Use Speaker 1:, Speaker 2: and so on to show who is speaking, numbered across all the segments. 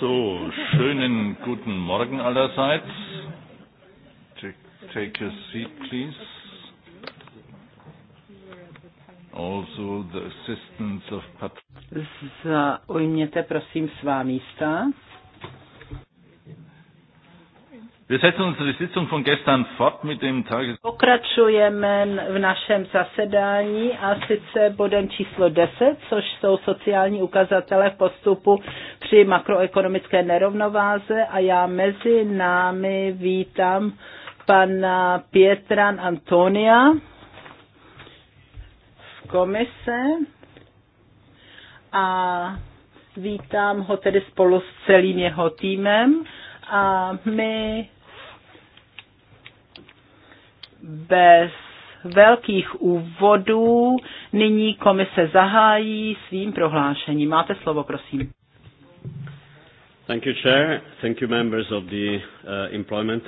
Speaker 1: So, schönen guten Morgen allerseits.
Speaker 2: Take, take a seat, please. Also the assistance of Pat
Speaker 3: Zaujměte prosím svá místa. Pokračujeme v našem zasedání a sice bodem číslo 10, což jsou sociální ukazatele v postupu při makroekonomické nerovnováze a já mezi námi vítám pana Pietran Antonia z komise a vítám ho tedy spolu s celým jeho týmem a my bez velkých úvodů nyní komise zahájí svým prohlášením. Máte slovo, prosím.
Speaker 2: Thank you, Chair. Thank you, members of the uh, employment.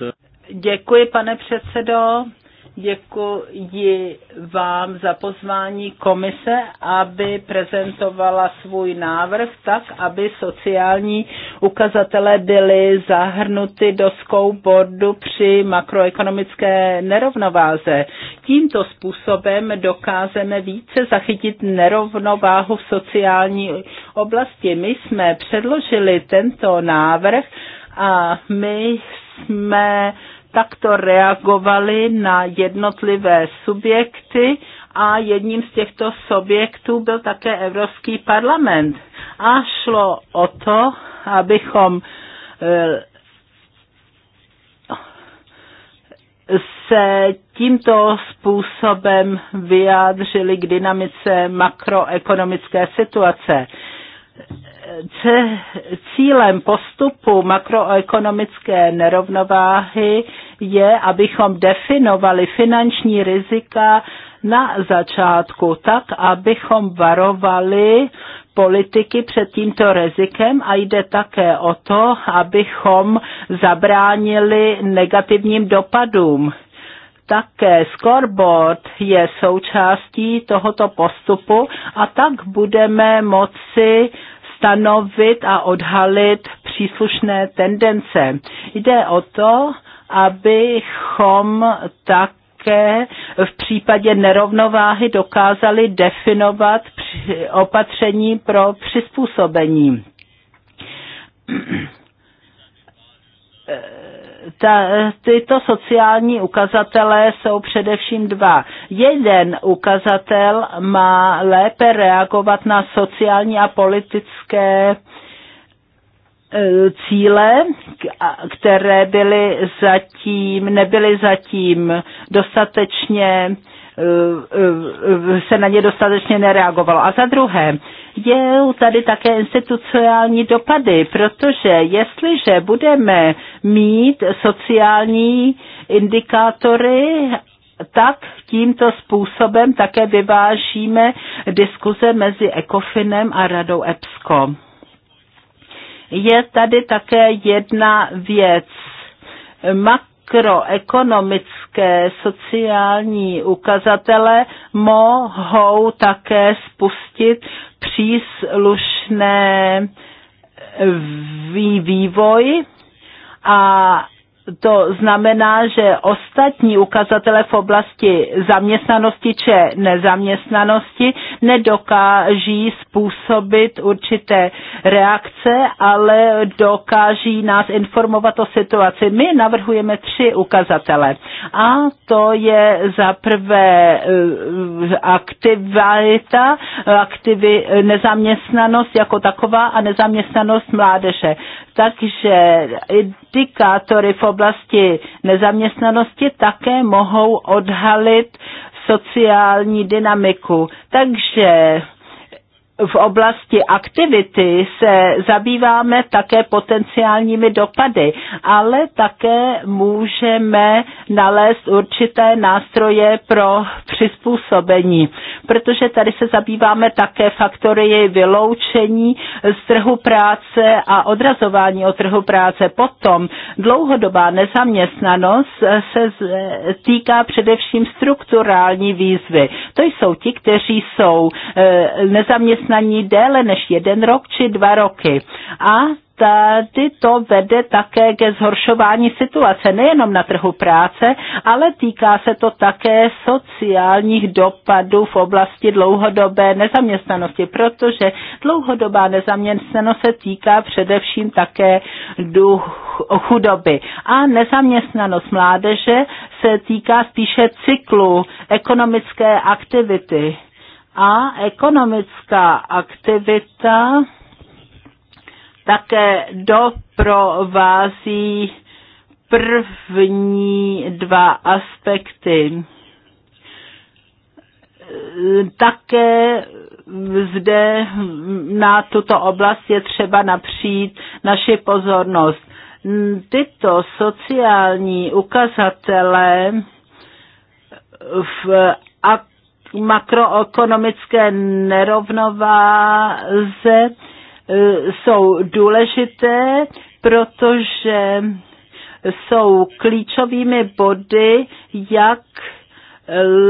Speaker 3: Děkuji, pane předsedo. Děkuji vám za pozvání komise, aby prezentovala svůj návrh tak, aby sociální ukazatele byly zahrnuty do skoubordu při makroekonomické nerovnováze. Tímto způsobem dokážeme více zachytit nerovnováhu v sociální oblasti. My jsme předložili tento návrh a my jsme takto reagovali na jednotlivé subjekty a jedním z těchto subjektů byl také Evropský parlament. A šlo o to, abychom eh, se tímto způsobem vyjádřili k dynamice makroekonomické situace cílem postupu makroekonomické nerovnováhy je, abychom definovali finanční rizika na začátku, tak abychom varovali politiky před tímto rizikem a jde také o to, abychom zabránili negativním dopadům. Také scoreboard je součástí tohoto postupu a tak budeme moci stanovit a odhalit příslušné tendence. Jde o to, abychom tak také v případě nerovnováhy dokázali definovat opatření pro přizpůsobení
Speaker 1: eh,
Speaker 3: ta, tyto sociální ukazatele jsou především dva. Jeden ukazatel má lépe reagovat na sociální a politické eh, cíle, které byly zatím, nebyly zatím dostatečně se na ně dostatečně nereagovalo. A za druhé, je tady také institucionální dopady, protože jestliže budeme mít sociální indikátory tak tímto způsobem také vyvážíme diskuze mezi ECOFINem a radou EPSCO. Je tady také jedna věc. Mak makroekonomické sociální ukazatele mohou také spustit příslušné vývoj a to znamená, že ostatní ukazatele v oblasti zaměstnanosti či nezaměstnanosti nedokáží způsobit určité reakce, ale dokáží nás informovat o situaci. My navrhujeme tři ukazatele. A to je za prvé eh, aktivita, aktivi, eh, nezaměstnanost jako taková a nezaměstnanost mládeže. Takže indikátory v oblasti oblasti nezaměstnanosti také mohou odhalit sociální dynamiku. Takže v oblasti aktivity se zabýváme také potenciálními dopady, ale také můžeme nalézt určité nástroje pro přizpůsobení, protože tady se zabýváme také faktory vyloučení z trhu práce a odrazování od trhu práce. Potom dlouhodobá nezaměstnanost se týká především strukturální výzvy. To jsou ti, kteří jsou eh, nezaměstnaní na ní déle než jeden rok či dva roky. A tady to vede také ke zhoršování situace nejenom na trhu práce, ale týká se to také sociálních dopadů v oblasti dlouhodobé nezaměstnanosti, protože dlouhodobá nezaměstnanost se týká především také duch, chudoby. A nezaměstnanost mládeže se týká spíše cyklu ekonomické aktivity a ekonomická aktivita také doprovází první dva aspekty. Také zde na tuto oblast je třeba napřít naši pozornost. Tyto sociální ukazatele v ak- makroekonomické nerovnováze e, jsou důležité, protože jsou klíčovými body, jak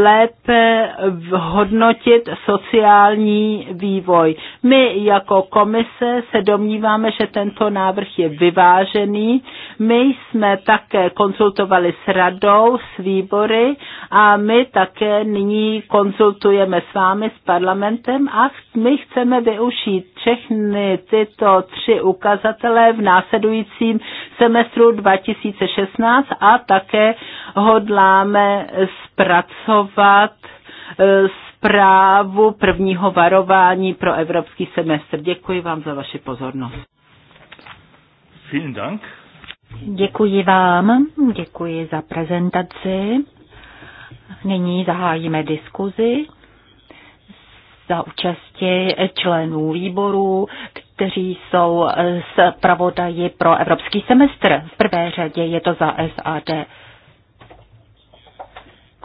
Speaker 3: lépe hodnotit sociální vývoj. My jako komise se domníváme, že tento návrh je vyvážený. My jsme také konzultovali s radou, s výbory a my také nyní konzultujeme s vámi, s parlamentem a my chceme využít všechny tyto tři ukazatele v následujícím semestru 2016 a také hodláme zpracovat e, zprávu prvního varování pro evropský semestr. Děkuji vám za vaši pozornost. Vielen
Speaker 4: Dank. Děkuji vám, děkuji za prezentaci. Nyní zahájíme diskuzi za účasti členů výborů, kteří jsou zpravodaji pro evropský semestr. V prvé řadě je to za SAD.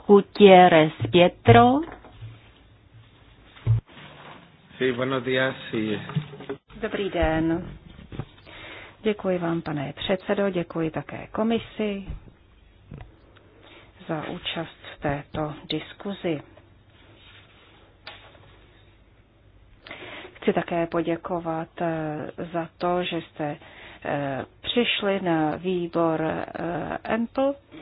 Speaker 4: Gutierrez Pietro.
Speaker 1: Sí, días, sí.
Speaker 4: Dobrý den. Děkuji vám, pane předsedo, děkuji také komisi za účast v této diskuzi. Chci také poděkovat eh, za to, že jste eh, přišli na výbor EMPL, eh,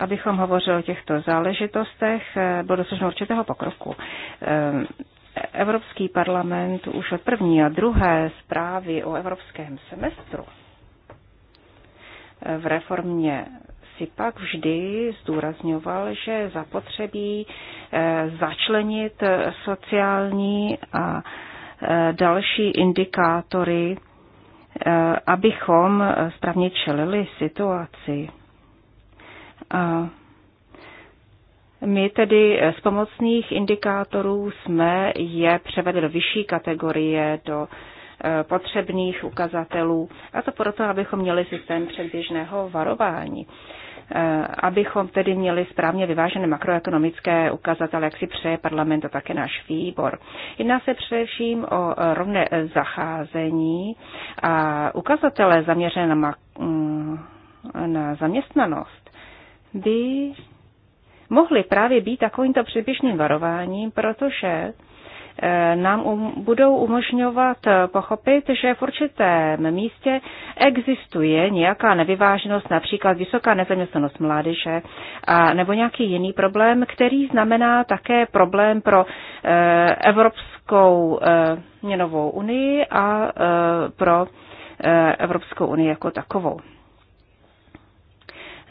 Speaker 4: abychom hovořili o těchto záležitostech. Bylo dosaženo určitého pokroku. Evropský parlament už od první a druhé zprávy o evropském semestru v reformě si pak vždy zdůrazňoval, že zapotřebí začlenit sociální a Eh, další indikátory, eh, abychom správně čelili situaci. A my tedy z pomocných indikátorů jsme je převedli do vyšší kategorie, do eh, potřebných ukazatelů, a to proto, abychom měli systém předběžného varování. Eh, abychom tedy měli správně vyvážené makroekonomické ukazatele, jak si přeje parlament a také náš výbor. Jedná se především o eh, rovné eh, zacházení a ukazatele zaměřené na, mm, na zaměstnanost by mohly právě být takovýmto předběžným varováním, protože Eh, nám um, budou umožňovat eh, pochopit, že v určitém místě existuje nějaká nevyváženost, například vysoká nezaměstnanost mládeže a nebo nějaký jiný problém, který znamená také problém pro eh, Evropskou eh, měnovou unii a eh, pro eh, Evropskou unii jako takovou.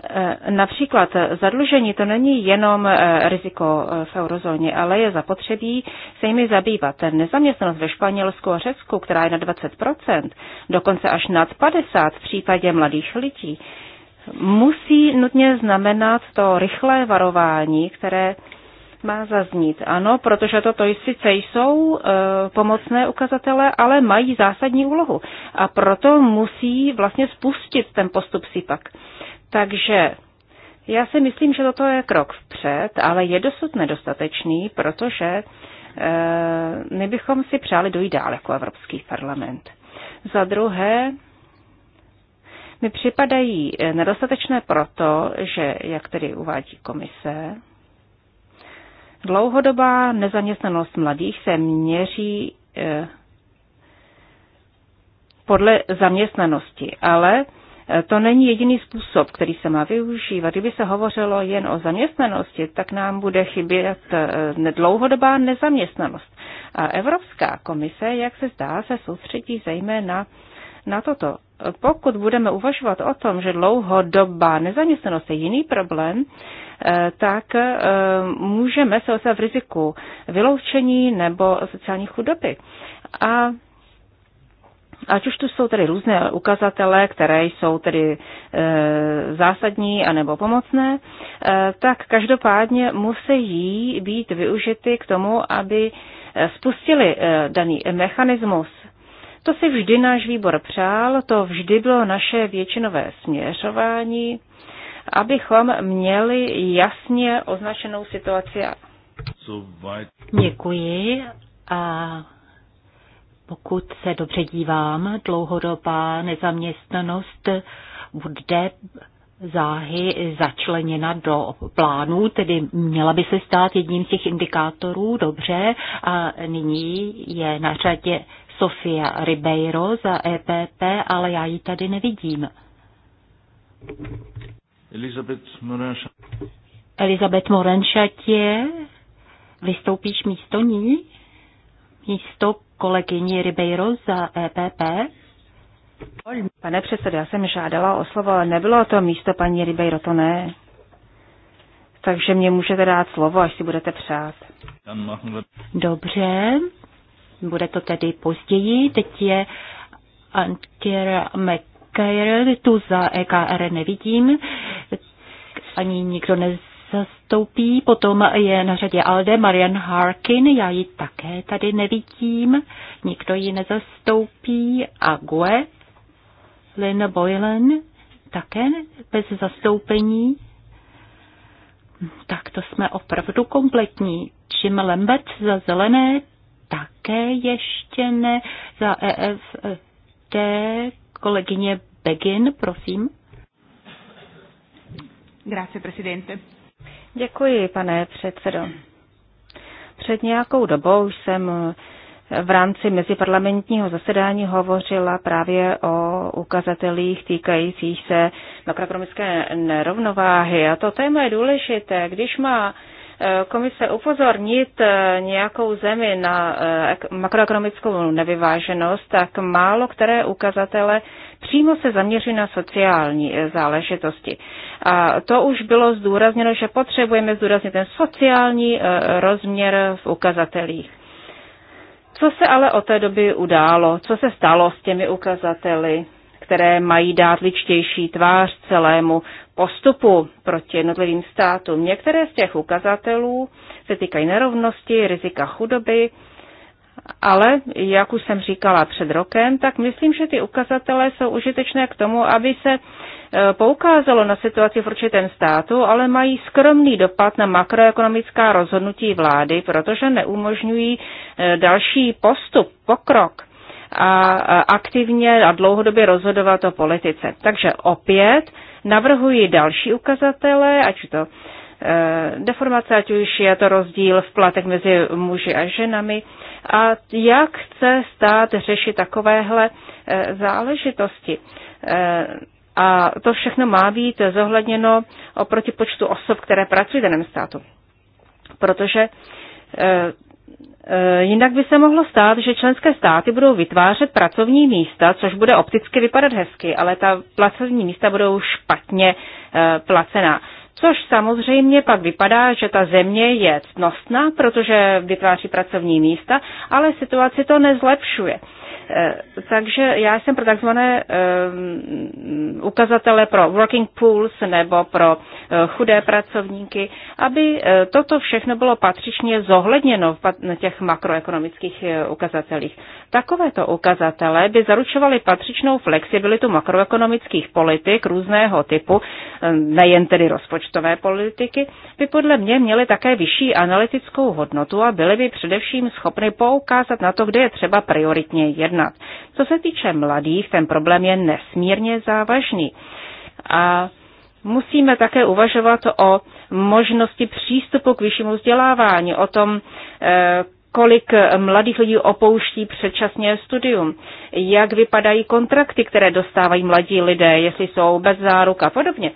Speaker 4: Eh, například zadlužení to není jenom eh, riziko eh, v eurozóně, ale je zapotřebí se jimi zabývat. Nezaměstnanost ve Španělsku a Řecku, která je na 20%, dokonce až nad 50% v případě mladých lidí, musí nutně znamenat to rychlé varování, které má zaznít. Ano, protože toto sice jsou e, pomocné ukazatele, ale mají zásadní úlohu. A proto musí vlastně spustit ten postup SIPAK. pak. Takže já si myslím, že toto je krok vpřed, ale je dosud nedostatečný, protože eh, my bychom si přáli dojít dál jako Evropský parlament. Za druhé, mi připadají eh, nedostatečné proto, že, jak tedy uvádí komise, dlouhodobá nezaměstnanost mladých se měří eh, podle zaměstnanosti, ale to není jediný způsob, který se má využívat. Kdyby se hovořilo jen o zaměstnanosti, tak nám bude chybět eh, dlouhodobá nezaměstnanost. A Evropská komise, jak se zdá, se soustředí zejména na toto. Pokud budeme uvažovat o tom, že dlouhodobá nezaměstnanost je jiný problém, eh, tak eh, můžeme se ocitovat v riziku vyloučení nebo sociální chudoby. A Ať už tu jsou tedy různé ukazatele, které jsou tedy e, zásadní anebo pomocné, e, tak každopádně musí být využity k tomu, aby e, spustili e, daný mechanismus. To si vždy náš výbor přál, to vždy bylo naše většinové směřování, abychom měli jasně označenou situaci. Děkuji a pokud se dobře dívám, dlouhodobá nezaměstnanost bude záhy začleněna do plánu, tedy měla by se stát jedním z těch indikátorů, dobře, a nyní je na řadě Sofia Ribeiro za EPP, ale já ji tady nevidím.
Speaker 2: Elizabeth Morenšatě.
Speaker 4: Elizabeth Morenšatě, vystoupíš místo ní? místo kolegyni Ribeiro za EPP. Pane předsedo, já jsem žádala o slovo, ale nebylo to místo paní Ribeiro, to ne. Takže mě můžete dát slovo, až si budete přát. Dobře, bude to tedy později. Teď je Antier McKayer, tu za EKR nevidím. Ani nikdo nez zastoupí. Potom je na řadě Alde Marian Harkin, já ji také tady nevidím. Nikdo ji nezastoupí. Gue, Lynn Boylan, také bez zastoupení. Tak to jsme opravdu kompletní. Jim Lambert za zelené také ještě ne. Za EFT kolegyně Begin, prosím. Grazie, Presidente. Děkuji, pane předsedo. Před nějakou dobou jsem v rámci meziparlamentního zasedání hovořila právě o ukazatelích týkajících se makroekonomické nerovnováhy. A to téma je důležité. Když má eh, komise upozornit eh, nějakou zemi na eh, makroekonomickou nevyváženost, tak málo které ukazatele přímo se zaměřují na sociální eh, záležitosti. A to už bylo zdůrazněno, že potřebujeme zdůraznit ten sociální eh, rozměr v ukazatelích. Co se ale od té doby událo? Co se stalo s těmi ukazateli, které mají dát ličtější tvář celému postupu proti jednotlivým státům? Některé z těch ukazatelů se týkají nerovnosti, rizika chudoby, ale jak už jsem říkala před rokem, tak myslím, že ty ukazatele jsou užitečné k tomu, aby se e, poukázalo na situaci v určitém státu, ale mají skromný dopad na makroekonomická rozhodnutí vlády, protože neumožňují e, další postup, pokrok a aktivně a dlouhodobě rozhodovat o politice. Takže opět navrhuji další ukazatele, ať to Eh, deformace, ať už je to rozdíl v platech mezi muži a ženami. A jak chce stát řešit takovéhle eh, záležitosti? Eh, a to všechno má být zohledněno oproti počtu osob, které pracují v daném státu. Protože Jinak by se mohlo stát, že členské státy budou vytvářet pracovní místa, což bude opticky vypadat hezky, ale ta pracovní místa budou špatně placená. Což samozřejmě pak vypadá, že ta země je ctnostná, protože vytváří pracovní místa, ale situaci to nezlepšuje. Eh, takže já jsem pro takzvané eh, ukazatele pro working pools nebo pro eh, chudé pracovníky, aby toto všechno bylo patřičně zohledněno v těch makroekonomických ukazatelích. Takovéto ukazatele by zaručovaly patřičnou flexibilitu makroekonomických politik různého typu, nejen tedy rozpočtové politiky, by podle mě měly také vyšší analytickou hodnotu a byly by především schopny poukázat na to, kde je třeba prioritně jednat jednat. Co se týče mladých, ten problém je nesmírně závažný. A musíme také uvažovat o možnosti přístupu k vyššímu vzdělávání, o tom, eh, kolik mladých lidí opouští předčasně studium, jak vypadají kontrakty, které dostávají mladí lidé, jestli jsou bez záruk a podobně.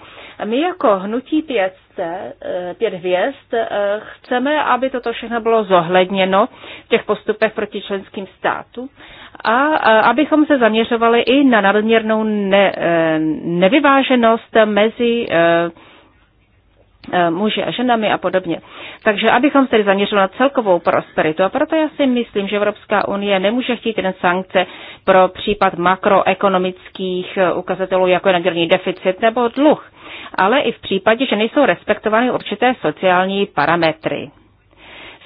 Speaker 4: My jako hnutí pětce, eh, pět hvězd eh, chceme, aby toto všechno bylo zohledněno v těch postupech proti členským státům a abychom se zaměřovali i na nadměrnou ne, e, nevyváženost mezi e, e, muži a ženami a podobně. Takže abychom se tedy zaměřili na celkovou prosperitu a proto já si myslím, že Evropská unie nemůže chtít jen sankce pro případ makroekonomických ukazatelů, jako je nadměrný deficit nebo dluh, ale i v případě, že nejsou respektovány určité sociální parametry.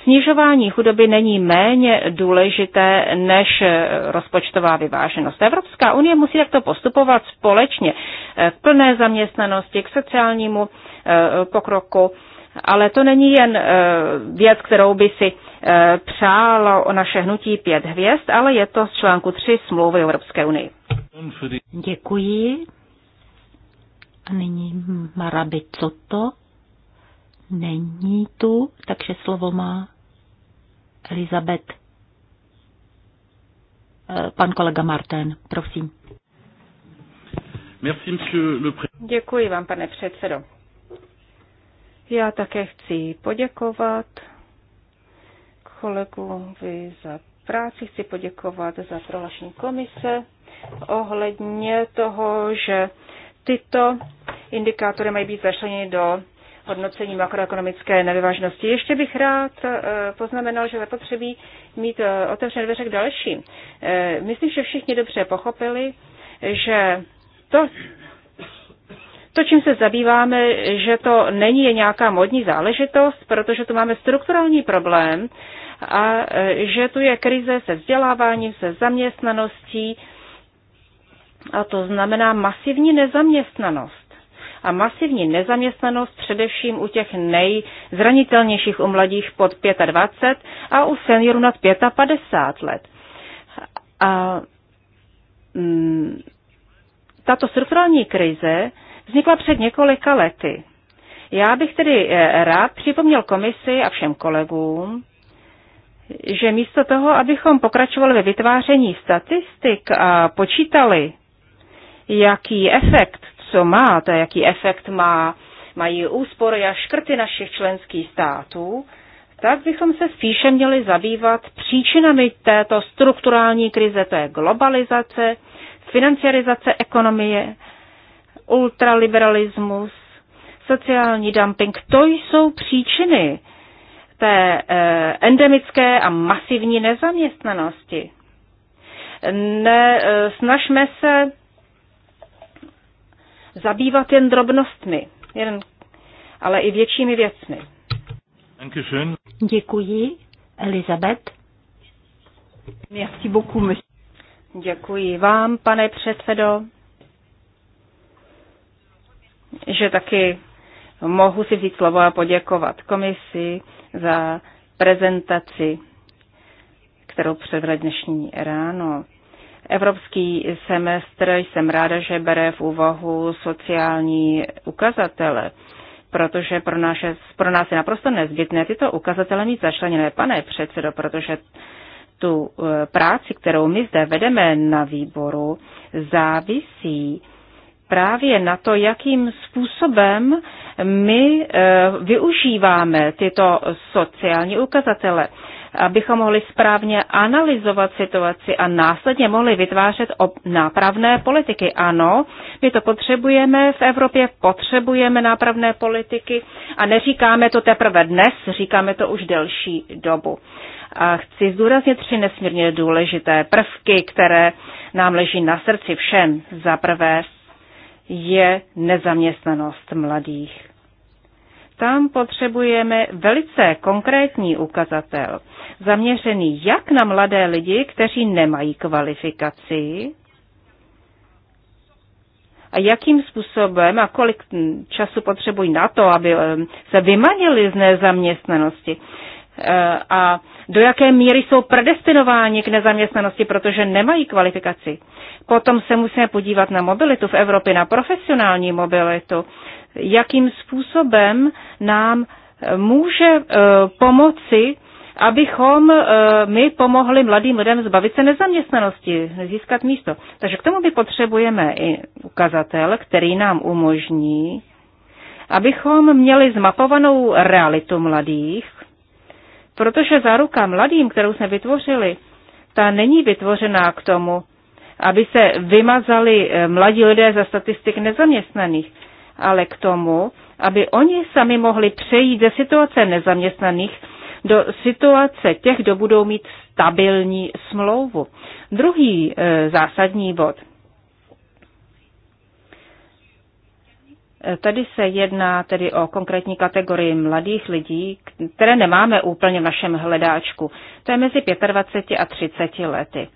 Speaker 4: Snižování chudoby není méně důležité než rozpočtová vyváženost. Evropská unie musí takto postupovat společně k plné zaměstnanosti, k sociálnímu eh, pokroku, ale to není jen eh, věc, kterou by si eh, přálo o naše hnutí pět hvězd, ale je to z článku 3 smlouvy Evropské unie. Děkuji. A nyní Marabi to není tu, takže slovo má Elizabeth. Eh, pan kolega Martin, prosím. Děkuji vám, pane předsedo. Já také chci poděkovat kolegovi za práci, chci poděkovat za prohlášení komise ohledně toho, že tyto indikátory mají být začleněny do hodnocení makroekonomické nevyvážnosti. Ještě bych rád eh, poznamenal, že zapotřebí mít eh, otevřené dveře k dalším. Eh, myslím, že všichni dobře pochopili, že to, to, čím se zabýváme, že to není nějaká modní záležitost, protože tu máme strukturální problém a že tu je krize se vzděláváním, se zaměstnaností a to znamená masivní nezaměstnanost a masivní nezaměstnanost především u těch nejzranitelnějších u mladých pod 25 a u seniorů nad 55 let. A mm, tato strukturální krize vznikla před několika lety. Já bych tedy eh, rád připomněl komisi a všem kolegům, že místo toho, abychom pokračovali ve vytváření statistik a počítali, jaký efekt co má, to jaký efekt má, mají úspory a škrty našich členských států, tak bychom se spíše měli zabývat příčinami této strukturální krize, to je globalizace, financiarizace ekonomie, ultraliberalismus, sociální dumping. To jsou příčiny té eh, endemické a masivní nezaměstnanosti. Ne, eh, snažme se zabývat jen drobnostmi, jen, ale i většími věcmi. Děkuji, Elizabeth. Merci beaucoup, Děkuji vám, pane předsedo, že taky mohu si vzít slovo a poděkovat komisi za prezentaci, kterou předvedla dnešní ráno. Evropský semestr jsem ráda, že bere v úvahu sociální ukazatele, protože pro, naše, pro nás je naprosto nezbytné tyto ukazatele mít začleněné, pane předsedo, protože tu eh, práci, kterou my zde vedeme na výboru, závisí právě na to, jakým způsobem my eh, využíváme tyto sociální ukazatele abychom mohli správně analyzovat situaci a následně mohli vytvářet nápravné politiky. Ano, my to potřebujeme v Evropě, potřebujeme nápravné politiky a neříkáme to teprve dnes, říkáme to už delší dobu. A chci zdůraznit tři nesmírně důležité prvky, které nám leží na srdci všem. Za prvé je nezaměstnanost mladých tam potřebujeme velice konkrétní ukazatel zaměřený jak na mladé lidi, kteří nemají kvalifikaci, a jakým způsobem a kolik času potřebují na to, aby eh, se vymanili z nezaměstnanosti eh, a do jaké míry jsou predestinováni k nezaměstnanosti, protože nemají kvalifikaci. Potom se musíme podívat na mobilitu v Evropě, na profesionální mobilitu, jakým způsobem nám eh, může pomoci abychom eh, my pomohli mladým lidem zbavit se nezaměstnanosti, získat místo. Takže k tomu by potřebujeme i ukazatel, který nám umožní, abychom měli zmapovanou realitu mladých, protože záruka mladým, kterou jsme vytvořili, ta není vytvořená k tomu, aby se vymazali eh, mladí lidé za statistik nezaměstnaných, ale k tomu, aby oni sami mohli přejít ze situace nezaměstnaných do situace těch, kdo budou mít stabilní smlouvu. Druhý e, zásadní bod. E, tady se jedná tedy o konkrétní kategorii mladých lidí, které nemáme úplně v našem hledáčku. To je mezi 25 a 30 lety.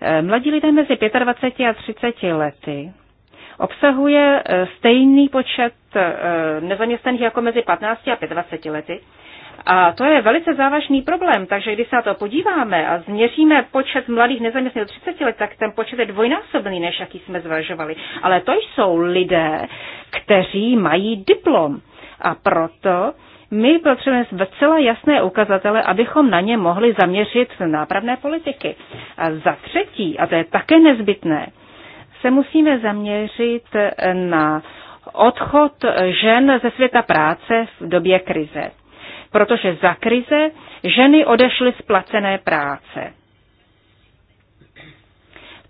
Speaker 4: E, mladí lidé mezi 25 a 30 lety obsahuje e, stejný počet nezaměstnaných jako mezi 15 a 25 lety, a to je velice závažný problém, takže když se na to podíváme a změříme počet mladých nezaměstnaných do 30 let, tak ten počet je dvojnásobný, než jaký jsme zvažovali. Ale to jsou lidé, kteří mají diplom. A proto my potřebujeme zcela jasné ukazatele, abychom na ně mohli zaměřit nápravné politiky. A za třetí, a to je také nezbytné, se musíme zaměřit na odchod žen ze světa práce v době krize protože za krize ženy odešly z placené práce.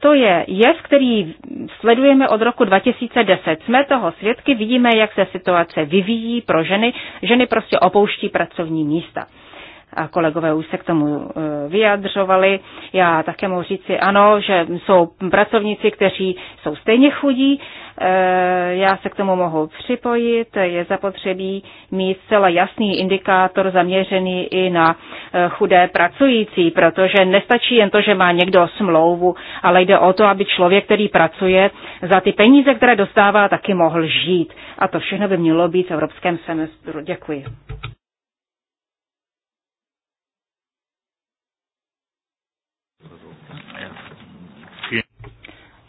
Speaker 4: To je jev, který sledujeme od roku 2010. Jsme toho svědky, vidíme, jak se situace vyvíjí pro ženy. Ženy prostě opouští pracovní místa. A kolegové už se k tomu eh, vyjadřovali. Já také mohu říci ano, že jsou pracovníci, kteří jsou stejně chudí, Eh, já se k tomu mohu připojit. Je zapotřebí mít zcela jasný indikátor zaměřený i na eh, chudé pracující, protože nestačí jen to, že má někdo smlouvu, ale jde o to, aby člověk, který pracuje, za ty peníze, které dostává, taky mohl žít. A to všechno by mělo být v evropském semestru. Děkuji.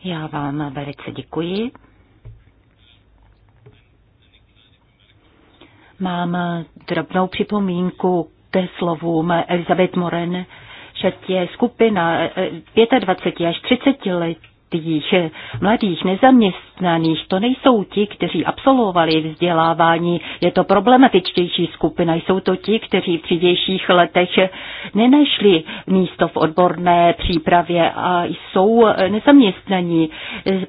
Speaker 4: Já vám velice děkuji. Mám drobnou připomínku ke slovům Elizabeth Moren, že je skupina 25 eh, eh, až 30 let mladých nezaměstnaných, to nejsou ti, kteří absolvovali vzdělávání, je to problematičtější skupina, jsou to ti, kteří v dřívějších letech nenašli místo v odborné přípravě a jsou nezaměstnaní.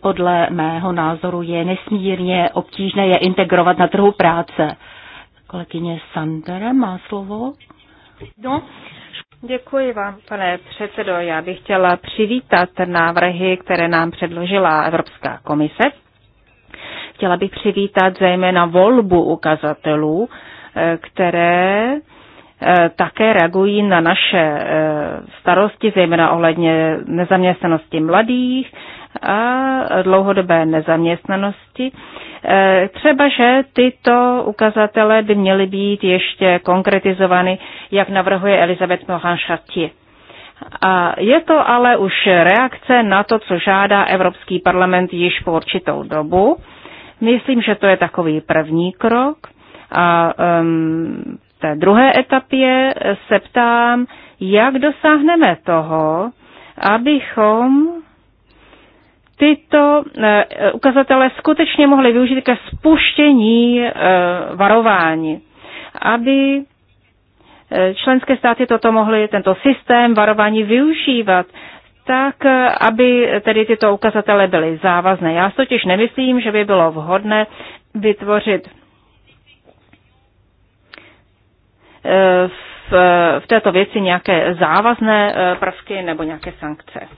Speaker 4: Podle mého názoru je nesmírně obtížné je integrovat na trhu práce. Kolegyně Sandra má slovo. No. Děkuji vám, pane předsedo. Já bych chtěla přivítat návrhy, které nám předložila Evropská komise. Chtěla bych přivítat zejména volbu ukazatelů, eh, které eh, také reagují na naše eh, starosti, zejména ohledně nezaměstnanosti mladých a dlouhodobé nezaměstnanosti. E, třeba, že tyto ukazatele by měly být ještě konkretizovány, jak navrhuje Elizabeth Mohan chartier A je to ale už reakce na to, co žádá Evropský parlament již po určitou dobu. Myslím, že to je takový první krok. A um, té druhé etapě se ptám, jak dosáhneme toho, abychom tyto eh, ukazatele skutečně mohly využít ke spuštění eh, varování, aby eh, členské státy toto mohly, tento systém varování využívat tak, aby tedy tyto ukazatele byly závazné. Já totiž nemyslím, že by bylo vhodné vytvořit v, v této věci nějaké závazné prvky nebo nějaké sankce.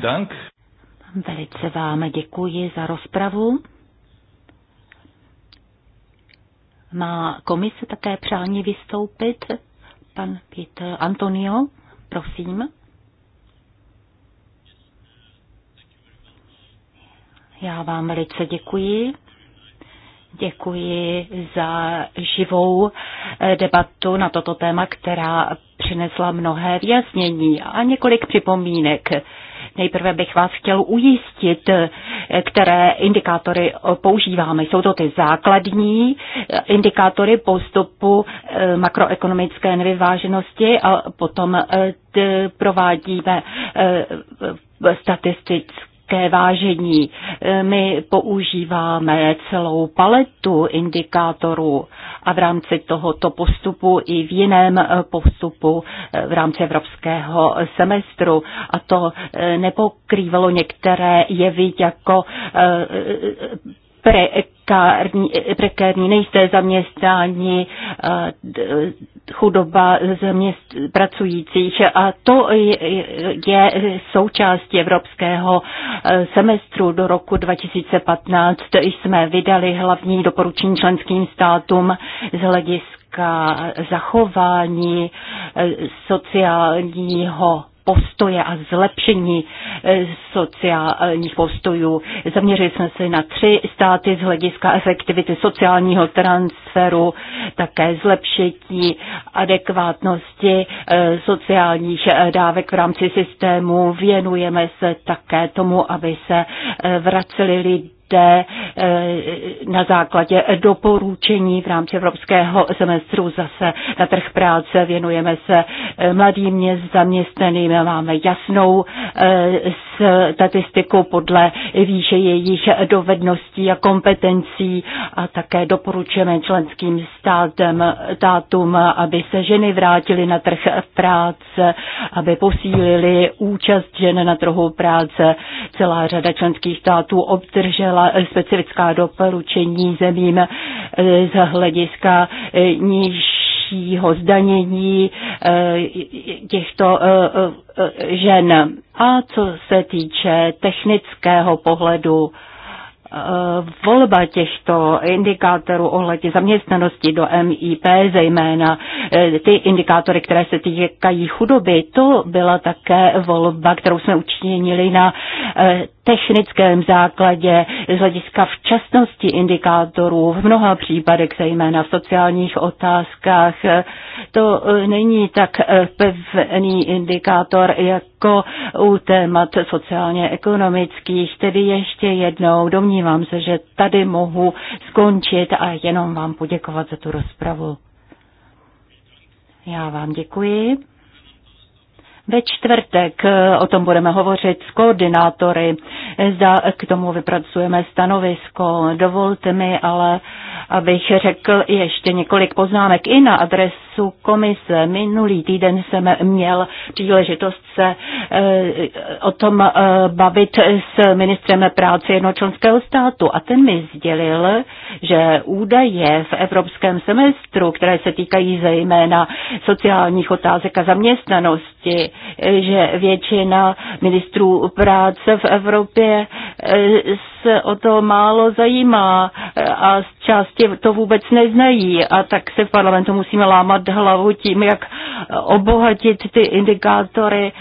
Speaker 4: Dank. Velice vám děkuji za rozpravu. Má komise také přání vystoupit? Pan Peter Antonio, prosím. Já vám velice děkuji. Děkuji za živou eh, debatu na toto téma, která přinesla mnohé vyjasnění a několik připomínek. Nejprve bych vás chtěl ujistit, které indikátory používáme. Jsou to ty základní indikátory postupu eh, makroekonomické nevyváženosti a potom eh, provádíme eh, statistické ke vážení. E, my používáme celou paletu indikátorů a v rámci tohoto postupu i v jiném e, postupu e, v rámci evropského semestru. A to nepokrývalo některé jevy jako pre prekární, prekární nejisté zaměstnání, chudoba zaměst, pracujících. A to je součástí evropského semestru do roku 2015. Jsme vydali hlavní doporučení členským státům z hlediska zachování e, sociálního postoje a zlepšení eh, sociálních postojů. Zaměřili jsme se na tři státy z hlediska efektivity sociálního transferu, také zlepšení adekvátnosti eh, sociálních eh, dávek v rámci systému. Věnujeme se také tomu, aby se vraceli lidé jde eh, na základě doporučení v rámci evropského semestru zase na trh práce. Věnujeme se eh, mladým zaměstnaným, máme jasnou eh, statistiku podle výše jejich dovedností a kompetencí a také doporučujeme členským státem, státům, aby se ženy vrátily na trh práce, aby posílili účast žen na trhu práce. Celá řada členských států obdržela specifická doporučení zemím eh, z hlediska eh, nižšího zdanění eh, těchto žen. A co se týče technického pohledu, Eh, volba těchto indikátorů ohledně zaměstnanosti do MIP, zejména eh, ty indikátory, které se týkají chudoby, to byla také volba, kterou jsme učinili na eh, technickém základě z hlediska včasnosti indikátorů v mnoha případech, zejména v sociálních otázkách. To není tak pevný indikátor jako u témat sociálně-ekonomických, tedy ještě jednou domnívám, domnívám se, že tady mohu skončit a jenom vám poděkovat za tu rozpravu. Já vám děkuji. Ve čtvrtek eh, o tom budeme hovořit s koordinátory. Zda k tomu vypracujeme stanovisko. Dovolte mi ale abych řekl ještě několik poznámek i na adresu komise. Minulý týden jsem měl příležitost se eh, o tom eh, bavit s ministrem práce jednočlenského státu a ten mi sdělil, že údaje v evropském semestru, které se týkají zejména sociálních otázek a zaměstnanosti, eh, že většina ministrů práce v Evropě se o to málo zajímá a z části to vůbec neznají a tak se v parlamentu musíme lámat hlavu tím, jak obohatit ty indikátory.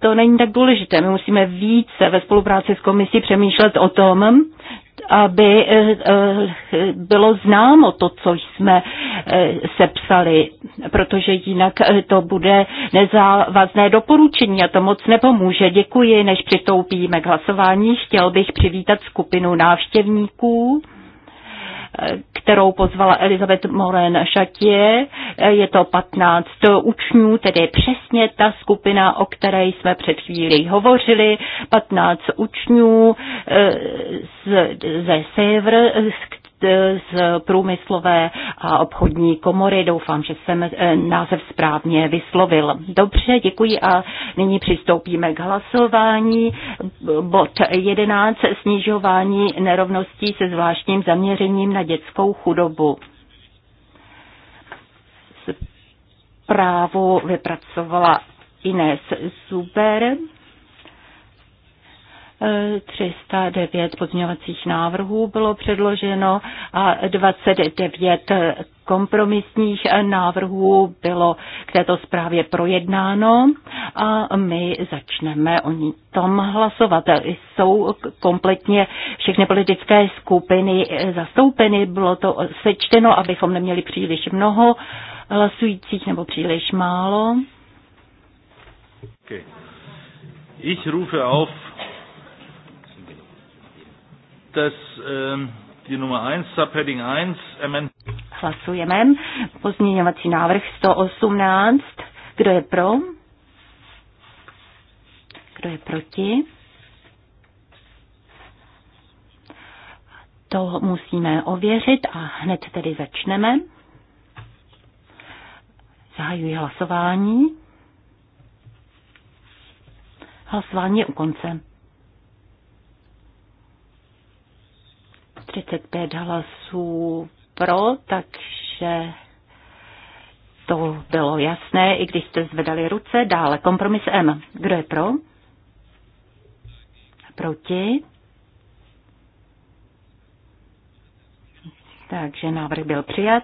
Speaker 4: To není tak důležité. My musíme více ve spolupráci s komisí přemýšlet o tom, aby eh, eh, bylo známo to, co jsme eh, sepsali, protože jinak to bude nezávazné doporučení a to moc nepomůže. Děkuji, než přistoupíme k hlasování. Chtěl bych přivítat skupinu návštěvníků kterou pozvala Elizabeth Moren Chatier. Je to 15 učňů, tedy přesně ta skupina, o které jsme před chvílí hovořili. 15 učňů eh, z, ze sever, Eh, z průmyslové a obchodní komory. Doufám, že jsem eh, název správně vyslovil. Dobře, děkuji a nyní přistoupíme k hlasování. Bod 11. Snižování nerovností se zvláštním zaměřením na dětskou chudobu. Právo vypracovala Inés Zuber. 309 pozměňovacích návrhů bylo předloženo a 29 kompromisních návrhů bylo k této zprávě projednáno a my začneme o ní tom hlasovat. Jsou kompletně všechny politické skupiny zastoupeny, bylo to sečteno, abychom neměli příliš mnoho hlasujících nebo příliš málo.
Speaker 2: Okay. Ich rufe auf dass ähm, die Nummer 1, Subheading 1, Amendment.
Speaker 4: Hlasujeme. Pozměňovací návrh 118. Kdo je pro? Kdo je proti? To musíme ověřit a hned tedy začneme. Zahajuji hlasování. Hlasování je u konce. 35 hlasů pro, takže to bylo jasné, i když jste zvedali ruce. Dále kompromis M. Kdo je pro? Proti? Takže návrh byl přijat.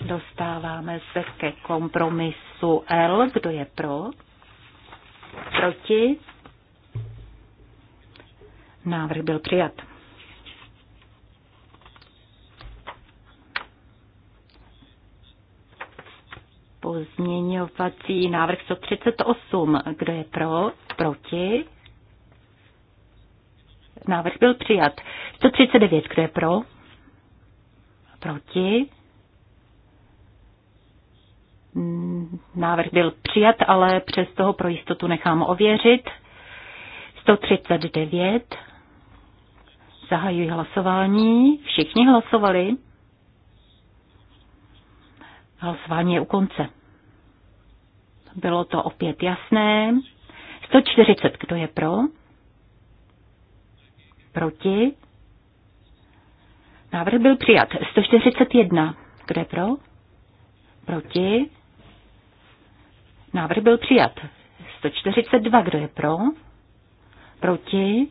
Speaker 4: Dostáváme se ke kompromisu L. Kdo je pro? Proti? Návrh byl přijat. Pozměňovací návrh 138. Kdo je pro? Proti? Návrh byl přijat. 139. Kdo je pro? Proti? Návrh byl přijat, ale přes toho pro jistotu nechám ověřit. 139. Zahajuji hlasování. Všichni hlasovali. Hlasování je u konce. Bylo to opět jasné. 140, kdo je pro? Proti? Návrh byl přijat. 141, kdo je pro? Proti? Návrh byl přijat. 142, kdo je pro? Proti?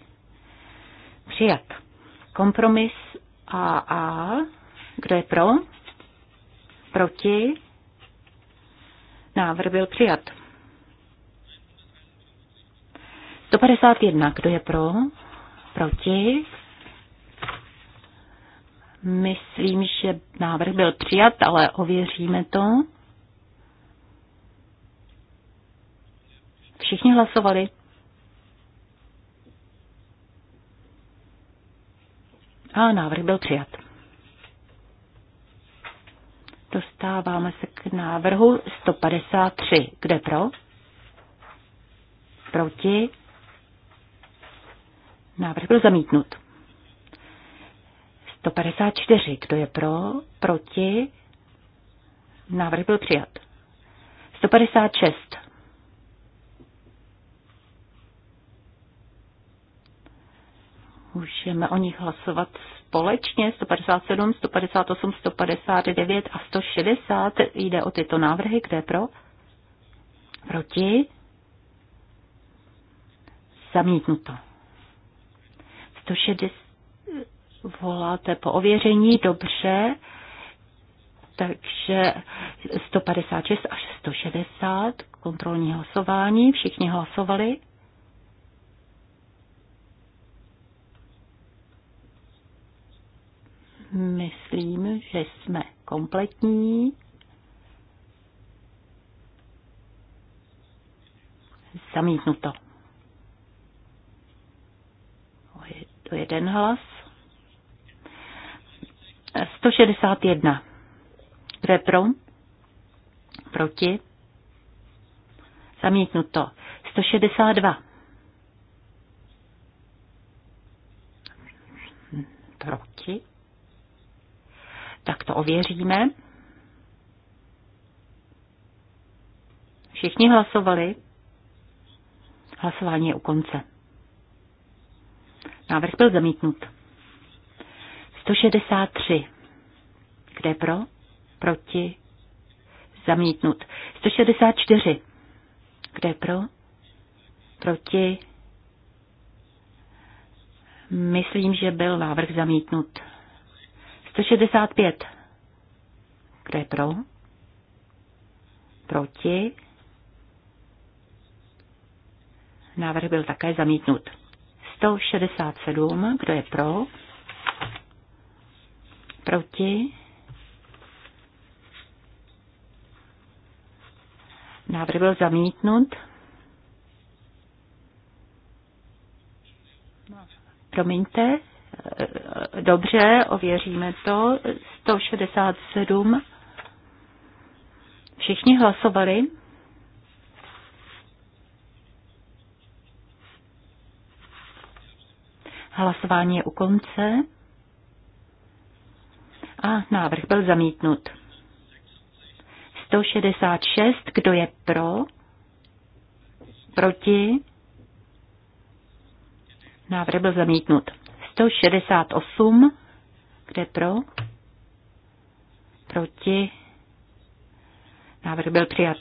Speaker 4: Přijat. Kompromis AA, kdo je pro? Proti? Návrh byl přijat. 151. Kdo je pro? Proti? Myslím, že návrh byl přijat, ale ověříme to. Všichni hlasovali. A návrh byl přijat. Dostáváme se k návrhu 153. Kde pro? Proti? Návrh byl zamítnut. 154. Kdo je pro? Proti? Návrh byl přijat. 156. Můžeme o nich hlasovat společně 157, 158, 159 a 160. Jde o tyto návrhy, kde pro? Proti? Zamítnuto. 160 voláte po ověření, dobře. Takže 156 až 160 kontrolní hlasování, všichni hlasovali. Myslím, že jsme kompletní. Zamítnuto. To je jeden hlas. 161. Kdo je pro? Proti? Zamítnuto. 162. Proti? Tak to ověříme. Všichni hlasovali. Hlasování je u konce. Návrh byl zamítnut. 163. Kde pro? Proti? Zamítnut. 164. Kde pro? Proti? Myslím, že byl návrh zamítnut. 165. Kdo je pro? Proti? Návrh byl také zamítnut. 167. Kdo je pro? Proti? Návrh byl zamítnut. Promiňte, Dobře, ověříme to. 167. Všichni hlasovali. Hlasování je u konce. A návrh byl zamítnut. 166. Kdo je pro? Proti? Návrh byl zamítnut. 168, kde pro, proti, návrh byl přijat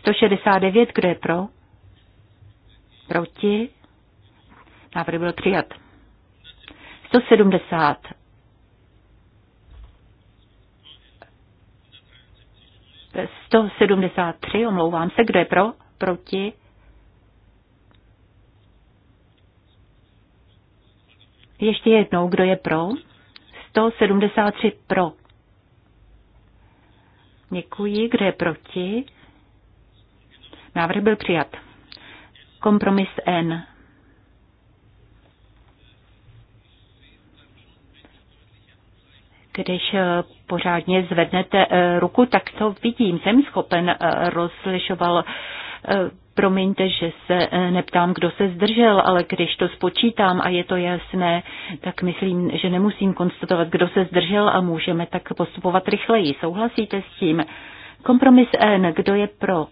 Speaker 4: 169, kde pro, proti, návrh byl přijat 170, Sto sedmdesát tři, omlouvám se, kdo je pro, proti, Ještě jednou, kdo je pro? 173 pro. Děkuji. Kdo je proti? Návrh byl přijat. Kompromis N. Když eh, pořádně zvednete eh, ruku, tak to vidím. Jsem schopen eh, rozlišoval Promiňte, že se eh, neptám, kdo se zdržel, ale když to spočítám a je to jasné, tak myslím, že nemusím konstatovat, kdo se zdržel a můžeme tak postupovat rychleji. Souhlasíte s tím? Kompromis N. Kdo je pro?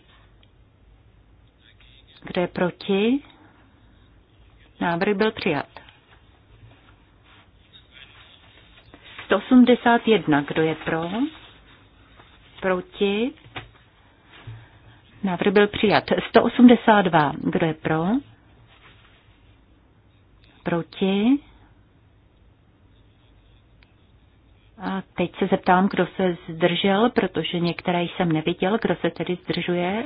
Speaker 4: Kdo je proti? Návrh byl přijat. 181. Kdo je pro? Proti? Návrh byl přijat. 182. Kdo je pro? Proti? A teď se zeptám, kdo se zdržel, protože některé jsem neviděl, kdo se tedy zdržuje.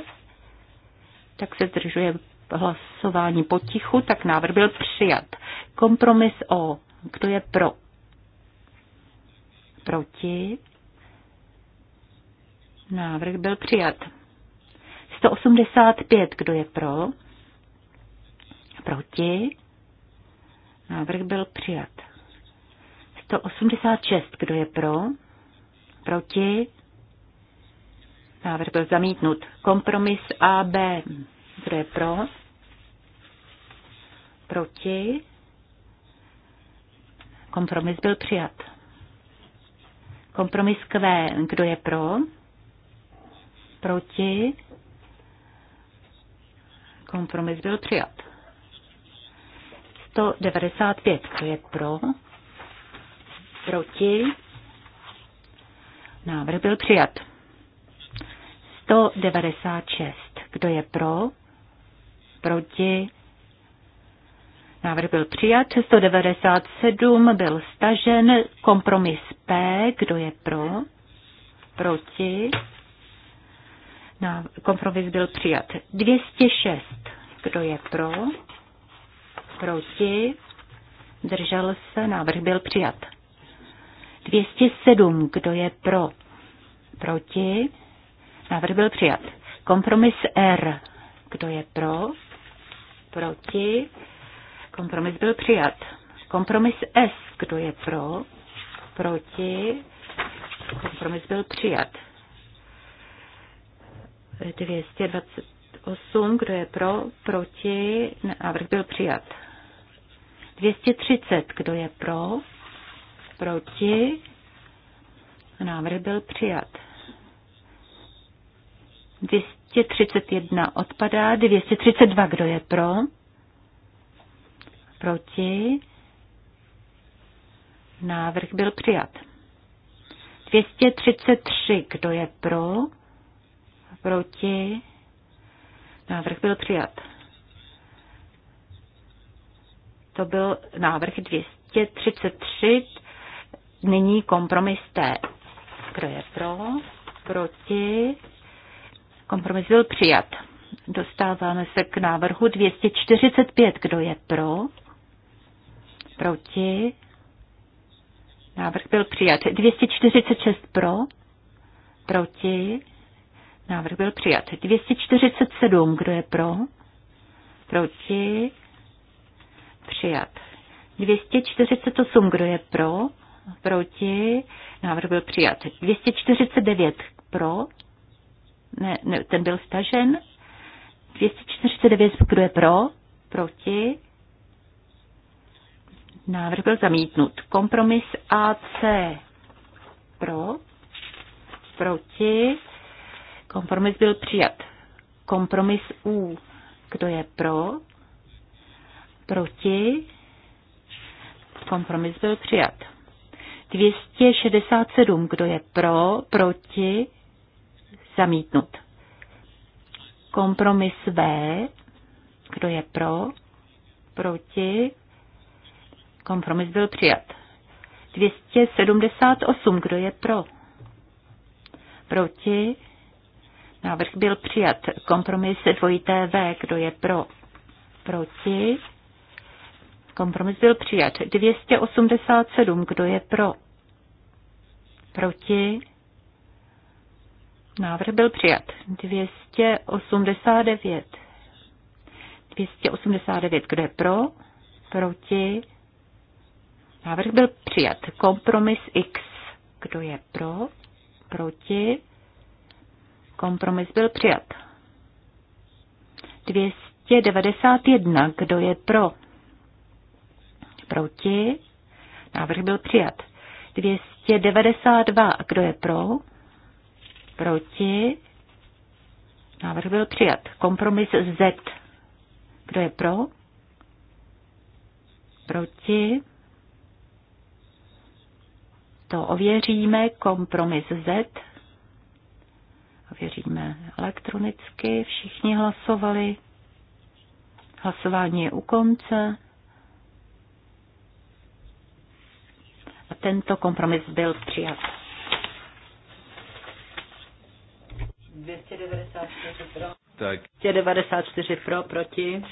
Speaker 4: Tak se zdržuje hlasování potichu, tak návrh byl přijat. Kompromis o, kdo je pro? Proti? Návrh byl přijat. 185, kdo je pro? Proti? Návrh byl přijat. 186, kdo je pro? Proti? Návrh byl zamítnut. Kompromis AB, kdo je pro? Proti? Kompromis byl přijat. Kompromis Q, kdo je pro? Proti? Kompromis byl přijat. 195, kdo je pro? Proti? Návrh byl přijat. 196, kdo je pro? Proti? Návrh byl přijat. 197 byl stažen. Kompromis P, kdo je pro? Proti? Na kompromis byl přijat. 206. Kdo je pro? Proti? Držel se? Návrh byl přijat. 207. Kdo je pro? Proti? Návrh byl přijat. Kompromis R. Kdo je pro? Proti? Kompromis byl přijat. Kompromis S. Kdo je pro? Proti? Kompromis byl přijat. 228, kdo je pro, proti, návrh byl přijat. 230, kdo je pro, proti, návrh byl přijat. 231 odpadá, 232, kdo je pro, proti, návrh byl přijat. 233, kdo je pro, proti, návrh byl přijat. To byl návrh 233, nyní kompromis T. Kdo je pro, proti, kompromis byl přijat. Dostáváme se k návrhu 245. Kdo je pro? Proti? Návrh byl přijat. 246 pro? Proti? Návrh byl přijat. 247, kdo je pro? Proti? Přijat. 248, kdo je pro? Proti? Návrh byl přijat. 249 pro? Ne, ne ten byl stažen. 249, kdo je pro? Proti? Návrh byl zamítnut. Kompromis AC pro? Proti? Kompromis byl přijat. Kompromis U. Kdo je pro? Proti? Kompromis byl přijat. 267. Kdo je pro? Proti? Zamítnut. Kompromis V. Kdo je pro? Proti? Kompromis byl přijat. 278. Kdo je pro? Proti? Návrh byl přijat. Kompromis dvojité V. Kdo je pro? Proti? Kompromis byl přijat. 287. Kdo je pro? Proti? Návrh byl přijat. 289. 289. Kdo je pro? Proti? Návrh byl přijat. Kompromis X. Kdo je pro? Proti? Kompromis byl přijat. 291. Kdo je pro? Proti? Návrh byl přijat. 292. Kdo je pro? Proti? Návrh byl přijat. Kompromis Z. Kdo je pro? Proti? To ověříme. Kompromis Z. Věříme elektronicky, všichni hlasovali. Hlasování je u konce. A tento kompromis byl přijat.
Speaker 3: 294 pro. Tak.
Speaker 4: 294
Speaker 3: pro, proti.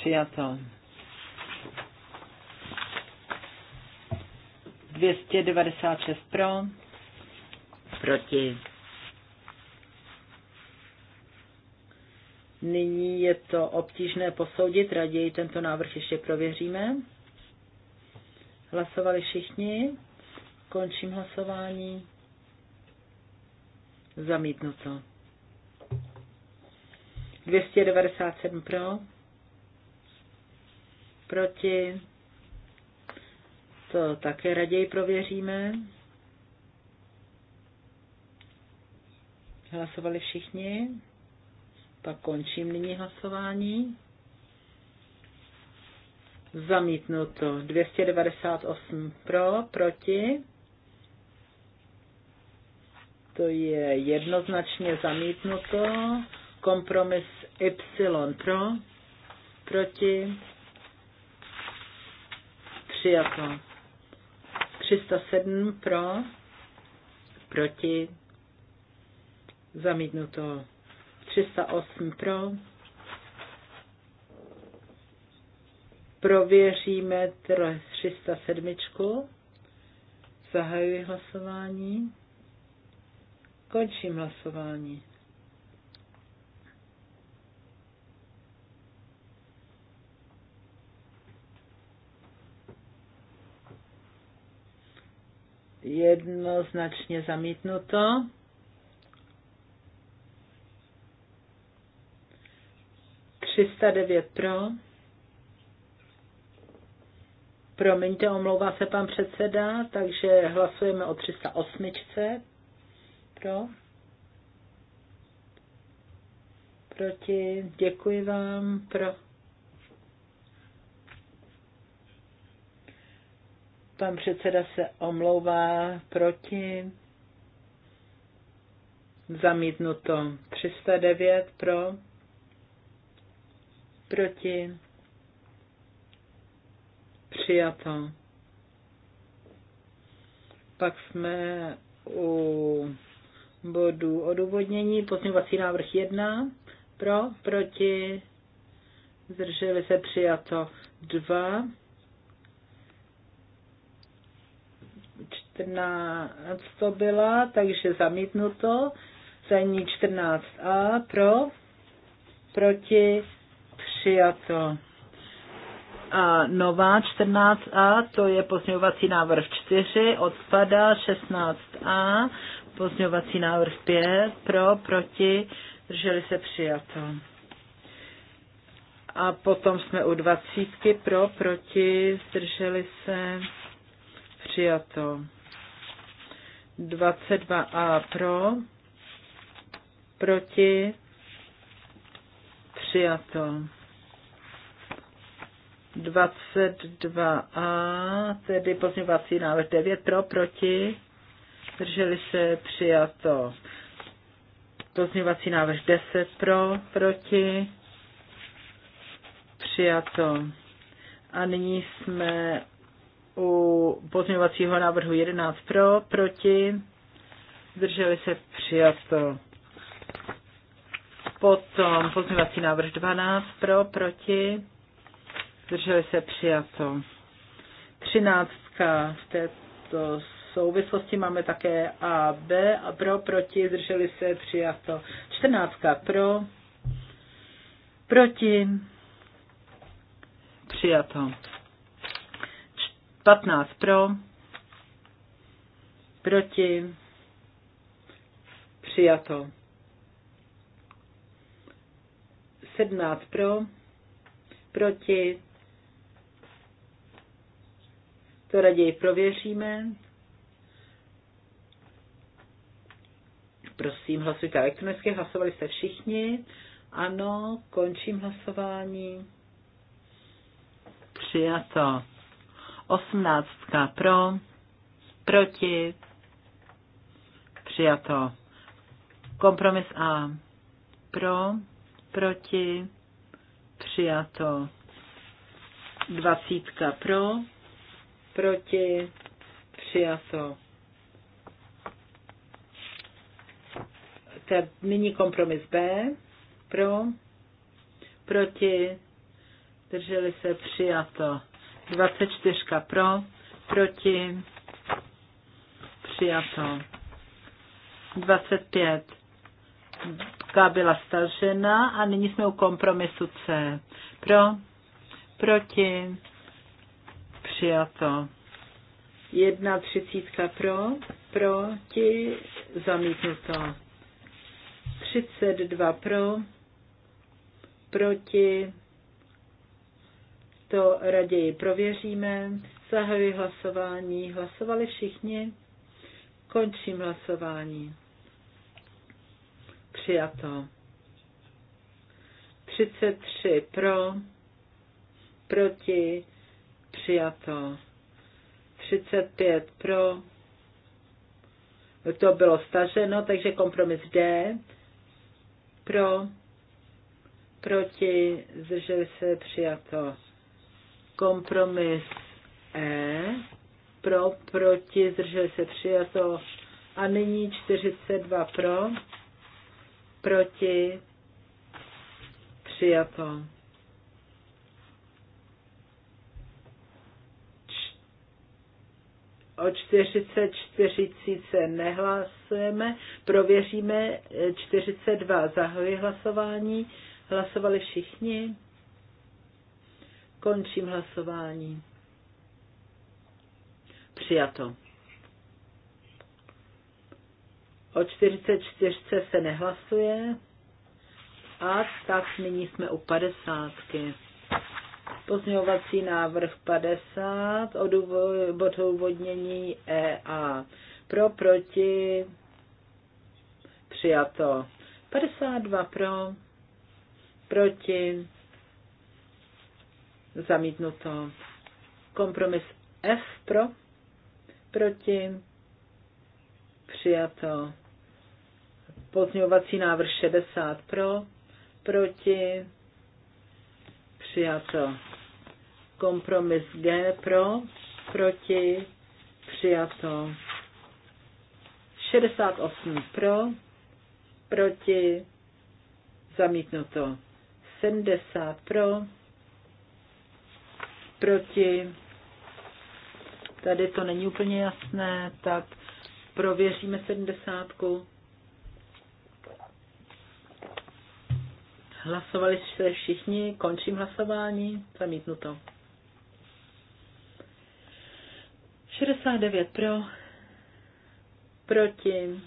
Speaker 3: Přijato. 296 pro. Proti. Nyní je to obtížné posoudit, raději tento návrh ještě prověříme. Hlasovali všichni. Končím hlasování. Zamítnuto. 297 pro. Proti. To také raději prověříme. Hlasovali všichni. Tak končím nyní hlasování. Zamítnuto. 298 pro, proti. To je jednoznačně zamítnuto. Kompromis Y pro, proti. Přijato. 307 pro, proti. Zamítnuto. 308 pro. Prověříme 307. Zahajuji hlasování. Končím hlasování. Jednoznačně zamítnuto. 309 pro. Promiňte, omlouvá se pan předseda, takže hlasujeme o 308 pro. Proti, děkuji vám, pro. Pan předseda se omlouvá proti. Zamítnuto 309 pro. Proti? Přijato. Pak jsme u bodu odůvodnění. Pozměňovací návrh 1. Pro, proti, zdrželi se přijato 2. 14 to byla, takže zamítnuto. zajní 14a pro, proti, přijato. A nová 14a, to je pozměňovací návrh 4, odpada 16a, pozměňovací návrh 5, pro, proti, drželi se přijato. A potom jsme u dvacítky pro, proti, zdrželi se, přijato. 22a pro, proti, přijato. 22a, tedy pozměňovací návrh 9 pro, proti, drželi se přijato. Pozměňovací návrh 10 pro, proti, přijato. A nyní jsme u pozměňovacího návrhu 11 pro, proti, drželi se přijato. Potom pozměňovací návrh 12 pro, proti, zdrželi se přijato. Třináctka v této souvislosti máme také A, B a pro, proti, zdrželi se přijato. Čtrnáctka pro, proti, přijato. patnáct pro, proti, přijato. sedmnáct pro, proti, to raději prověříme. Prosím, hlasujte elektronicky, hlasovali jste všichni. Ano, končím hlasování. Přijato. Osmnáctka pro, proti, přijato. Kompromis A. Pro, proti, přijato. Dvacítka pro, proti, přijato. je nyní kompromis B, pro, proti, drželi se, přijato. 24 pro, proti, přijato. 25 K byla stažena a nyní jsme u kompromisu C. Pro, proti, přijato. Jedna třicítka pro, proti, zamítnuto. dva pro, proti, to raději prověříme. Zahajuji hlasování. Hlasovali všichni? Končím hlasování. Přijato. 33 pro, proti, Přijato. 35 pro. To bylo staženo, takže kompromis D. Pro. Proti. Zdrželi se. Přijato. Kompromis E. Pro. Proti. Zdrželi se. Přijato. A nyní 42 pro. Proti. Přijato. o 44 se nehlasujeme, prověříme 42. E, Zahajuji hlasování. Hlasovali všichni. Končím hlasování. Přijato. O 44 se nehlasuje. A tak nyní jsme u 50. Pozměňovací návrh 50, odůvodnění EA. Pro, proti, přijato. 52 pro, proti, zamítnuto. Kompromis F pro, proti, přijato. Pozměňovací návrh 60 pro, proti, přijato. Kompromis G pro, proti, přijato. 68 pro, proti, zamítnuto. 70 pro, proti, tady to není úplně jasné, tak prověříme 70. -ku. Hlasovali jste všichni, končím hlasování, zamítnuto. 69 pro, proti.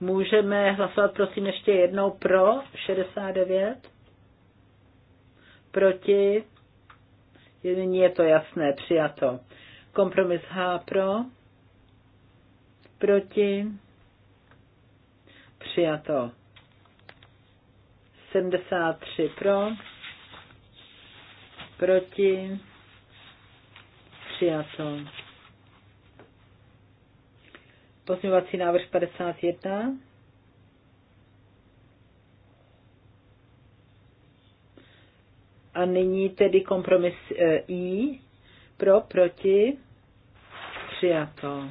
Speaker 3: Můžeme hlasovat prosím ještě jednou pro 69, proti, nyní je to jasné, přijato. Kompromis H pro, proti, Přijato. 73 pro. Proti. Přijato. Pozměňovací návrh 51. A nyní tedy kompromis eh, I. Pro, proti. Přijato.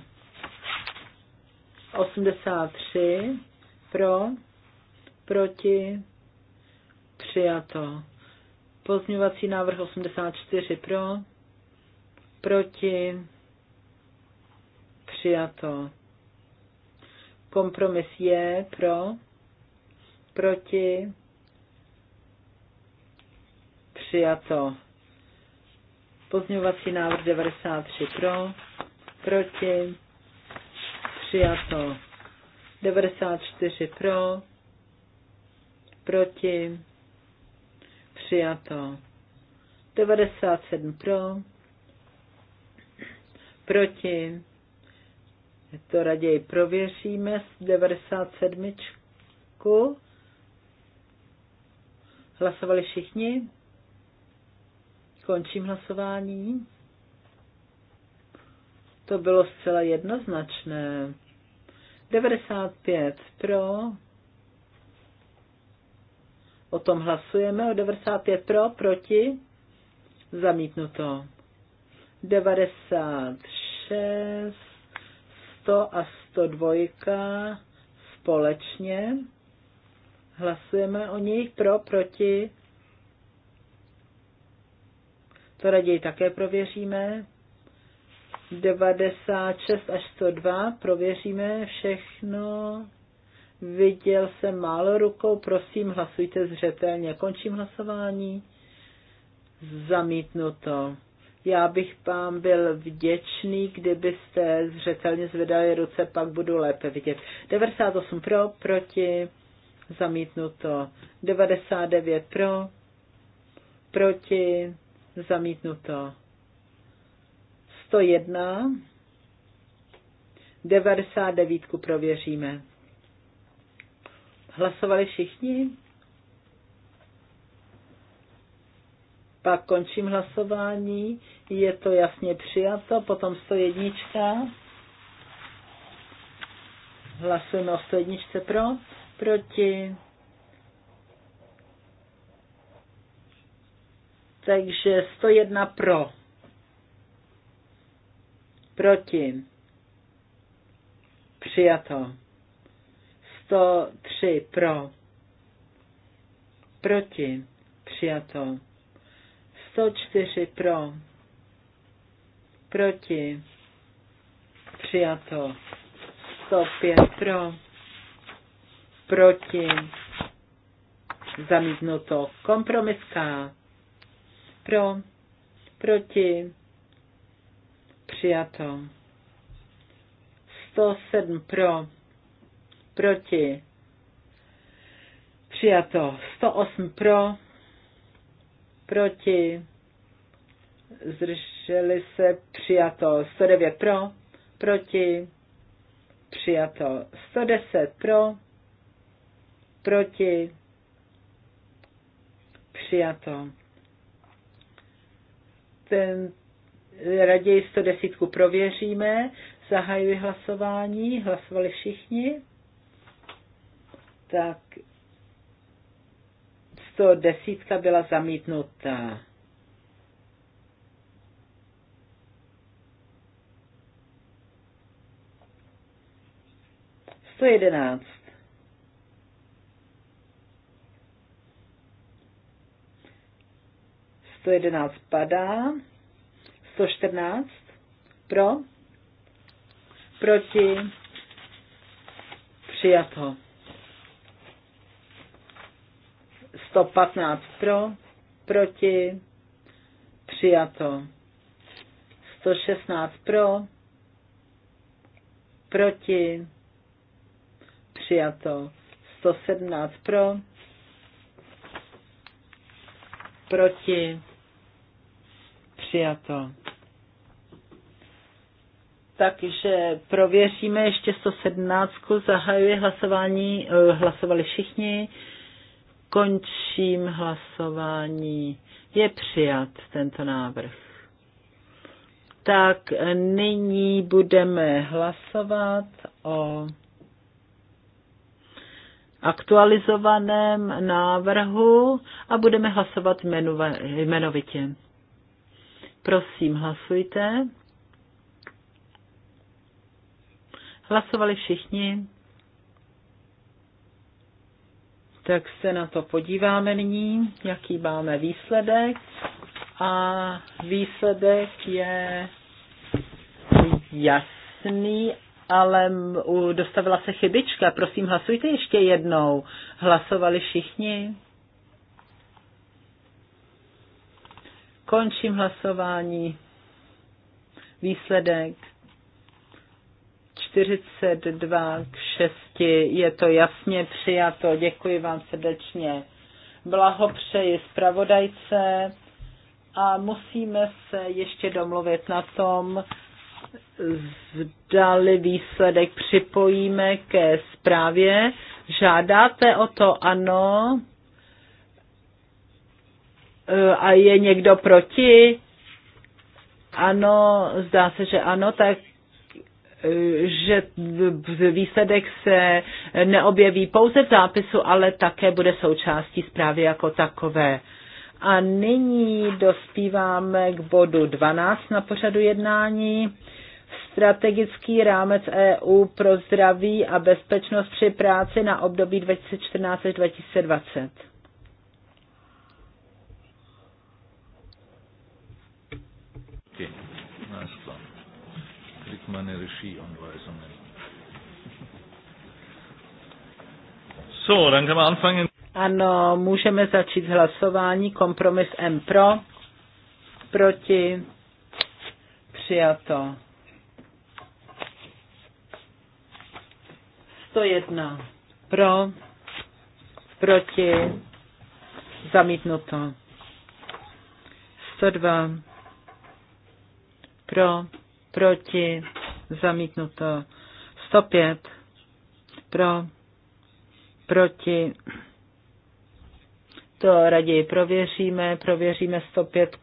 Speaker 3: 83 pro, proti, přijato. Pozměňovací návrh 84 pro, proti, přijato. Kompromis je pro, proti, přijato. Pozměňovací návrh 93 pro, proti, přijato. 94 pro, proti, přijato. 97 pro, proti, to raději prověříme z 97. Hlasovali všichni? Končím hlasování. To bylo zcela jednoznačné. 95 pro. O tom hlasujeme. O 95 pro, proti. Zamítnuto. 96, 100 a 102 společně. Hlasujeme o nich pro, proti. To raději také prověříme. 96 až 102, prověříme všechno. Viděl jsem málo rukou, prosím, hlasujte zřetelně. Končím hlasování. Zamítnuto. Já bych vám byl vděčný, kdybyste zřetelně zvedali ruce, pak budu lépe vidět. 98 pro, proti, zamítnuto. 99 pro, proti, zamítnuto. 101. 99 prověříme. Hlasovali všichni? Pak končím hlasování. Je to jasně přijato. Potom 101. Hlasujeme o 101 pro, proti. Takže 101 pro. Proti. Přijato. 103 pro. Proti. Přijato. 104 pro. Proti. Přijato. 105 pro. Proti. Zamítnuto. Kompromiska. Pro. Proti Přijato. 107 pro. Proti. Přijato. 108 pro. Proti. Zdrželi se. Přijato. 109 pro. Proti. Přijato. 110 pro. Proti. Přijato. Ten raději 110 prověříme. Zahajuji hlasování. Hlasovali všichni. Tak 110 byla zamítnuta. Sto jedenáct. Sto jedenáct padá. 114 pro, proti, přijato. 115 pro, proti, přijato. 116 pro, proti, přijato. 117 pro, proti, přijato. Takže prověříme ještě 117. Zahajuji hlasování. Eh, hlasovali všichni. Končím hlasování. Je přijat tento návrh. Tak nyní budeme hlasovat o aktualizovaném návrhu a budeme hlasovat jmenovitě. Prosím, hlasujte. Hlasovali všichni. Tak se na to podíváme nyní, jaký máme výsledek. A výsledek je jasný, ale dostavila se chybička. Prosím, hlasujte ještě jednou. Hlasovali všichni. Končím hlasování. Výsledek 42 k 6 je to jasně přijato. Děkuji vám srdečně. Blahopřeji zpravodajce a musíme se ještě domluvit na tom, zdali výsledek připojíme ke zprávě. Žádáte o to ano e, a je někdo proti? Ano, zdá se, že ano, tak že výsledek se neobjeví pouze v zápisu, ale také bude součástí zprávy jako takové. A nyní dospíváme k bodu 12 na pořadu jednání. Strategický rámec EU pro zdraví a bezpečnost při práci na období 2014 až 2020.
Speaker 2: Okay kriegt meine Regieanweisungen. So, dann können wir anfangen.
Speaker 3: Ano, můžeme začít hlasování. Kompromis M pro, proti, přijato. 101 pro, proti, zamítnuto. 102 pro, proti, zamítnuto 105, pro, proti, to raději prověříme, prověříme 105,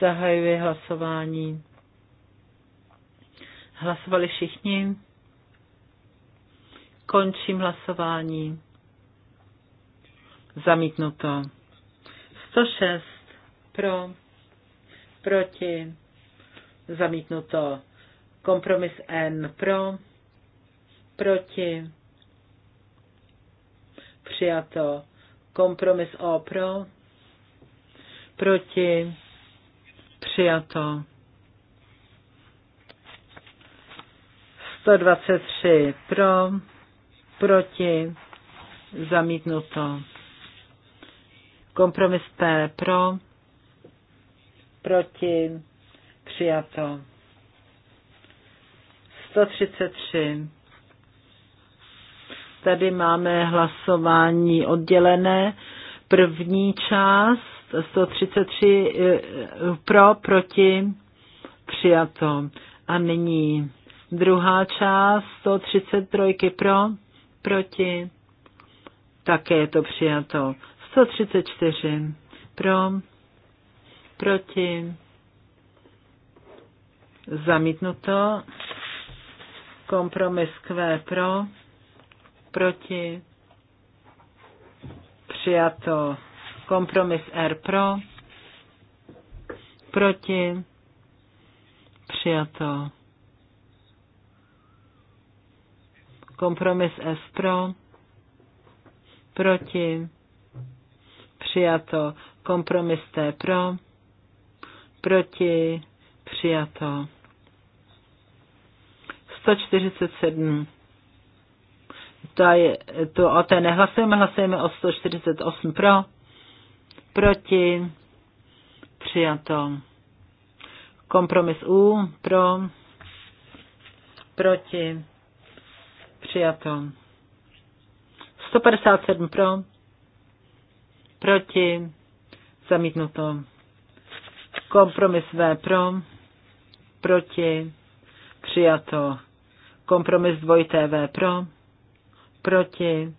Speaker 3: zahajuji hlasování. Hlasovali všichni? Končím hlasování. Zamítnuto. 106 pro, proti, zamítnuto. Kompromis N pro, proti, přijato. Kompromis O pro, proti, přijato. 123 pro, proti, zamítnuto. Kompromis P pro, proti, Přijato. 133. Tady máme hlasování oddělené. První část 133 eh, eh, pro, proti, přijato. A nyní druhá část 133 pro, proti, také je to přijato. 134 pro, proti, zamítnuto, kompromis Q pro, proti, přijato, kompromis R pro, proti, přijato, kompromis S pro, proti, přijato, kompromis T pro, proti, Přijato. 147. To, je, to o té nehlasujeme, hlasujeme o 148 pro, proti, přijato. Kompromis U pro, proti, přijato. 157 pro, proti, zamítnuto. Kompromis V pro, proti, přijato. Kompromis dvojité V pro, proti,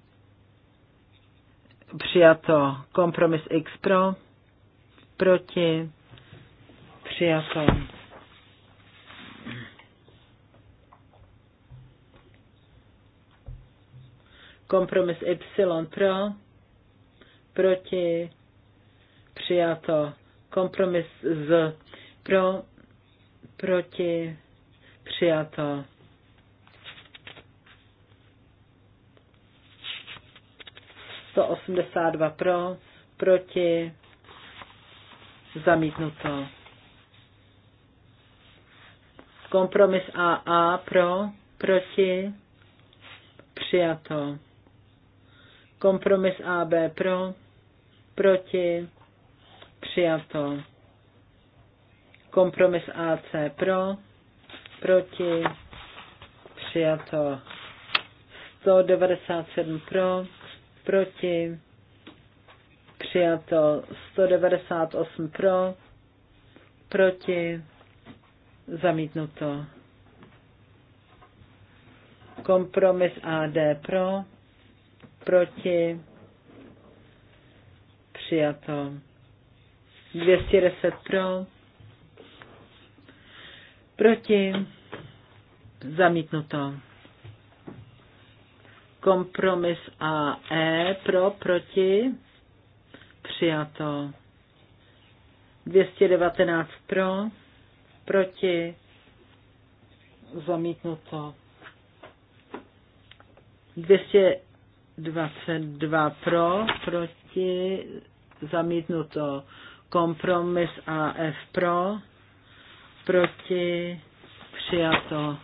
Speaker 3: přijato. Kompromis X pro, proti, přijato. Kompromis Y pro, proti, přijato. Kompromis Z pro, proti, přijato. Sto osmdesát dva pro, proti, zamítnuto. Kompromis AA pro, proti, přijato. Kompromis AB pro, proti, přijato. Kompromis AC pro, proti, přijato 197 pro, proti, přijato 198 pro, proti, zamítnuto. Kompromis AD pro, proti, přijato. 210 pro, Proti. Zamítnuto. Kompromis A E pro, proti. Přijato. 219 pro, proti. Zamítnuto. 222 pro, proti. Zamítnuto. Kompromis AF pro proti, přijato.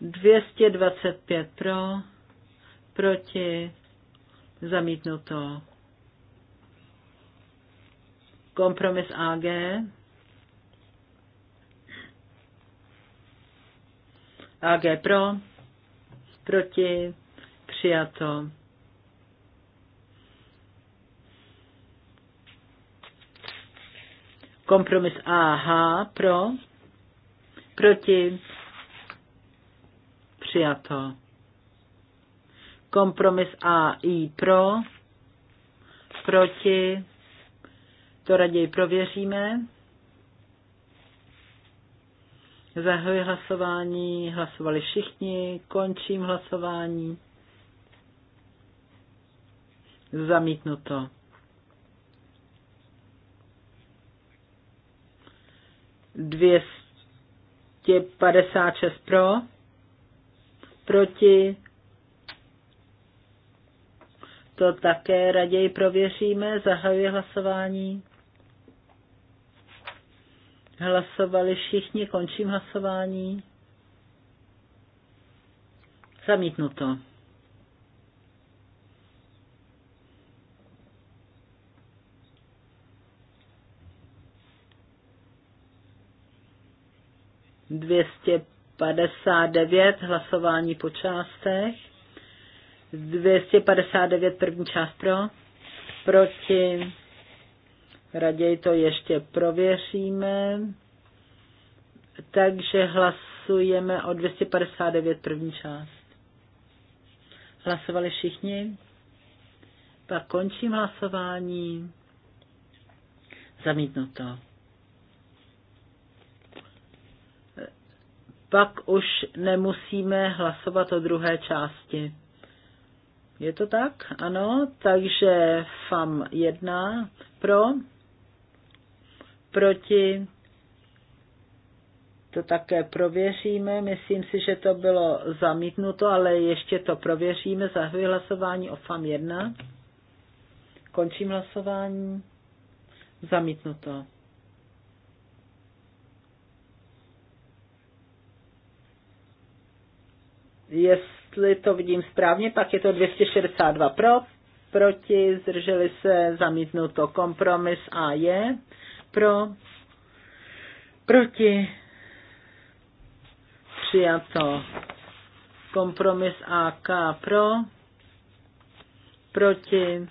Speaker 3: 225 pro, proti, zamítnuto. Kompromis AG. AG pro, proti, přijato. Kompromis AH pro, proti, přijato. Kompromis AI pro, proti, to raději prověříme. Zahajuji hlasování, hlasovali všichni, končím hlasování. Zamítnuto. 256 pro, proti, to také raději prověříme, zahajuje hlasování. Hlasovali všichni, končím hlasování. Zamítnuto. 259 hlasování po částech. 259 první část pro, proti, raději to ještě prověříme. Takže hlasujeme o 259 první část. Hlasovali všichni? Pak končím hlasování. Zamítnuto. to. pak už nemusíme hlasovat o druhé části. Je to tak? Ano, takže FAM 1 pro, proti, to také prověříme. Myslím si, že to bylo zamítnuto, ale ještě to prověříme. za hlasování o FAM 1. Končím hlasování. Zamítnuto. Jestli to vidím správně, pak je to 262 pro, proti, zdrželi se, zamítnuto kompromis A je pro, proti, přijato kompromis A K pro, proti,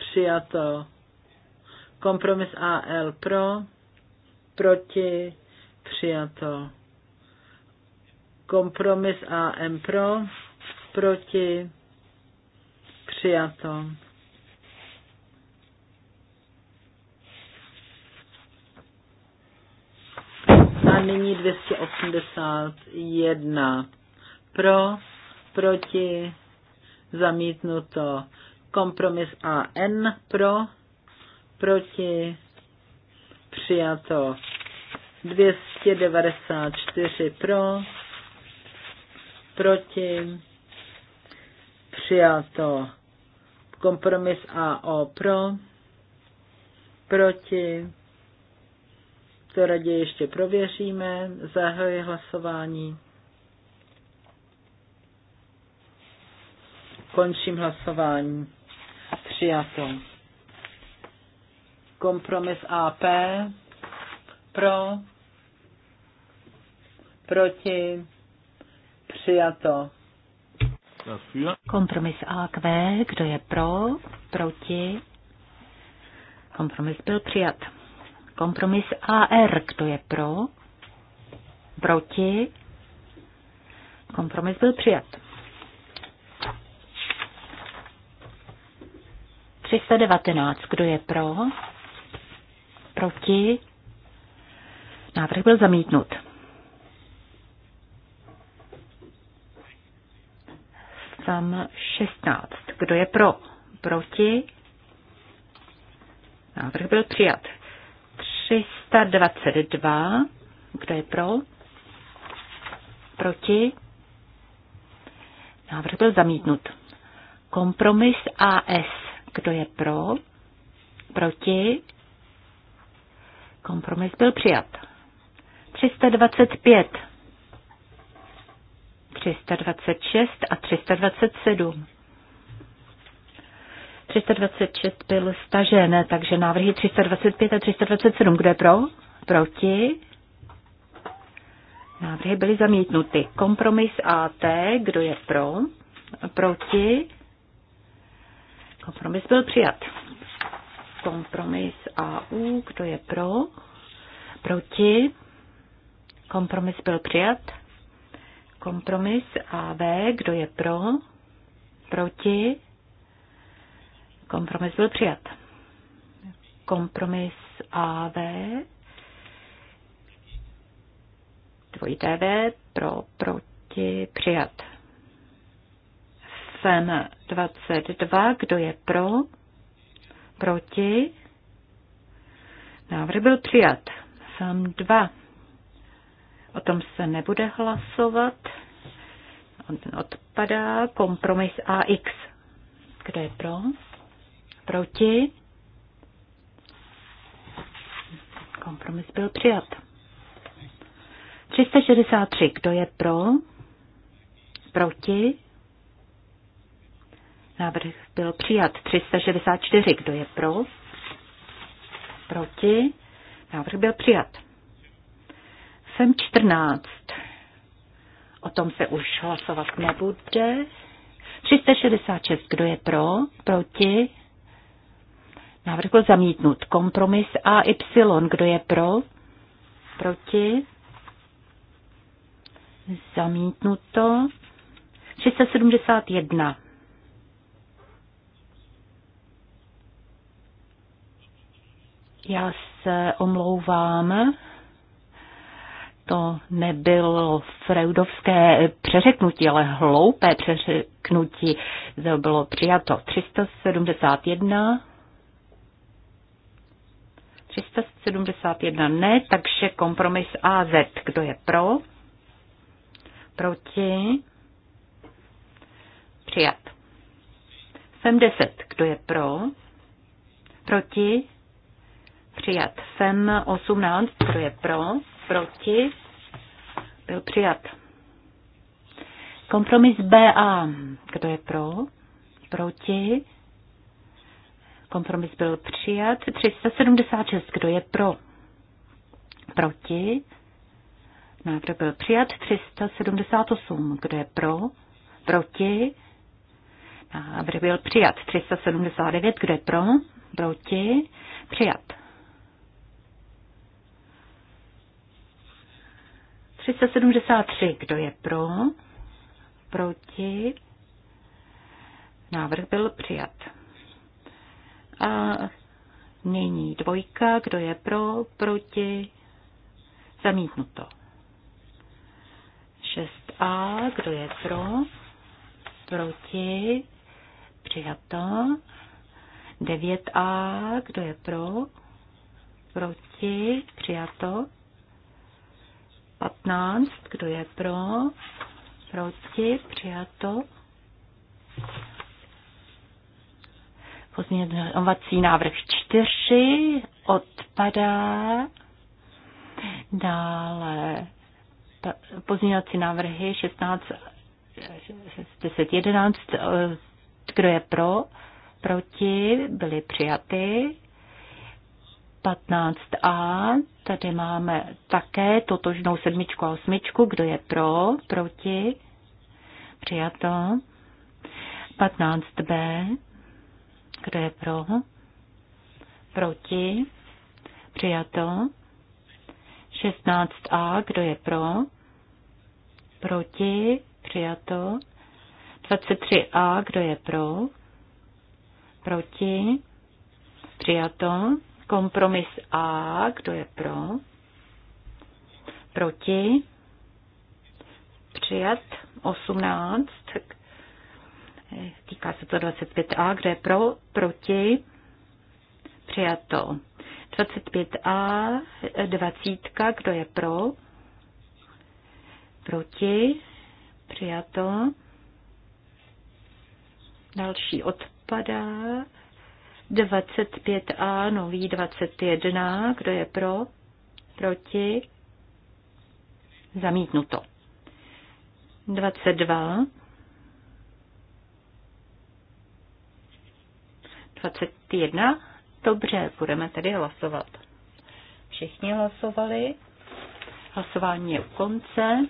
Speaker 3: přijato kompromis A L pro, proti, přijato. Kompromis AM pro, proti, přijato. A nyní 281 pro, proti, zamítnuto. Kompromis AN pro, proti, přijato. 294 pro, proti, přijato. Kompromis AO pro, proti, to raději ještě prověříme, zahajuji hlasování. Končím hlasování. Přijato. Kompromis AP pro, proti, Přijato.
Speaker 4: Kompromis AQ, kdo je pro, proti. Kompromis byl přijat. Kompromis AR, kdo je pro, proti. Kompromis byl přijat. 319, kdo je pro, proti. Návrh byl zamítnut. tam 16. Kdo je pro? Proti? Návrh byl přijat. 322. Kdo je pro? Proti? Návrh byl zamítnut. Kompromis AS. Kdo je pro? Proti? Kompromis byl přijat. 325. 326 a 327. 326 byl stažen, takže návrhy 325 a 327. Kdo je pro? Proti? Návrhy byly zamítnuty. Kompromis AT, kdo je pro? Proti? Kompromis byl přijat. Kompromis AU, kdo je pro? Proti? Kompromis byl přijat. Kompromis A V, kdo je pro, proti, kompromis byl přijat. Kompromis A V, dvojité V, pro, proti, přijat. FEM 22, kdo je pro, proti, návrh byl přijat. FEM 2. O tom se nebude hlasovat. Odpadá kompromis AX. Kdo je pro? Proti? Kompromis byl přijat. 363. Kdo je pro? Proti? Návrh byl přijat. 364. Kdo je pro? Proti? Návrh byl přijat. Sem 14. O tom se už hlasovat nebude. 366. Kdo je pro? Proti? Návrh byl zamítnut. Kompromis A, Y. Kdo je pro? Proti? Zamítnuto. 371. Já se omlouvám to nebylo freudovské přeřeknutí, ale hloupé přeřeknutí. To bylo přijato 371. 371 ne, takže kompromis AZ. Kdo je pro? Proti? Přijat. 70. Kdo je pro? Proti? Přijat. FEM 18. Kdo je pro? proti, byl přijat. Kompromis BA, kdo je pro, proti, kompromis byl přijat. 376, kdo je pro, proti, návrh byl přijat. 378, kdo je pro, proti, návrh byl přijat. 379, kdo je pro, proti, přijat. 373. Kdo je pro? Proti? Návrh byl přijat. A nyní dvojka. Kdo je pro? Proti? Zamítnuto. 6a. Kdo je pro? Proti? Přijato. 9a. Kdo je pro? Proti? Přijato. 15, kdo je pro, proti, přijato. Pozměňovací návrh 4 odpadá. Dále pozměňovací návrhy 16, 10, 11, kdo je pro, proti, byly přijaty. 15a, tady máme také totožnou sedmičku a osmičku, kdo je pro, proti, přijato. 15b, kdo je pro, proti, přijato. 16a, kdo je pro, proti, přijato. 23a, kdo je pro, proti, přijato. Kompromis A, kdo je pro? Proti? Přijat 18. Týká se to 25A, kdo je pro? Proti? Přijato 25A, 20, kdo je pro? Proti? Přijato. Další odpadá. 25a, nový 21, kdo je pro, proti, zamítnuto. 22, 21, dobře, budeme tedy hlasovat. Všichni hlasovali, hlasování je u konce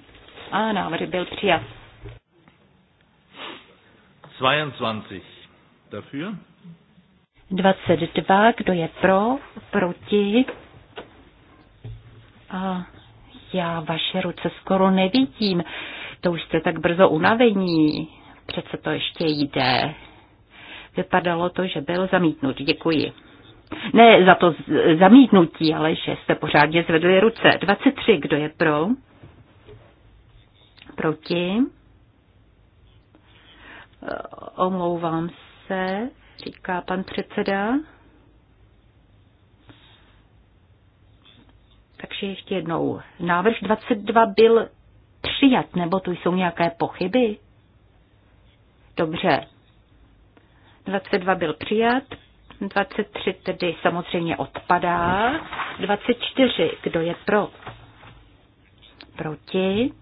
Speaker 4: a návrh byl přijat.
Speaker 2: 22 dafür
Speaker 4: 22, kdo je pro, proti. A já vaše ruce skoro nevidím, to už jste tak brzo unavení. Přece to ještě jde. Vypadalo to, že byl zamítnut. Děkuji. Ne za to zamítnutí, ale že jste pořádně zvedli ruce. 23, kdo je pro? Proti? Omlouvám se, říká pan předseda. Takže ještě jednou. Návrh 22 byl přijat, nebo tu jsou nějaké pochyby? Dobře. 22 byl přijat, 23 tedy samozřejmě odpadá, 24, kdo je pro? Proti?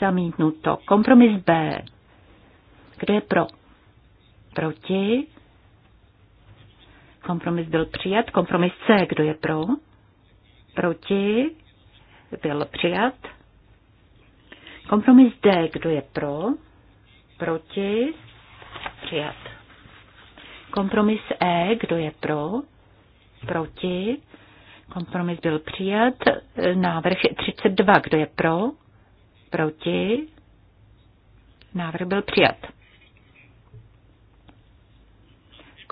Speaker 4: Zamítnuto. Kompromis B. Kdo je pro? Proti? Kompromis byl přijat. Kompromis C, kdo je pro? Proti? Byl přijat. Kompromis D, kdo je pro? Proti? Přijat. Kompromis E, kdo je pro? Proti? Kompromis byl přijat. Návrh 32, kdo je pro? Proti? Návrh byl přijat.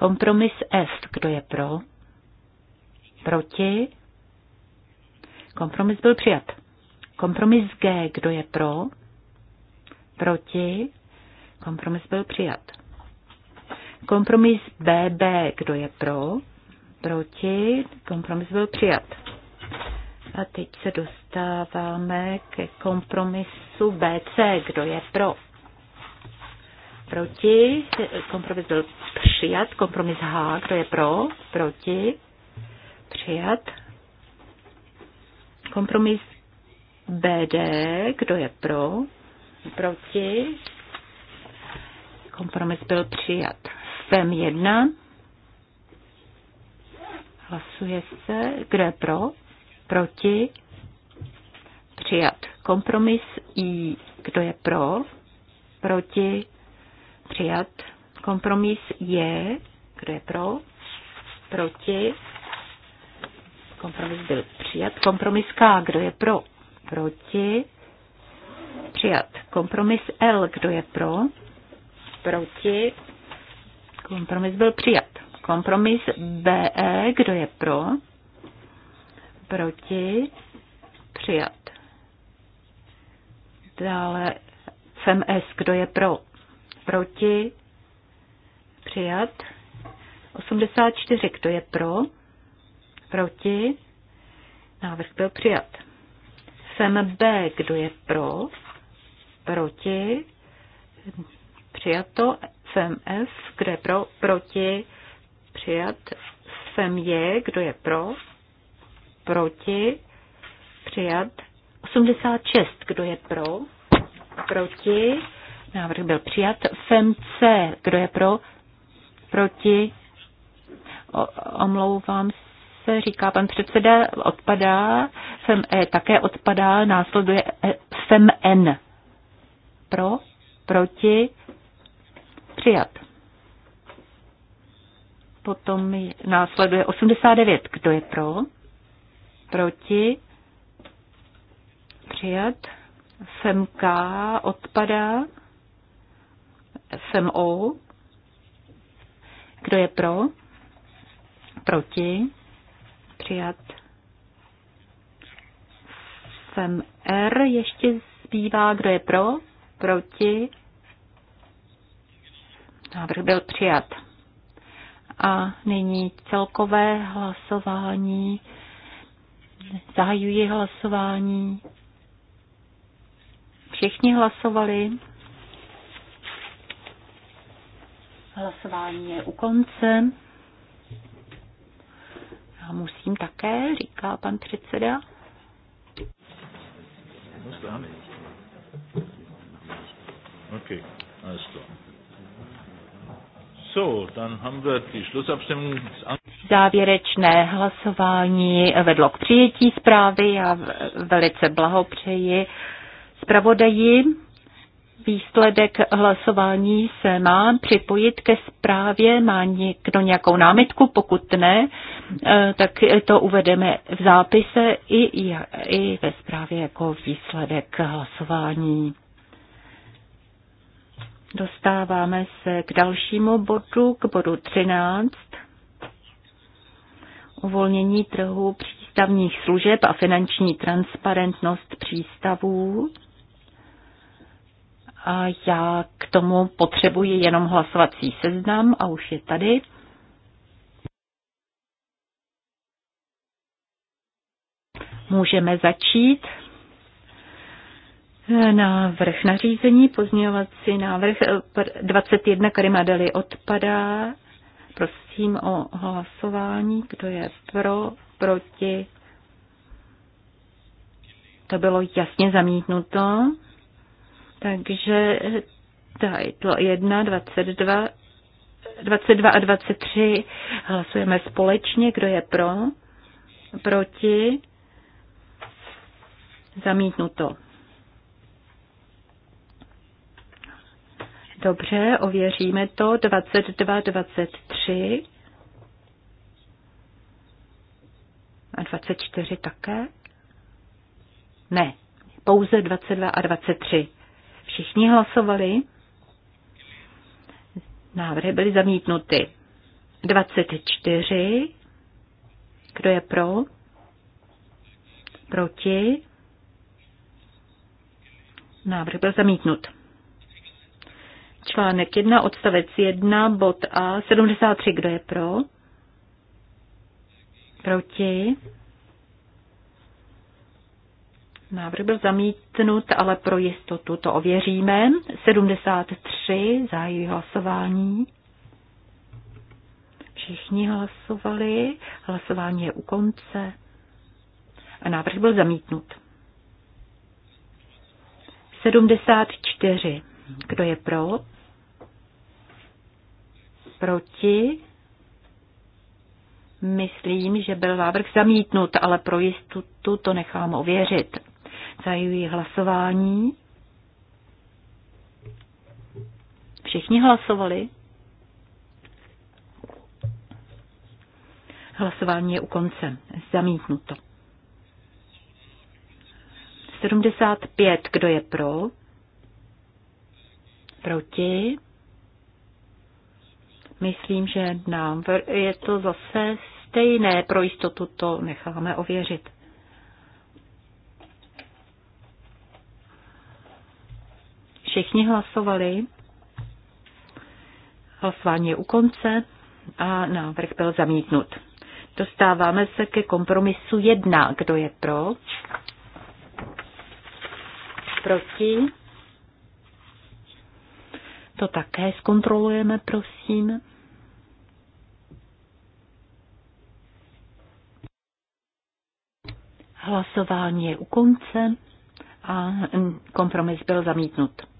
Speaker 4: Kompromis est. Kdo je pro? Proti? Kompromis byl přijat. Kompromis G. Kdo je pro? Proti? Kompromis byl přijat. Kompromis BB. Kdo je pro? Proti? Kompromis byl přijat. A teď se dostáváme ke kompromisu BC. Kdo je pro? proti, kompromis byl přijat, kompromis H, kdo je pro, proti, přijat, kompromis BD, kdo je pro, proti, kompromis byl přijat. FEM 1, hlasuje se, kdo je pro, proti, přijat. Kompromis I, kdo je pro, proti, Přijat. Kompromis je, kdo je pro, proti. Kompromis byl přijat. Kompromis K, kdo je pro, proti. Přijat. Kompromis L, kdo je pro, proti. Kompromis byl přijat. Kompromis BE, kdo je pro, proti, přijat. Dále FMS, kdo je pro, proti, přijat. 84, kdo je pro, proti, návrh byl přijat. Sem B, kdo je pro, proti, přijato. Sem F, kdo je pro, proti, přijat. Sem J, kdo je pro, proti, přijat. 86, kdo je pro, proti, Návrh byl přijat. FEMC, C. Kdo je pro? Proti? O, omlouvám se, říká pan předseda, odpadá. FEM e také odpadá. Následuje e, FEMN. N. Pro? Proti? Přijat. Potom následuje 89. Kdo je pro? Proti? Přijat. FEMK odpadá. FMO. Kdo je pro? Proti? Přijat. FMR ještě zbývá. Kdo je pro? Proti? Návrh byl přijat. A nyní celkové hlasování. Zahajuji hlasování. Všichni hlasovali. Hlasování je u konce. Já musím také, říká pan předseda.
Speaker 2: Okay, alles klar. So, dann haben wir die Schlussabstimmung.
Speaker 4: Závěrečné hlasování vedlo k přijetí zprávy. a velice blahopřeji zpravodaji výsledek hlasování se má připojit ke zprávě. Má někdo nějakou námitku? Pokud ne, eh, tak to uvedeme v zápise i, i, i ve zprávě jako výsledek hlasování. Dostáváme se k dalšímu bodu, k bodu 13. Uvolnění trhu přístavních služeb a finanční transparentnost přístavů. A já k tomu potřebuji jenom hlasovací seznam a už je tady. Můžeme začít. Návrh nařízení, pozměňovací návrh 21 eh, dali odpadá. Prosím o hlasování, kdo je pro, proti. To bylo jasně zamítnuto. Takže tajdlo 1, 22, 22 a 23 hlasujeme společně, kdo je pro, proti, zamítnuto. Dobře, ověříme to. 22, 23 a 24 také? Ne, pouze 22 a 23. Všichni hlasovali. Návrhy byly zamítnuty. 24. Kdo je pro? Proti? Návrh byl zamítnut. Článek 1, odstavec 1, bod A, 73. Kdo je pro? Proti? Návrh byl zamítnut, ale pro jistotu to ověříme. 73 zahájí hlasování. Všichni hlasovali. Hlasování je u konce. A návrh byl zamítnut. 74. Kdo je pro? Proti? Myslím, že byl návrh zamítnut, ale pro jistotu to nechám ověřit. Zahajuji hlasování. Všichni hlasovali? Hlasování je u konce. Zamítnuto. 75. Kdo je pro? Proti? Myslím, že nám je to zase stejné. Pro jistotu to necháme ověřit. Všichni hlasovali. Hlasování je u konce a návrh byl zamítnut. Dostáváme se ke kompromisu 1. Kdo je pro? Proti? To také zkontrolujeme, prosím. Hlasování je u konce a kompromis byl zamítnut.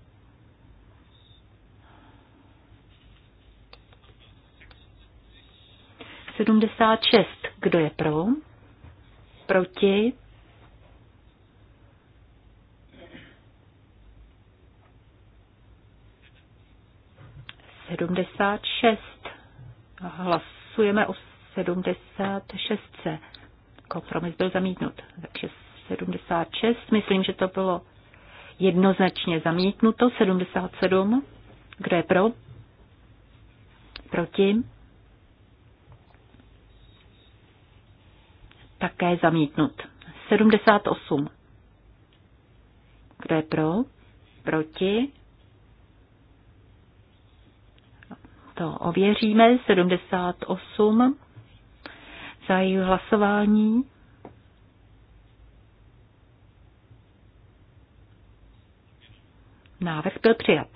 Speaker 4: 76. Kdo je pro? Proti? Sedmdesát šest. Hlasujeme o sedmdesát šestce. Kompromis byl zamítnut. Takže 76. Myslím, že to bylo jednoznačně zamítnuto. 77. Kdo je pro? Proti? také zamítnut. 78. Kdo je pro? Proti? To ověříme. 78. Zají hlasování. Návrh byl přijat.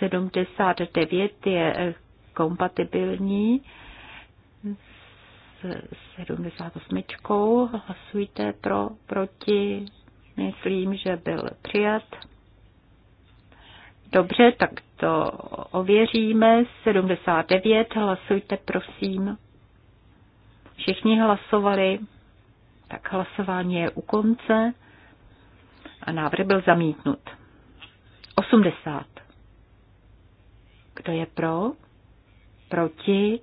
Speaker 4: 79 je eh, kompatibilní 78. Hlasujte pro, proti. Myslím, že byl přijat. Dobře, tak to ověříme. 79. Hlasujte, prosím. Všichni hlasovali. Tak hlasování je u konce a návrh byl zamítnut. 80. Kdo je pro? Proti?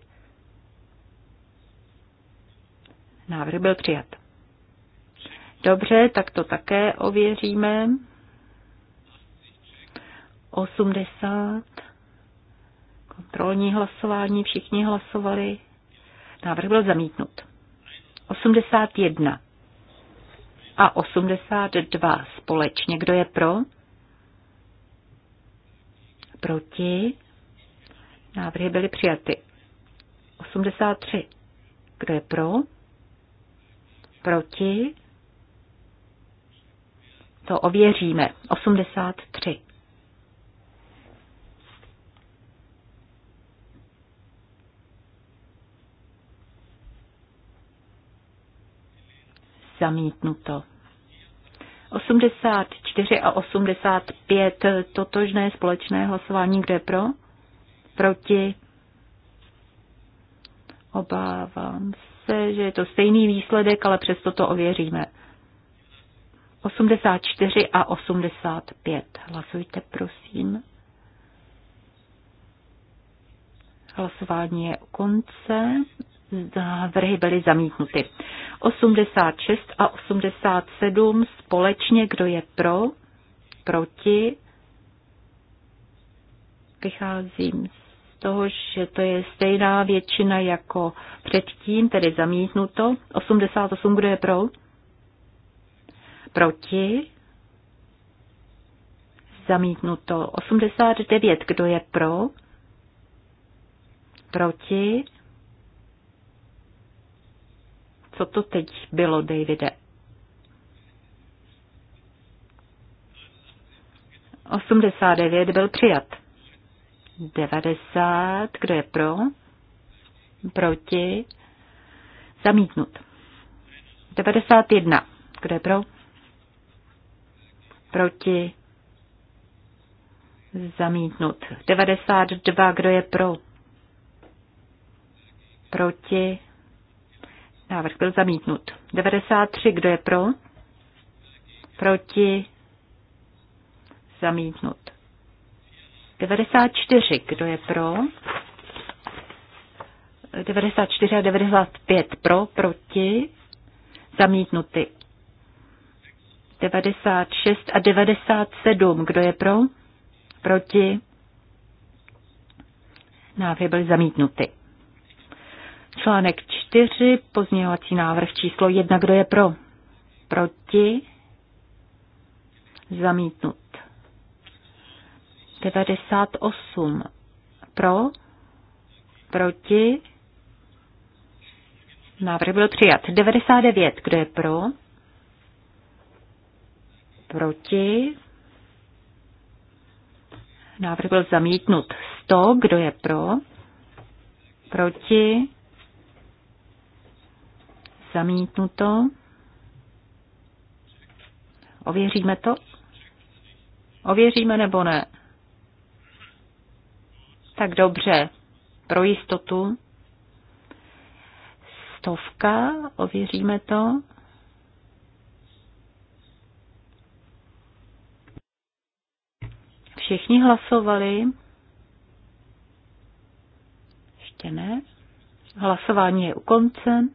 Speaker 4: Návrh byl přijat. Dobře, tak to také ověříme. 80. Kontrolní hlasování, všichni hlasovali. Návrh byl zamítnut. 81 a 82 společně. Kdo je pro? Proti? Návrhy byly přijaty. 83. Kdo je pro? proti, to ověříme. 83. Zamítnuto. 84 a 85 totožné společné hlasování, kde pro? Proti? Obávám se, že je to stejný výsledek, ale přesto to ověříme. 84 a 85. Hlasujte, prosím. Hlasování je u konce. Vrhy byly zamítnuty. 86 a 87 společně, kdo je pro, proti. Vycházím z toho, že to je stejná většina jako předtím, tedy zamítnuto. 88, kdo je pro? Proti? Zamítnuto. 89, kdo je pro? Proti? Co to teď bylo, Davide? 89 byl přijat. 90. Kdo je pro? Proti? Zamítnut. 91. Kdo je pro? Proti? Zamítnut. 92. Kdo je pro? Proti? Návrh byl zamítnut. 93. Kdo je pro? Proti? Zamítnut. 94, kdo je pro? 94 a 95 pro, proti, zamítnuty. 96 a 97, kdo je pro? Proti. Návrhy byly zamítnuty. Článek 4, pozměňovací návrh číslo 1, kdo je pro? Proti. Zamítnut. 98 pro, proti, návrh byl přijat. 99, kdo je pro, proti, návrh byl zamítnut. 100, kdo je pro, proti, zamítnuto. Ověříme to? Ověříme nebo ne? Tak dobře, pro jistotu. Stovka, ověříme to. Všichni hlasovali. Ještě ne. Hlasování je u konce.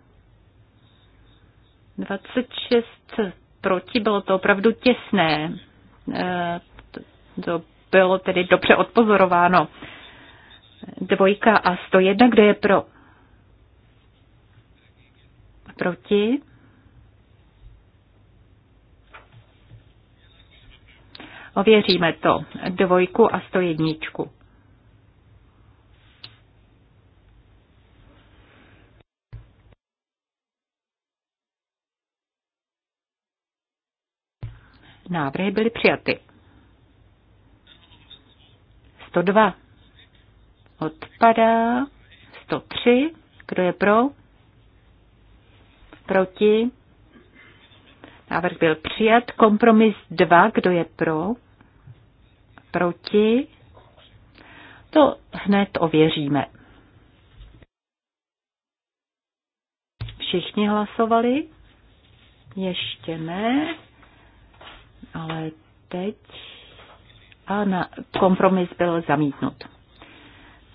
Speaker 4: 26 proti, bylo to opravdu těsné. Eh, to bylo tedy dobře odpozorováno. Dvojka a 101, kde je pro? Proti? Ověříme to. Dvojku a 101. Návrhy byly přijaty. 102 odpadá. 103. Kdo je pro? Proti? Návrh byl přijat. Kompromis 2. Kdo je pro? Proti? To hned ověříme. Všichni hlasovali? Ještě ne, ale teď a na kompromis byl zamítnut.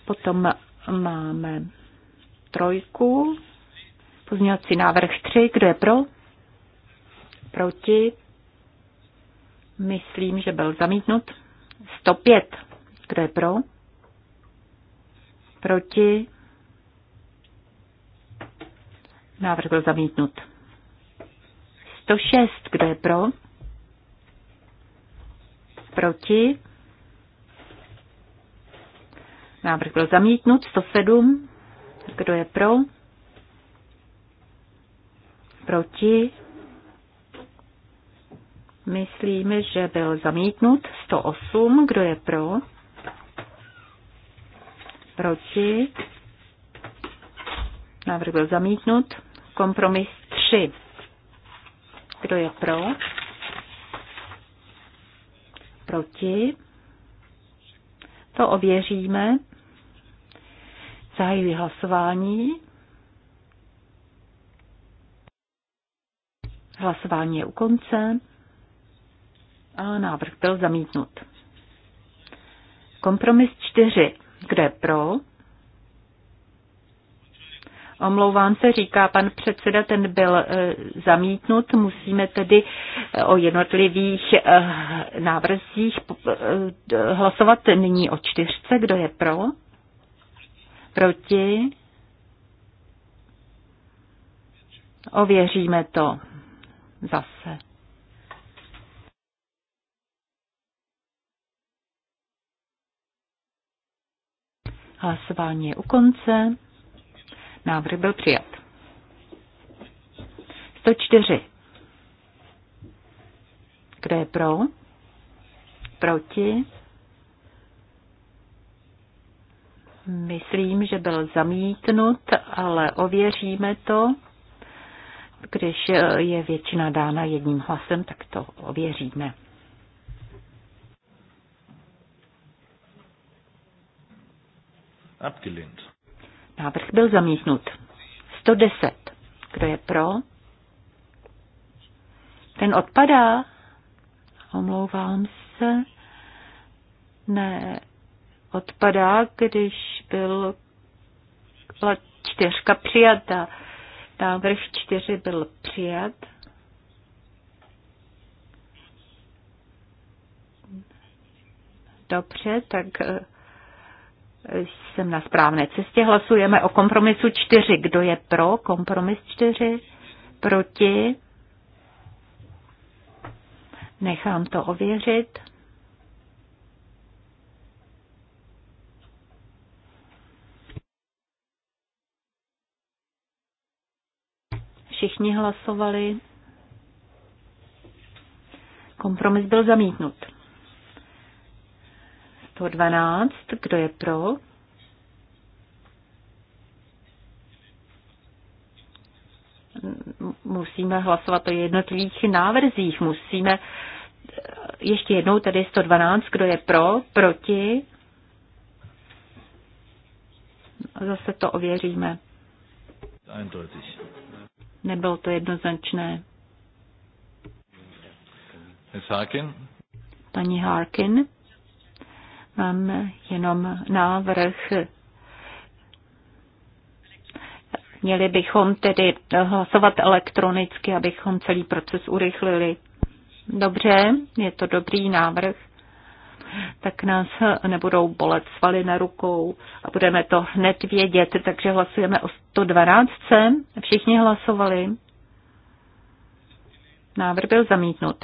Speaker 4: Potom máme trojku, pozměňovací návrh 3, kdo je pro? Proti? Myslím, že byl zamítnut. 105, kdo je pro? Proti? Návrh byl zamítnut. 106, kdo je pro? Proti? Návrh byl zamítnut. 107. Kdo je pro? Proti? Myslíme, že byl zamítnut. 108. Kdo je pro? Proti? Návrh byl zamítnut. Kompromis 3. Kdo je pro? Proti? To ověříme. Zahajuji hlasování. Hlasování je u konce a návrh byl zamítnut. Kompromis 4. kde pro? Omlouvám se, říká pan předseda, ten byl eh, zamítnut. Musíme tedy eh, o jednotlivých eh, návrzích hlasovat nyní o čtyřce. Kdo je pro? Proti? Ověříme to zase. Hlasování je u konce. Návrh byl přijat. 104. Kdo je pro? Proti? Myslím, že byl zamítnut, ale ověříme to. Když je většina dána jedním hlasem, tak to ověříme.
Speaker 2: Abgelehnt.
Speaker 4: Návrh byl zamítnut. 110. Kdo je pro? Ten odpadá. Omlouvám se. Ne, odpadá, když byl čtyřka přijata. Návrh čtyři byl přijat. Dobře, tak eh, jsem na správné cestě. Hlasujeme o kompromisu čtyři. Kdo je pro kompromis čtyři? Proti? Nechám to ověřit. Všichni hlasovali. Kompromis byl zamítnut. 112. Kdo je pro? Musíme hlasovat o jednotlivých návrzích. Musíme eh, ještě jednou tedy 112. Kdo je pro? Proti? Zase to ověříme.
Speaker 2: Eindeutig.
Speaker 4: Nebylo to jednoznačné. Paní Harkin, mám jenom návrh. Měli bychom tedy hlasovat elektronicky, abychom celý proces urychlili. Dobře, je to dobrý návrh tak nás nebudou bolet svaly na rukou a budeme to hned vědět. Takže hlasujeme o 112. Všichni hlasovali. Návrh byl zamítnut.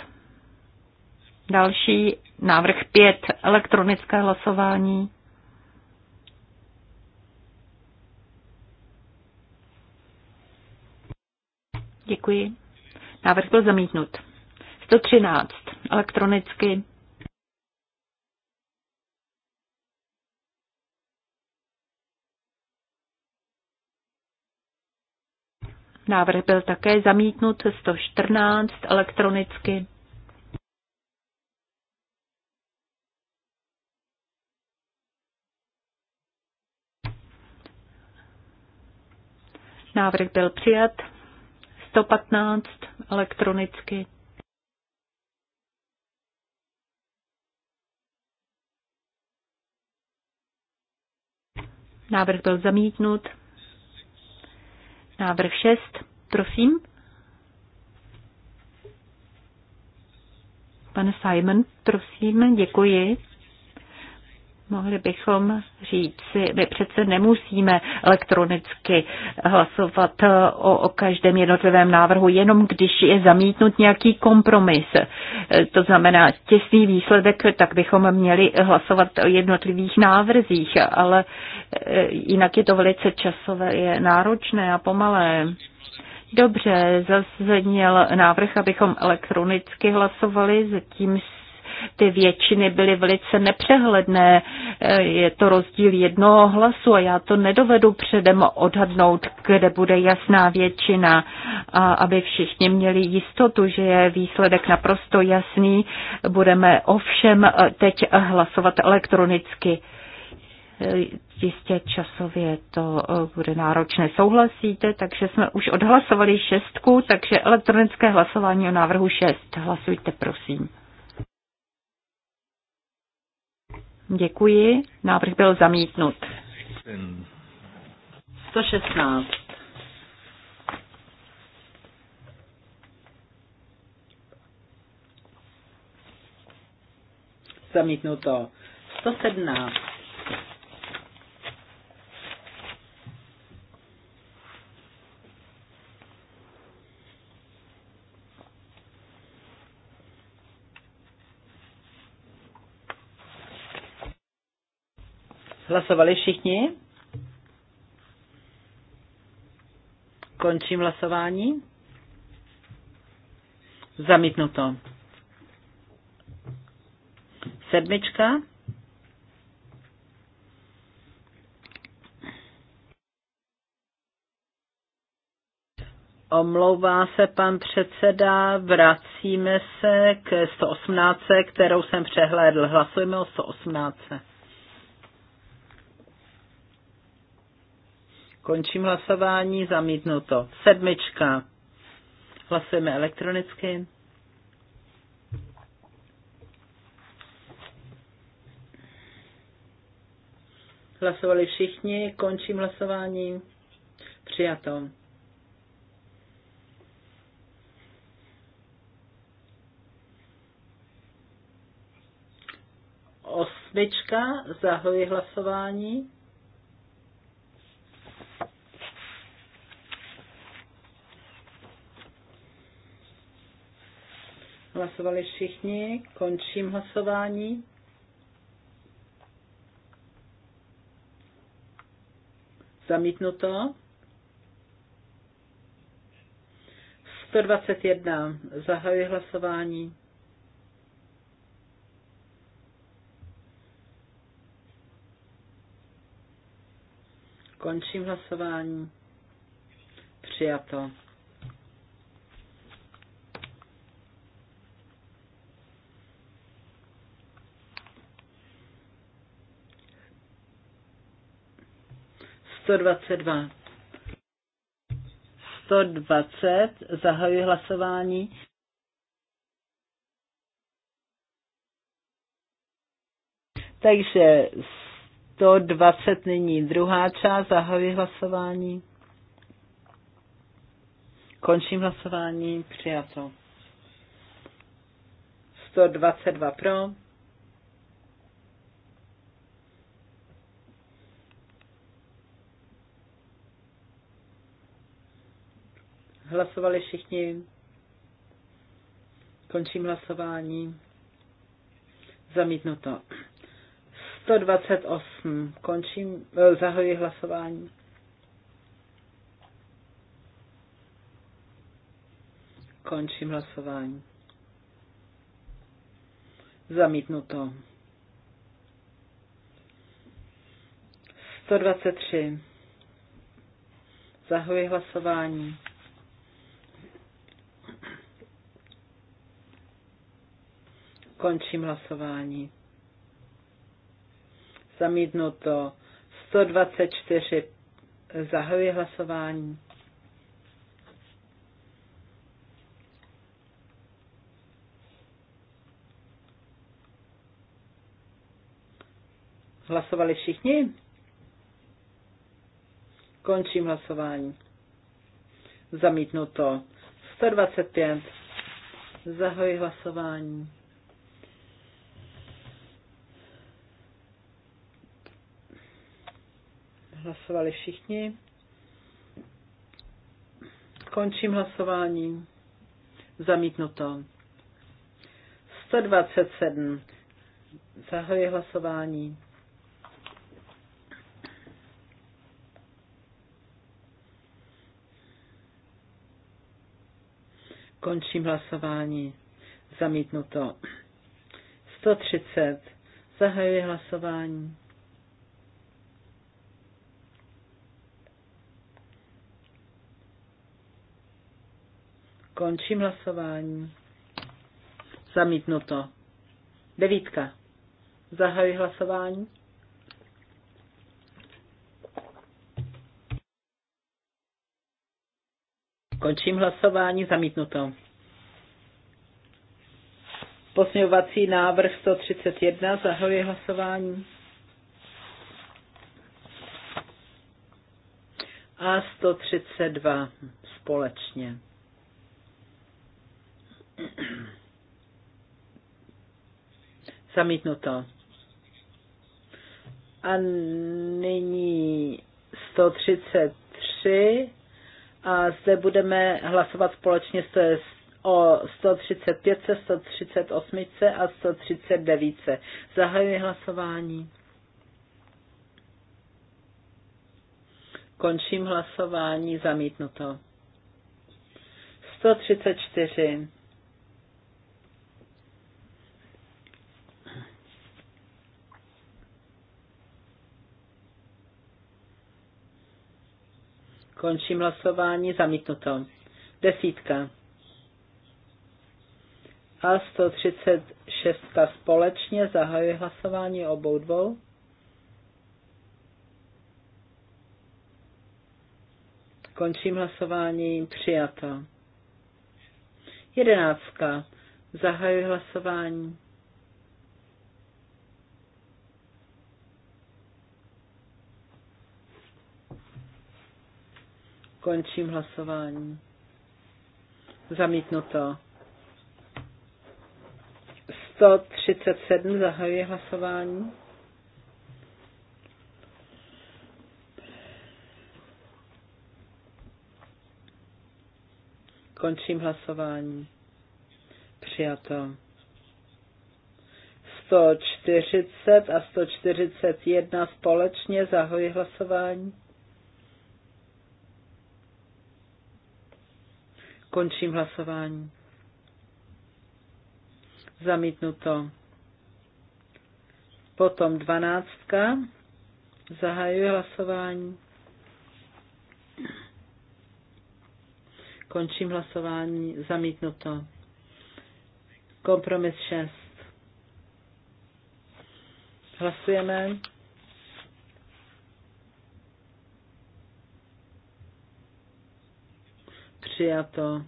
Speaker 4: Další návrh 5. Elektronické hlasování. Děkuji. Návrh byl zamítnut. 113. Elektronicky. Návrh byl také zamítnut 114 elektronicky. Návrh byl přijat 115 elektronicky. Návrh byl zamítnut Návrh 6, prosím. Pane Simon, prosím, děkuji mohli bychom říci, my přece nemusíme elektronicky hlasovat o, o každém jednotlivém návrhu, jenom když je zamítnut nějaký kompromis. To znamená těsný výsledek, tak bychom měli hlasovat o jednotlivých návrzích, ale e, jinak je to velice časové, je náročné a pomalé. Dobře, zazněl návrh, abychom elektronicky hlasovali, zatím ty většiny byly velice nepřehledné. E, je to rozdíl jednoho hlasu a já to nedovedu předem odhadnout, kde bude jasná většina, a aby všichni měli jistotu, že je výsledek naprosto jasný. Budeme ovšem e, teď hlasovat elektronicky e, jistě časově to bude náročné. Souhlasíte, takže jsme už odhlasovali šestku, takže elektronické hlasování o návrhu šest. Hlasujte, prosím. Děkuji. Návrh byl zamítnut. 116.
Speaker 3: Zamítnuto. 117. Hlasovali všichni? Končím hlasování. Zamítnuto. Sedmička. Omlouvá se pan předseda, vracíme se k 118, kterou jsem přehlédl. Hlasujeme o 118. Končím hlasování, zamítnuto. Sedmička. Hlasujeme elektronicky. Hlasovali všichni, končím hlasování. Přijato. Osmička, zahoji hlasování. Hlasovali všichni, končím hlasování. Zamítnuto. 121. Zahajuji hlasování. Končím hlasování. Přijato. 122. 120. Zahajuji hlasování. Takže 120 nyní druhá část. Zahajuji hlasování. Končím hlasování. Přijato. 122 pro Hlasovali všichni. Končím hlasování. Zamítnuto. 128. Končím, eh, zahajuji hlasování. Končím hlasování. Zamítnuto. 123. Zahoji hlasování. Končím hlasování. Zamítnuto 124. Zahajuji hlasování. Hlasovali všichni? Končím hlasování. Zamítnuto. 125. Zahoji hlasování. Hlasovali všichni. Končím hlasování. Zamítnuto. 127. Zahajuji hlasování. Končím hlasování. Zamítnuto. 130. Zahajuji hlasování. Končím hlasování. Zamítnuto. Devítka. Zahajuji hlasování. Končím hlasování. Zamítnuto. Posměvací návrh 131. Zahajuji hlasování. A 132 společně. Zamítnuto. A nyní 133 a zde budeme hlasovat společně se o 135, 138 a 139. Zahajuji hlasování. Končím hlasování, zamítnuto. 134. Končím hlasování, zamítnuto. Desítka. A 136 společně zahajuje hlasování obou dvou. Končím hlasování, přijato. Jedenáctka. Zahajuji hlasování. Končím hlasování. Zamítnuto. 137 zahajuje hlasování. Končím hlasování. Přijato. 140 a 141 společně zahojí hlasování. Končím hlasování. Zamítnuto. Potom dvanáctka. Zahajuji hlasování. Končím hlasování. Zamítnuto. Kompromis 6. Hlasujeme. přijato.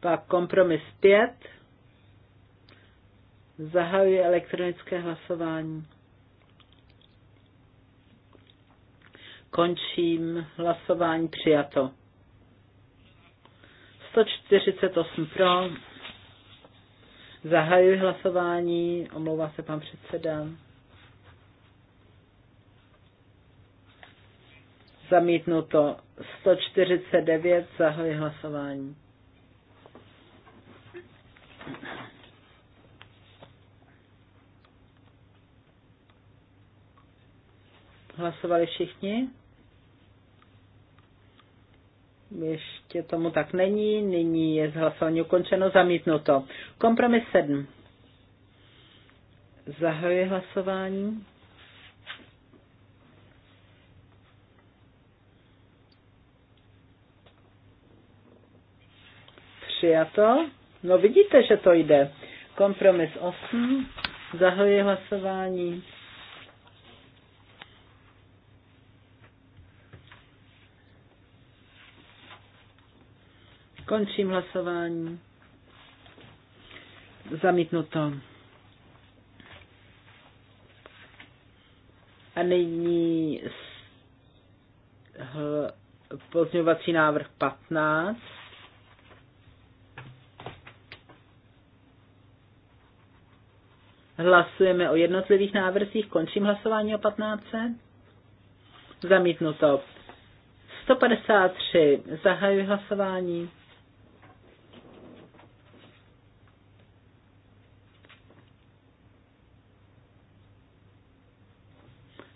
Speaker 3: Pak kompromis 5. Zahajuje elektronické hlasování. Končím hlasování přijato. 148 pro. Zahajuji hlasování. Omlouvá se pan předseda. zamítnuto 149, zahajuji hlasování. Hlasovali všichni? Ještě tomu tak není, nyní je z hlasování ukončeno, zamítnuto. Kompromis 7. Zahajuji hlasování. Přijato? No vidíte, že to jde. Kompromis 8. Zahoji hlasování. Končím hlasování. Zamítnuto. A nyní pozňovací návrh 15. Hlasujeme o jednotlivých návrzích. Končím hlasování o 15. Zamítnuto. 153. Zahajuji hlasování.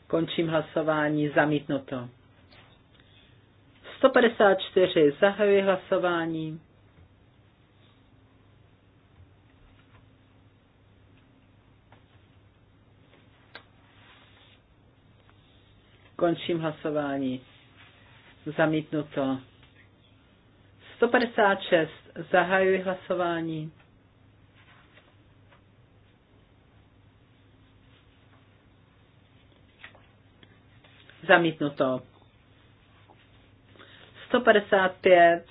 Speaker 3: Končím hlasování. Zamítnuto. 154. Zahajuji hlasování. Končím hlasování. Zamítnuto. 156. Zahajuji hlasování. Zamítnuto. 155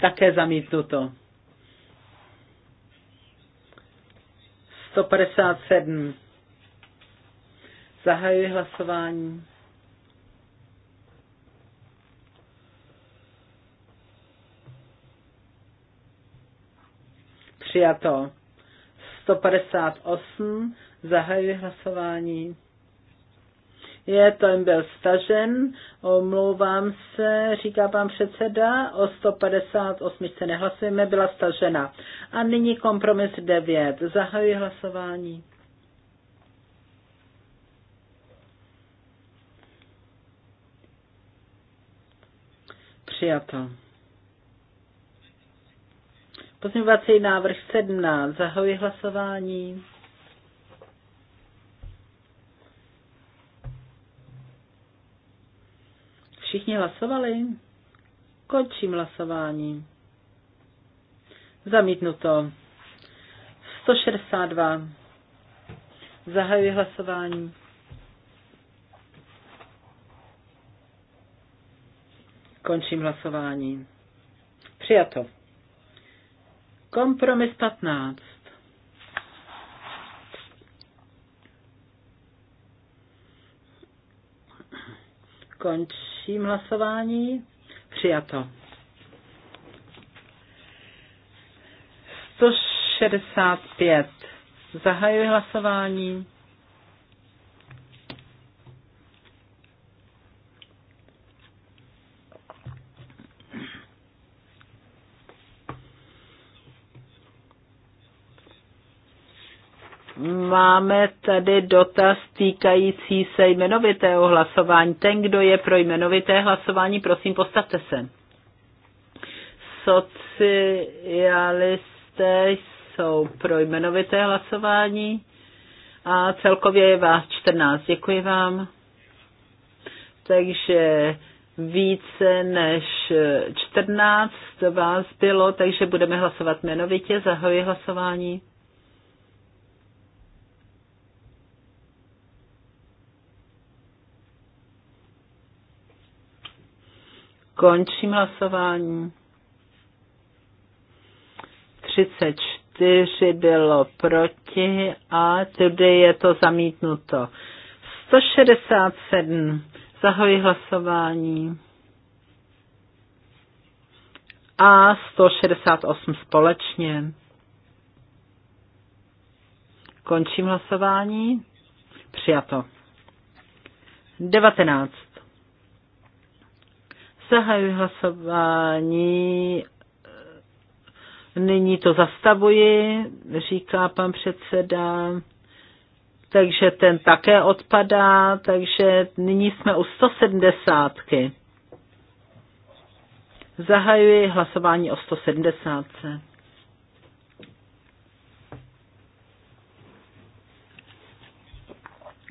Speaker 3: také zamítnuto. 157. Zahajuji hlasování. Přijato. 158. Zahajuji hlasování je, ten byl stažen, omlouvám se, říká pan předseda, o 158 se nehlasujeme, byla stažena. A nyní kompromis 9. Zahajuji hlasování. Přijato. Pozměňovací návrh 17. Zahajuji hlasování. Všichni hlasovali? Končím hlasování. Zamítnuto. 162. Zahajuji hlasování. Končím hlasování. Přijato. Kompromis 15. Končím. Končím hlasování. Přijato. 165. Zahajuji hlasování. máme tady dotaz týkající se jmenovitého hlasování. Ten, kdo je pro jmenovité hlasování, prosím, postavte se. Socialisté jsou pro jmenovité hlasování a celkově je vás 14. Děkuji vám. Takže více než 14 vás bylo, takže budeme hlasovat jmenovitě. Zahajuji hlasování. Končím hlasování. 34 bylo proti a tedy je to zamítnuto. 167. Zahoji hlasování. A 168 společně. Končím hlasování. Přijato. 19. Zahajuji hlasování. Nyní to zastavuji, říká pan předseda. Takže ten také odpadá, takže nyní jsme u 170. Zahajuji hlasování o 170.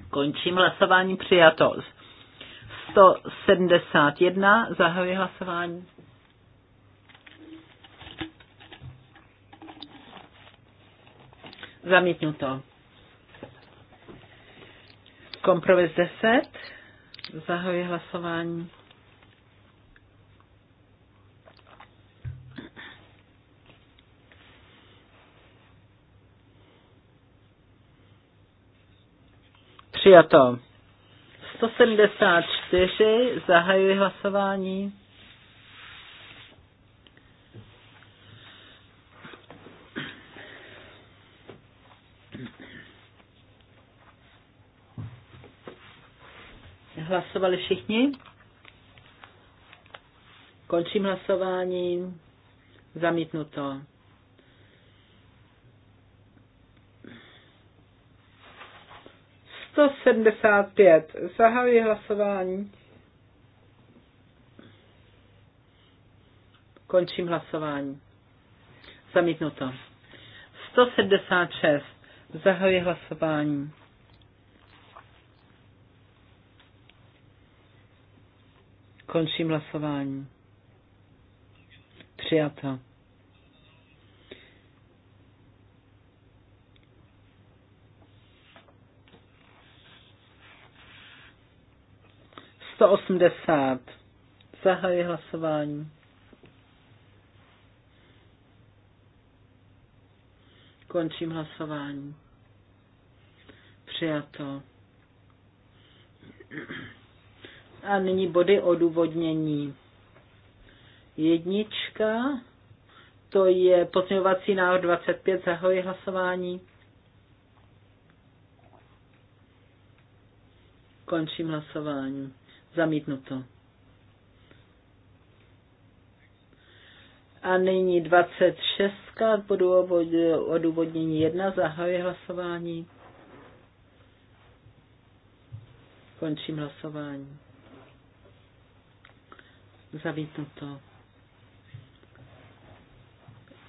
Speaker 3: Končím hlasování přijatost. 171. Zahajuji hlasování. Zamítnuto. Kompromis 10. Zahajuji hlasování. Přijato. 174, zahajuji hlasování. Hlasovali všichni? Končím hlasování. Zamítnuto. 175. Zahajuji hlasování. Končím hlasování. Zamítnuto. 176. Zahajuji hlasování. Končím hlasování. Přijato. 180. Zahajuji hlasování. Končím hlasování. Přijato. A nyní body odůvodnění. Jednička, to je pozměňovací návrh 25, zahoji hlasování. Končím hlasování. Zamítnuto. A nyní 26. Budu odůvodnění 1. Zahajuji hlasování. Končím hlasování. Zamítnuto.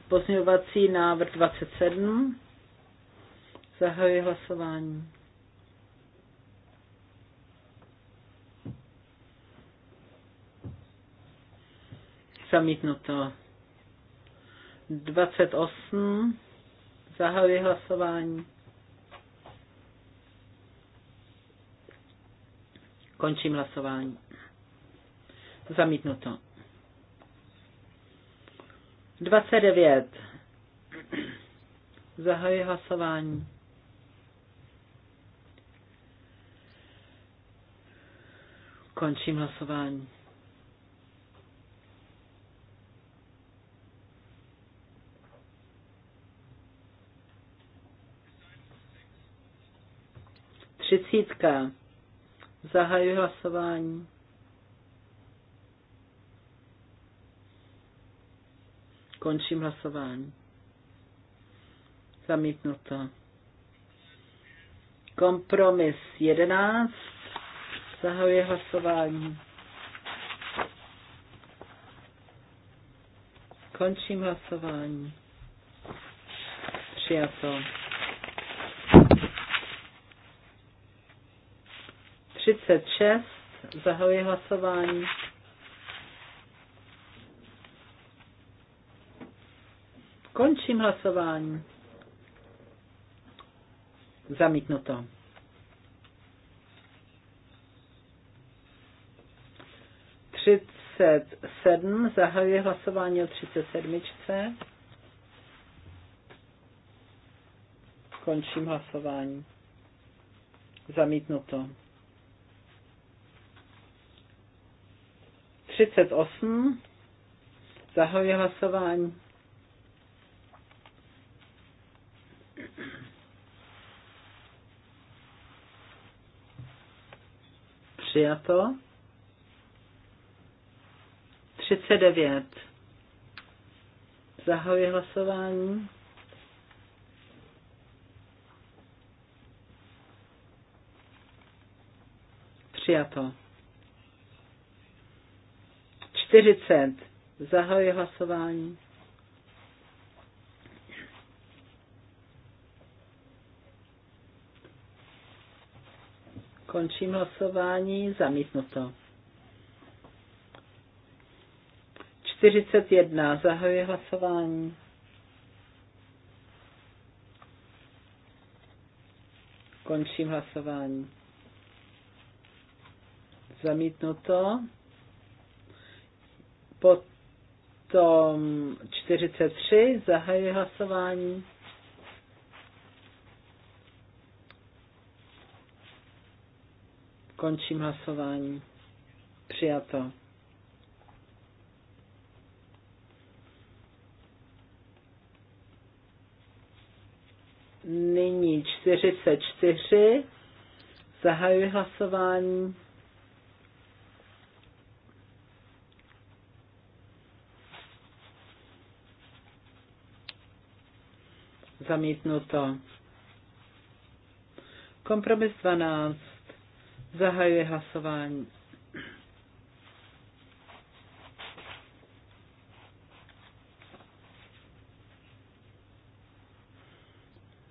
Speaker 3: Pozměňovací návrh 27. Zahajuji hlasování. Zamítnuto. 28. Zahajuji hlasování. Končím hlasování. Zamítnuto. 29. Zahajuji hlasování. Končím hlasování. Třicítka. Zahajuji hlasování. Končím hlasování. Zamítnuto. Kompromis 11. Zahajuji hlasování. Končím hlasování. Přijato. 36. Zahajuji hlasování. Končím hlasování. Zamítnuto. Třicet sedm. Zahajuji hlasování o třicet sedmičce. Končím hlasování. Zamítnuto. 38. Zahajuji hlasování. Přijato. 39. Zahajuji hlasování. Přijato. 40. Zahajuji hlasování. Končím hlasování, zamítnuto. 41. Zahajuji hlasování. Končím hlasování. Zamítnuto. Potom 43, zahajuji hlasování. Končím hlasování. Přijato. Nyní 44. Zahajuji hlasování. zamítnuto. Kompromis 12. Zahajuje hlasování.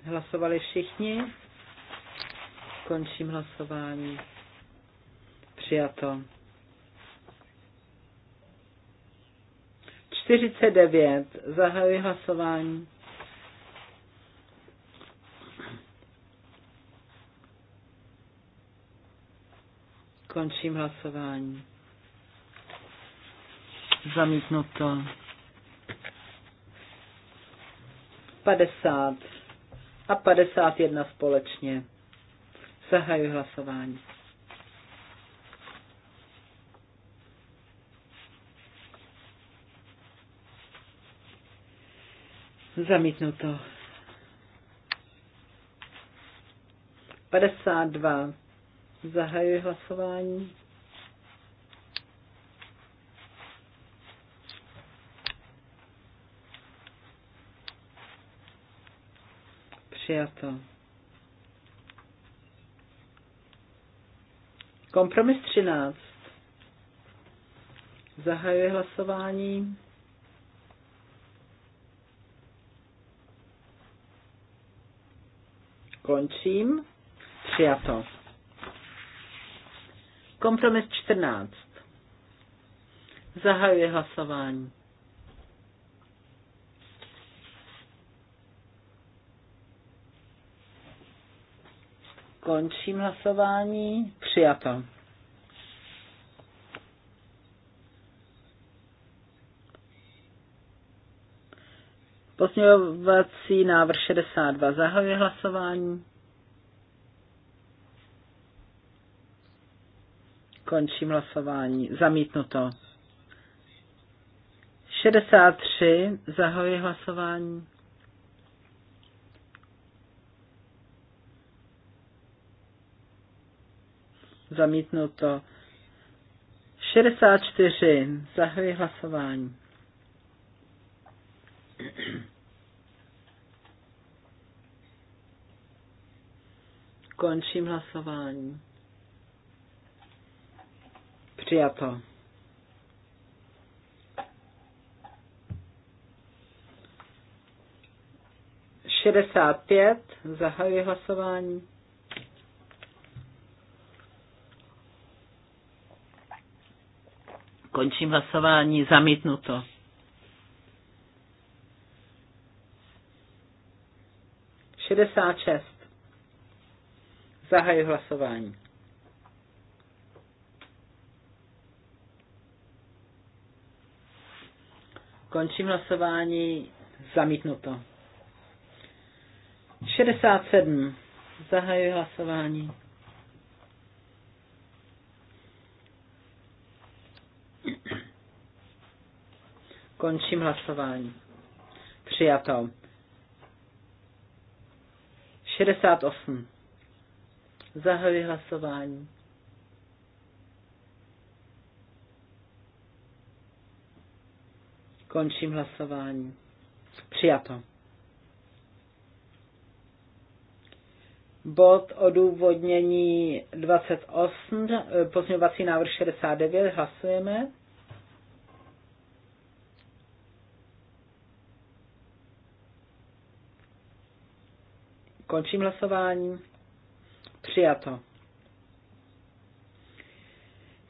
Speaker 3: Hlasovali všichni. Končím hlasování. Přijato. 49. Zahajuji hlasování. Končím hlasování. Zamítnuto. 50 a 51 společně. Zahajuji hlasování. Zamítnuto. 52 Zahajuji hlasování. Přijato. Kompromis 13. Zahajuji hlasování. Končím. Přijato. Kompromis 14. Zahajuji hlasování. Končím hlasování. Přijato. Pozměňovací návrh 62. Zahajuji hlasování. Končím hlasování. Zamítnuto. 63. Zahoji hlasování. Zamítnuto. 64. Zahoji hlasování. Končím hlasování přijato. Šedesát pět, zahajuji hlasování. Končím hlasování, zamítnuto. Šedesát šest. Zahajuji hlasování. Končím hlasování. Zamítnuto. 67. Zahajuji hlasování. Končím hlasování. Přijato. 68. Zahajuji hlasování. Končím hlasování. Přijato. Bod odůvodnění 28, eh, pozměňovací návrh 69, hlasujeme. Končím hlasování. Přijato.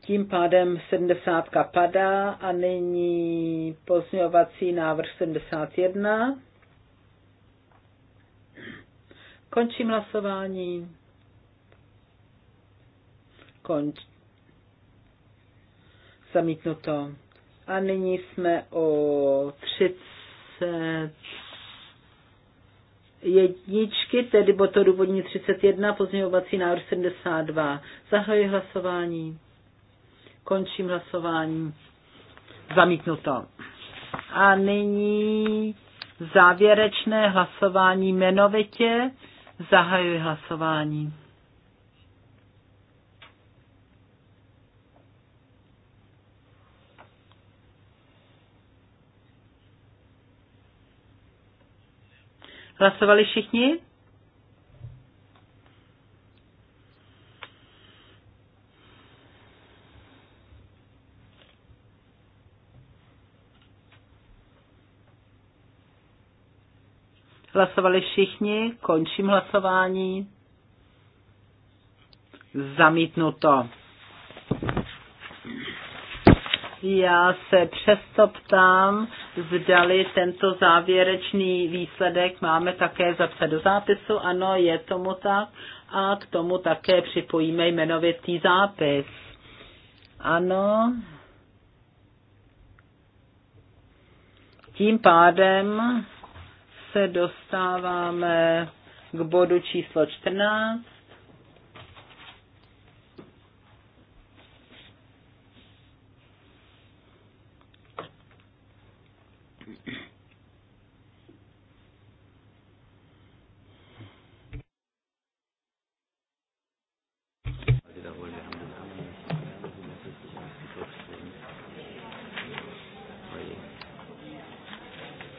Speaker 3: Tím pádem 70 padá a nyní pozměňovací návrh 71. Končím hlasování. Konč. Zamítnuto. A nyní jsme o 30 jedničky, tedy bod důvodní 31, pozměňovací návrh 72. Zahajuji hlasování. Končím hlasování. Zamítnuto. A nyní závěrečné hlasování jmenovitě. Zahajuji hlasování. Hlasovali všichni? Hlasovali všichni, končím hlasování. Zamítnuto. Já se přesto ptám, zdali tento závěrečný výsledek máme také zapsat do zápisu. Ano, je tomu tak. A k tomu také připojíme jmenovitý zápis. Ano. Tím pádem se dostáváme k bodu číslo 14.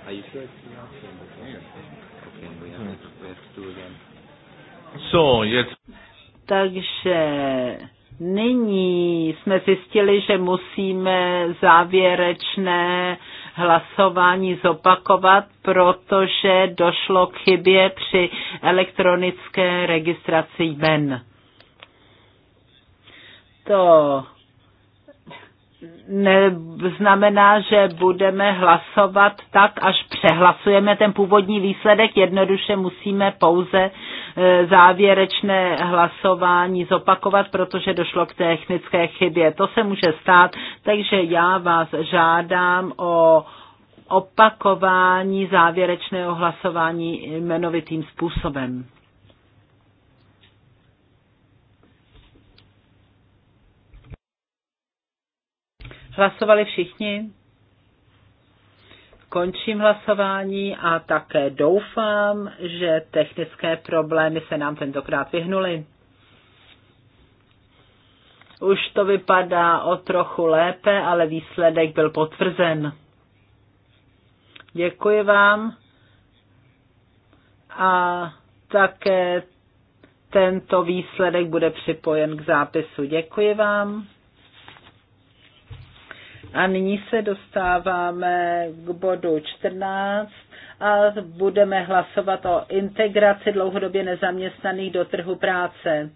Speaker 1: Are you sure it's
Speaker 2: co je...
Speaker 3: Takže nyní jsme zjistili, že musíme závěrečné hlasování zopakovat, protože došlo k chybě při elektronické registraci jmen. To neznamená, že budeme hlasovat tak, až přehlasujeme ten původní výsledek. Jednoduše musíme pouze e, závěrečné hlasování zopakovat, protože došlo k technické chybě. To se může stát, takže já vás žádám o opakování závěrečného hlasování jmenovitým způsobem. Hlasovali všichni? Končím hlasování a také doufám, že technické problémy se nám tentokrát vyhnuly. Už to vypadá o trochu lépe, ale výsledek byl potvrzen. Děkuji vám a také tento výsledek bude připojen k zápisu. Děkuji vám. A nyní se dostáváme k bodu 14 a budeme hlasovat o integraci dlouhodobě nezaměstnaných do trhu práce.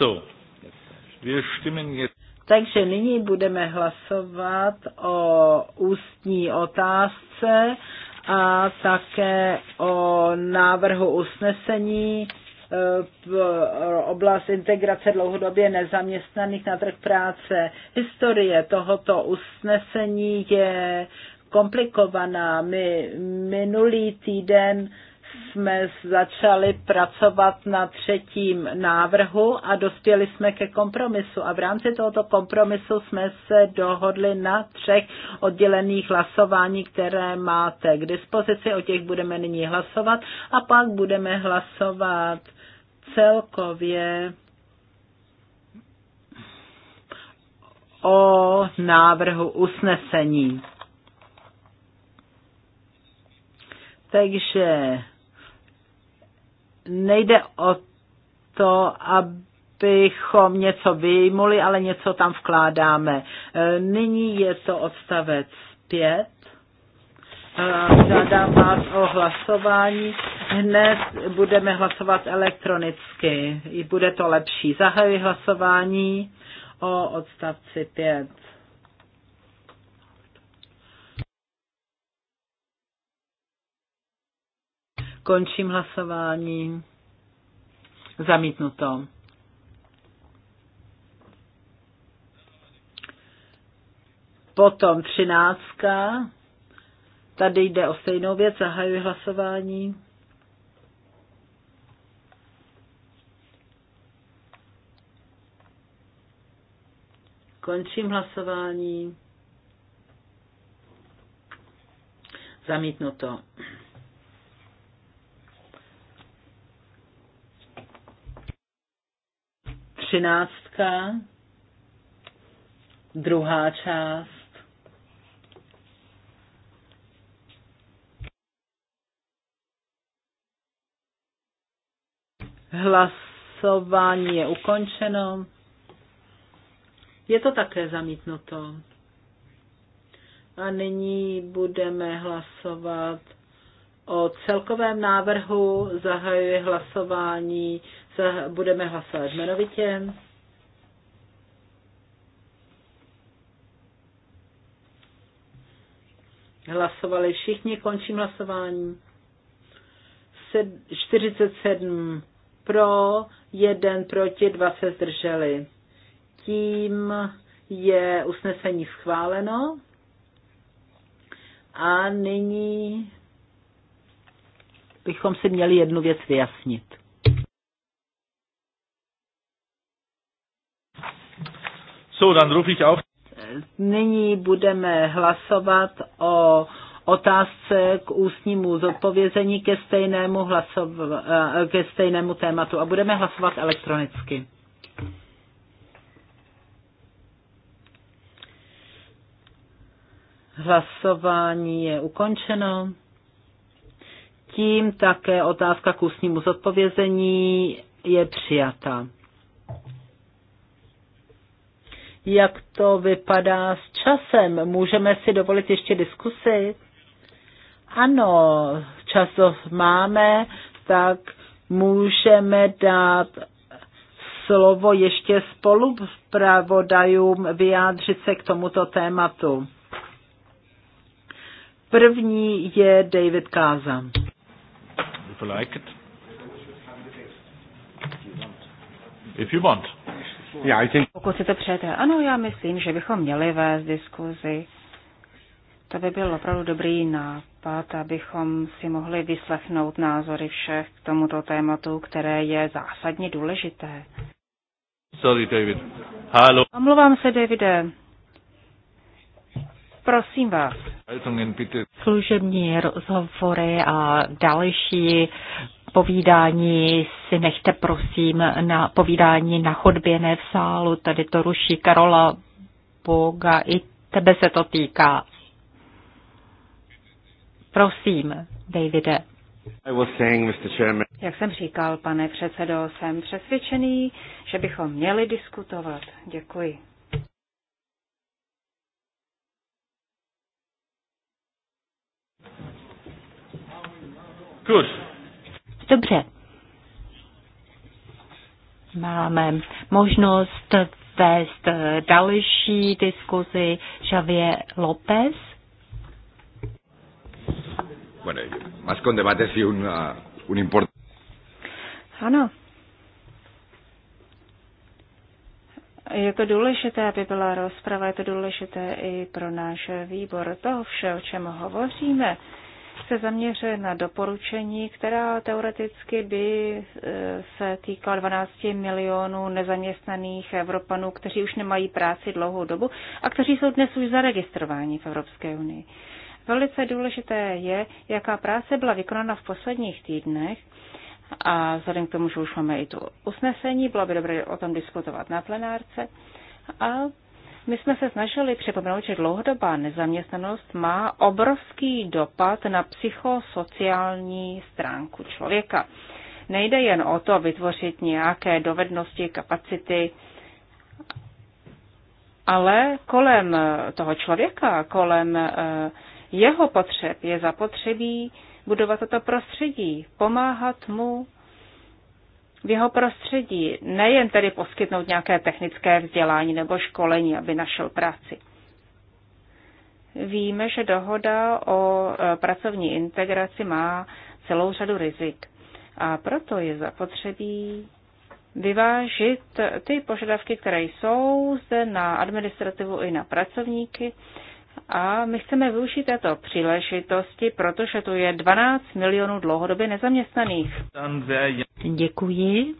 Speaker 3: So, takže nyní budeme hlasovat o ústní otázce a také o návrhu usnesení e, e, oblast integrace dlouhodobě nezaměstnaných na trh práce. Historie tohoto usnesení je komplikovaná. My minulý týden jsme začali pracovat na třetím návrhu a dospěli jsme ke kompromisu. A v rámci tohoto kompromisu jsme se dohodli na třech oddělených hlasování, které máte k dispozici. O těch budeme nyní hlasovat a pak budeme hlasovat celkově o návrhu usnesení. Takže nejde o to, abychom něco vyjmuli, ale něco tam vkládáme. E, nyní je to odstavec 5. E, žádám vás o hlasování. Hned budeme hlasovat elektronicky. Bude to lepší. Zahajuji hlasování o odstavci 5. Končím hlasování. Zamítnuto. Potom třináctka. Tady jde o stejnou věc. Zahajuji hlasování. Končím hlasování. Zamítnuto. to. Třináctka, druhá část. Hlasování je ukončeno. Je to také zamítnuto. A nyní budeme hlasovat o celkovém návrhu. Zahajuji hlasování budeme hlasovat jmenovitě. Hlasovali všichni, končím hlasování. 47 pro, 1 proti, 2 se zdrželi. Tím je usnesení schváleno. A nyní bychom si měli jednu věc vyjasnit.
Speaker 2: So, dann rufe ich auf.
Speaker 3: Nyní budeme hlasovat o otázce k ústnímu zodpovězení ke stejnému, hlasov, eh, ke stejnému tématu a budeme hlasovat elektronicky. Hlasování je ukončeno. Tím také otázka k ústnímu zodpovězení je přijata jak to vypadá s časem. Můžeme si dovolit ještě diskusi? Ano, čas máme, tak můžeme dát slovo ještě spolupravodajům vyjádřit se k tomuto tématu. První je David Káza.
Speaker 2: If you like it. If you want.
Speaker 4: Pokud si to přejete, ano, já myslím, že bychom měli vést diskuzi. To by byl opravdu dobrý nápad, abychom si mohli vyslechnout názory všech k tomuto tématu, které je zásadně důležité.
Speaker 2: Sorry, David. Halo.
Speaker 4: Omlouvám se, Davide. Prosím vás. Služební rozhovory a další povídání si nechte prosím na povídání na chodbě, ne v sálu. Tady to ruší Karola Boga, i tebe se to týká. Prosím, Davide. Saying, Jak jsem říkal, pane předsedo, jsem přesvědčený, že bychom měli diskutovat. Děkuji. Good. Dobře. Máme možnost vést eh, další diskuzi Javier López.
Speaker 1: Bueno, más con un, uh, un ah,
Speaker 4: Ano. Je to důležité, aby byla rozprava, je to důležité i pro náš výbor. To vše, o čem hovoříme, se zaměřuje na doporučení, která teoreticky by e, se týkala 12 milionů nezaměstnaných Evropanů, kteří už nemají práci dlouhou dobu a kteří jsou dnes už zaregistrováni v Evropské unii. Velice důležité je, jaká práce byla vykonána v posledních týdnech a vzhledem k tomu, že už máme i tu usnesení, bylo by dobré o tom diskutovat na plenárce a my jsme se snažili připomenout, že dlouhodobá nezaměstnanost má obrovský dopad na psychosociální stránku člověka. Nejde jen o to vytvořit nějaké dovednosti, kapacity, ale kolem toho člověka, kolem eh, jeho potřeb je zapotřebí budovat toto prostředí, pomáhat mu v jeho prostředí, nejen tedy poskytnout nějaké technické vzdělání nebo školení, aby našel práci. Víme, že dohoda o e, pracovní integraci má celou řadu rizik a proto je zapotřebí vyvážit ty požadavky, které jsou zde na administrativu i na pracovníky a my chceme využít této příležitosti, protože tu je 12 milionů dlouhodobě nezaměstnaných. Děkuji.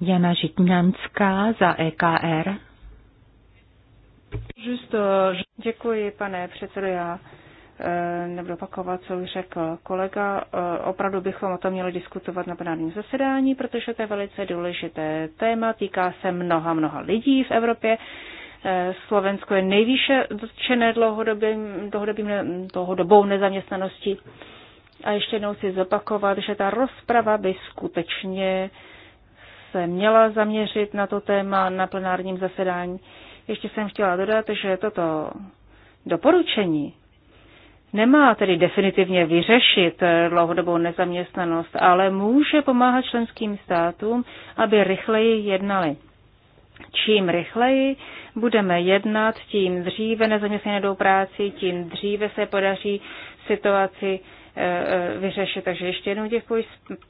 Speaker 4: Jana Žitňanská za EKR. Uh, děkuji, pane předsedo. Já eh, nebudu opakovat, co už řekl kolega. Eh, opravdu bychom o tom měli diskutovat na plenárním zasedání, protože to je velice důležité téma, týká se mnoha, mnoha lidí v Evropě. Eh, Slovensko je nejvýše dotčené dlouhodobým, dlouhodobým, dlouhodobou nezaměstnaností. A ještě jednou si zopakovat, že ta rozprava by skutečně se měla zaměřit na to téma na plenárním zasedání. Ještě jsem chtěla dodat, že toto doporučení nemá tedy definitivně vyřešit dlouhodobou nezaměstnanost, ale může pomáhat členským státům, aby rychleji jednali. Čím rychleji budeme jednat, tím dříve nezaměstnaní do práci, tím dříve se podaří situaci eh, eh, vyřešit. Takže ještě jednou děkuji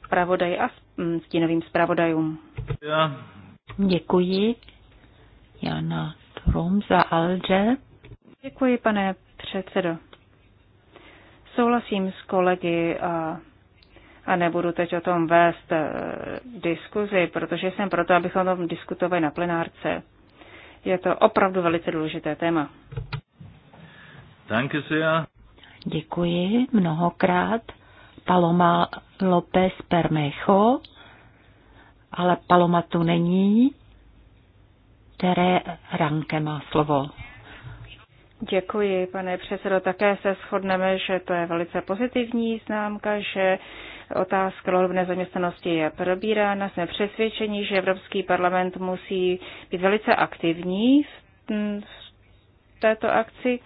Speaker 4: zpravodaji a mm, stínovým zpravodajům. Já. Děkuji. Jana Trum za Alže. Děkuji, pane předsedo. Souhlasím s kolegy a a nebudu teď o tom vést eh, diskuzi, protože jsem proto, abychom o tom diskutovali na plenárce. Je to opravdu velice důležité téma. Danke Děkuji mnohokrát. Paloma López Permejo, ale Paloma tu není. které Ranke má slovo. Děkuji, pane předsedo. Také se shodneme, že to je velice pozitivní známka, že Otázka dlouhodobé zaměstnanosti je probírána. Jsme přesvědčeni, že Evropský parlament musí být velice aktivní v této akci,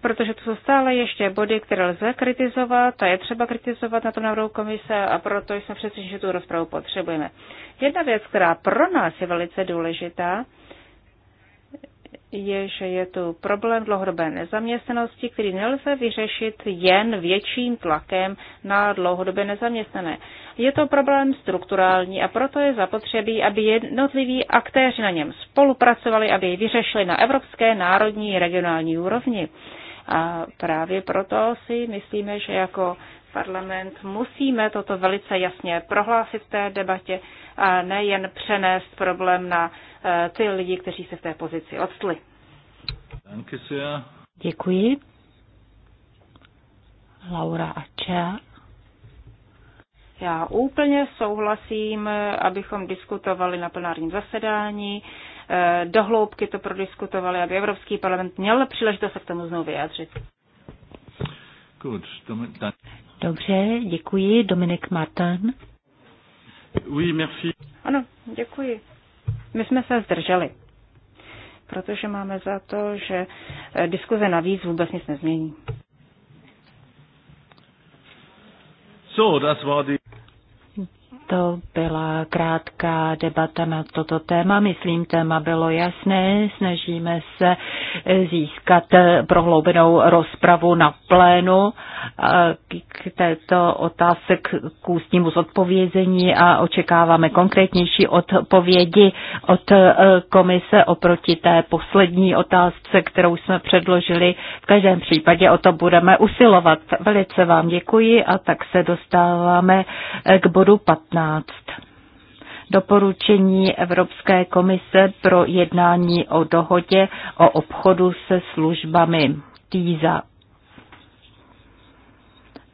Speaker 4: protože to jsou stále ještě body, které lze kritizovat a je třeba kritizovat na tom návrhu komise a proto jsme přesvědčeni, že tu rozpravu potřebujeme. Jedna věc, která pro nás je velice důležitá, je, že je tu problém dlouhodobé nezaměstnanosti, který nelze vyřešit jen větším tlakem na dlouhodobě nezaměstnané. Je to problém strukturální a proto je zapotřebí, aby jednotliví aktéři na něm spolupracovali, aby ji vyřešili na evropské, národní, regionální úrovni. A právě proto si myslíme, že jako parlament musíme toto velice jasně prohlásit v té debatě a nejen přenést problém na eh, ty lidi, kteří se v té pozici odstli. Děkuji. Laura Ača. Já úplně souhlasím, abychom diskutovali na plenárním zasedání, eh, dohloubky to prodiskutovali, aby Evropský parlament měl příležitost se k tomu znovu vyjádřit. Dobře, děkuji. Dominik Martin. Oui, merci. Ano, děkuji. My jsme se zdrželi, protože máme za to, že eh, diskuze navíc vůbec nic nezmění.
Speaker 2: So, das war die...
Speaker 4: To byla krátká debata na toto téma. Myslím, téma bylo jasné. Snažíme se získat prohloubenou rozpravu na plénu k této otázce k ústnímu zodpovězení a očekáváme konkrétnější odpovědi od e, komise oproti té poslední otázce, kterou jsme předložili. V každém případě o to budeme usilovat. Velice vám děkuji a tak se dostáváme e, k bodu 15 15. Doporučení Evropské komise pro jednání o dohodě o obchodu se službami TISA.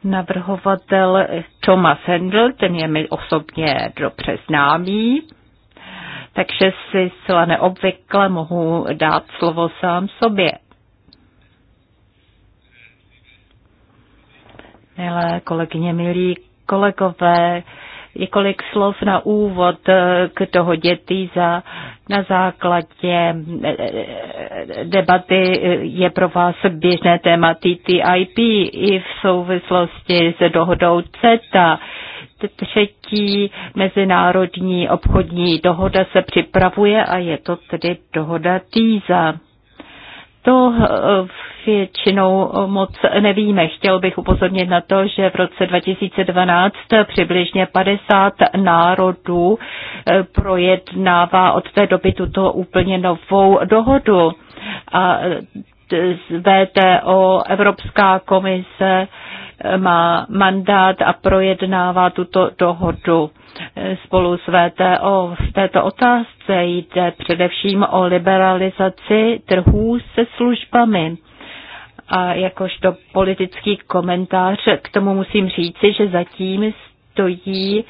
Speaker 4: Navrhovatel Thomas Handel, ten je mi osobně dobře známý, takže si zcela neobvykle mohu dát slovo sám sobě. Milé kolegyně, milí kolegové, Několik slov na úvod eh, k dětí za Na základě eh, eh, debaty je pro vás běžné téma TTIP i v souvislosti s dohodou CETA třetí mezinárodní obchodní dohoda se připravuje a je to tedy dohoda TISA to eh, většinou eh, moc nevíme. Chtěl bych upozornit na to, že v roce 2012 přibližně 50 národů eh, projednává od té doby tuto úplně novou dohodu. A z VTO, Evropská komise, má mandát a projednává tuto dohodu spolu s VTO. V této otázce jde především o liberalizaci trhů se službami. A jakožto politický komentář k tomu musím říci, že zatím stojí uh,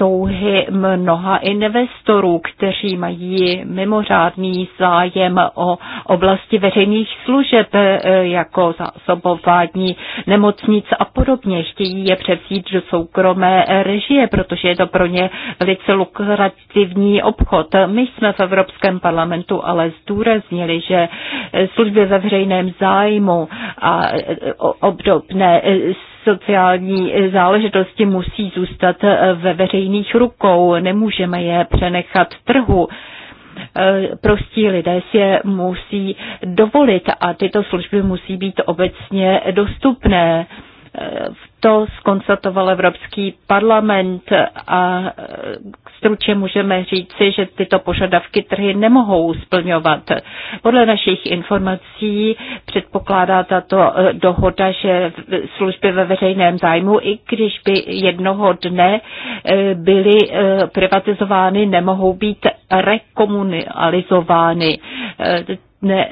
Speaker 4: touhy mnoha investorů, kteří mají mimořádný zájem o oblasti veřejných služeb, eh, jako zásobování nemocnic a podobně. Chtějí je převzít do soukromé režie, protože je to pro ně velice lukrativní obchod. My jsme v Evropském parlamentu ale zdůraznili, že služby ve veřejném zájmu a eh, obdobné eh, sociální záležitosti musí zůstat eh, ve veřejných rukou, nemůžeme je přenechat trhu eh, prostí lidé si je musí dovolit a tyto služby musí být obecně dostupné. To skonstatoval Evropský parlament a stručně můžeme říci, že tyto požadavky trhy nemohou splňovat. Podle našich informací předpokládá tato dohoda, že služby ve veřejném zájmu, i když by jednoho dne eh, byly eh, privatizovány, nemohou být rekomunalizovány eh, ne,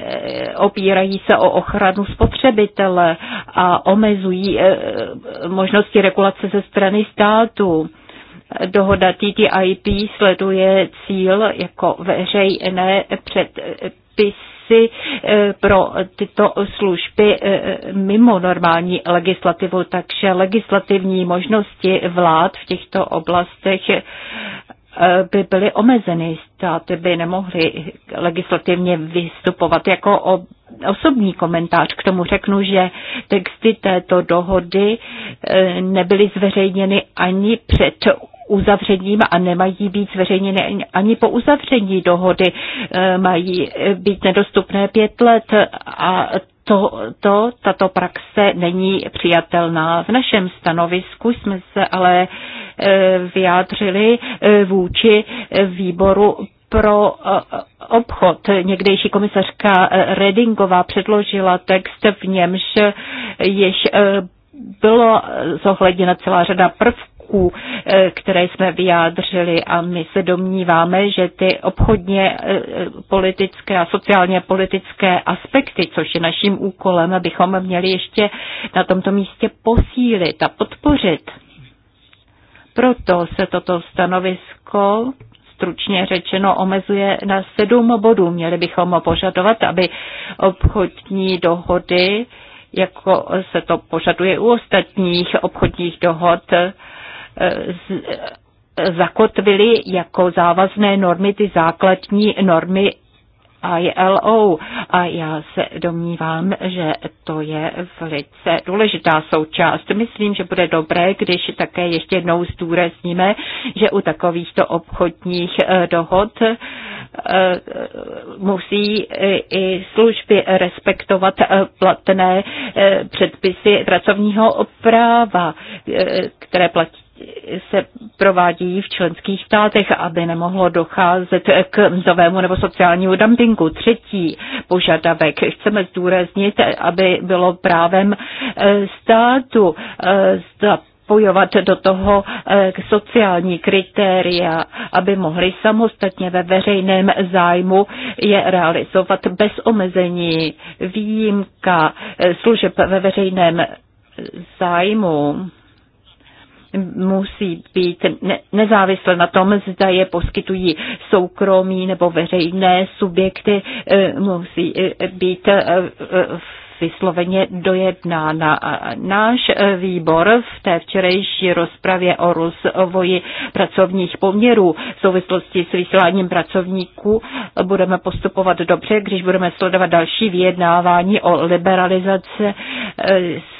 Speaker 4: opírají se o ochranu spotřebitele a omezují eh, eh, možnosti regulace ze strany státu. Dohoda TTIP sleduje cíl jako veřejné předpisy eh, pro tyto služby mimo normální legislativu, takže legislativní možnosti vlád v těchto oblastech Eh, by byly omezeny. Státy by nemohly legislativně vystupovat jako o osobní komentář k tomu řeknu, že texty této dohody eh, nebyly zveřejněny ani před uzavřením a nemají být zveřejněny ani po uzavření dohody. Eh, mají být nedostupné pět let a to, to, tato praxe není přijatelná. V našem stanovisku jsme se ale uh, vyjádřili eh, vůči výboru pro eh, obchod. Někdejší komisařka eh, Redingová předložila text, v němž již bylo zohledněna celá řada prvků, které jsme vyjádřili a my se domníváme, že ty obchodně politické a sociálně politické aspekty, což je naším úkolem, abychom měli ještě na tomto místě posílit a podpořit. Proto se toto stanovisko stručně řečeno omezuje na sedm bodů. Měli bychom požadovat, aby obchodní dohody, jako se to požaduje u ostatních obchodních dohod, eh, eh, zakotvily jako závazné normy ty základní normy ILO a já se domnívám, že to je velice důležitá součást. Myslím, že bude dobré, když také ještě jednou zdůrazníme, že u takovýchto obchodních eh, dohod eh, musí eh, i služby respektovat platné předpisy pracovního práva, které platí se provádí v členských státech, aby nemohlo docházet k mzovému nebo sociálnímu dumpingu. Třetí požadavek chceme zdůraznit, aby bylo právem eh, státu eh, zapojovat do toho eh, sociální kritéria, aby mohli samostatně ve veřejném zájmu je realizovat bez omezení výjimka služeb ve veřejném zájmu musí být nezávisle na tom, zda je poskytují soukromí nebo veřejné subjekty, eh, musí eh, být eh, vysloveně dojednána. na náš e, výbor v té včerejší rozpravě o rozvoji pracovních poměrů v souvislosti s vysláním pracovníků budeme postupovat dobře, když budeme sledovat další vyjednávání o liberalizaci e,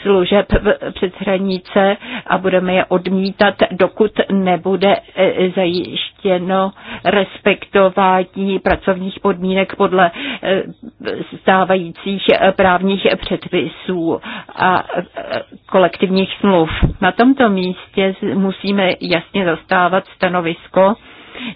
Speaker 4: služeb před hranice a budeme je odmítat, dokud nebude e, zajištěno respektování pracovních podmínek podle stávajících právních předpisů a kolektivních smluv. Na tomto místě musíme jasně zastávat stanovisko,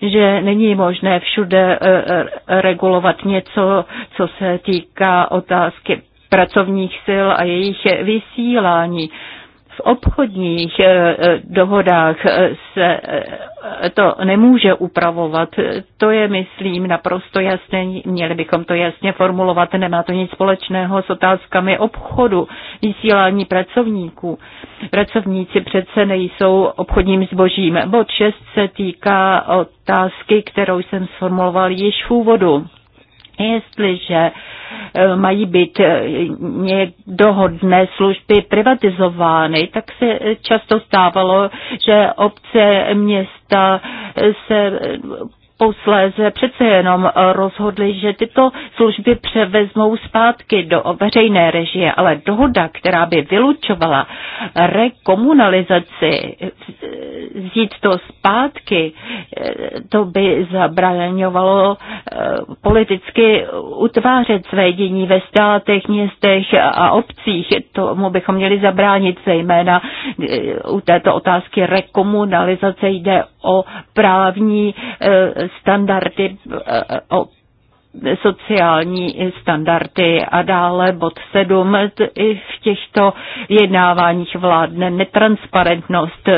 Speaker 4: že není možné všude e, e, regulovat něco, co se týká otázky pracovních sil a jejich vysílání v obchodních eh, eh, dohodách eh, se to nemůže upravovat. To je, myslím, naprosto jasné. Měli bychom to jasně formulovat. Nemá to nic společného s otázkami obchodu, vysílání pracovníků. Pracovníci přece nejsou obchodním zbožím. Bod 6 se týká otázky, kterou jsem sformuloval již v úvodu. Jestliže eh, mají být eh, dohodné služby privatizovány, tak se často stávalo, že obce, města se eh, posléze přece jenom eh, rozhodli, že tyto služby převezmou zpátky do veřejné režie, ale dohoda, která by vylučovala rekomunalizaci, eh, vzít to zpátky, eh, to by zabraňovalo politicky utvářet své dění ve státech, městech a obcích. Tomu bychom měli zabránit zejména u této otázky rekomunalizace jde o právní standardy eh, o sociální standardy a dále bod 7. I v těchto jednáváních vládne netransparentnost.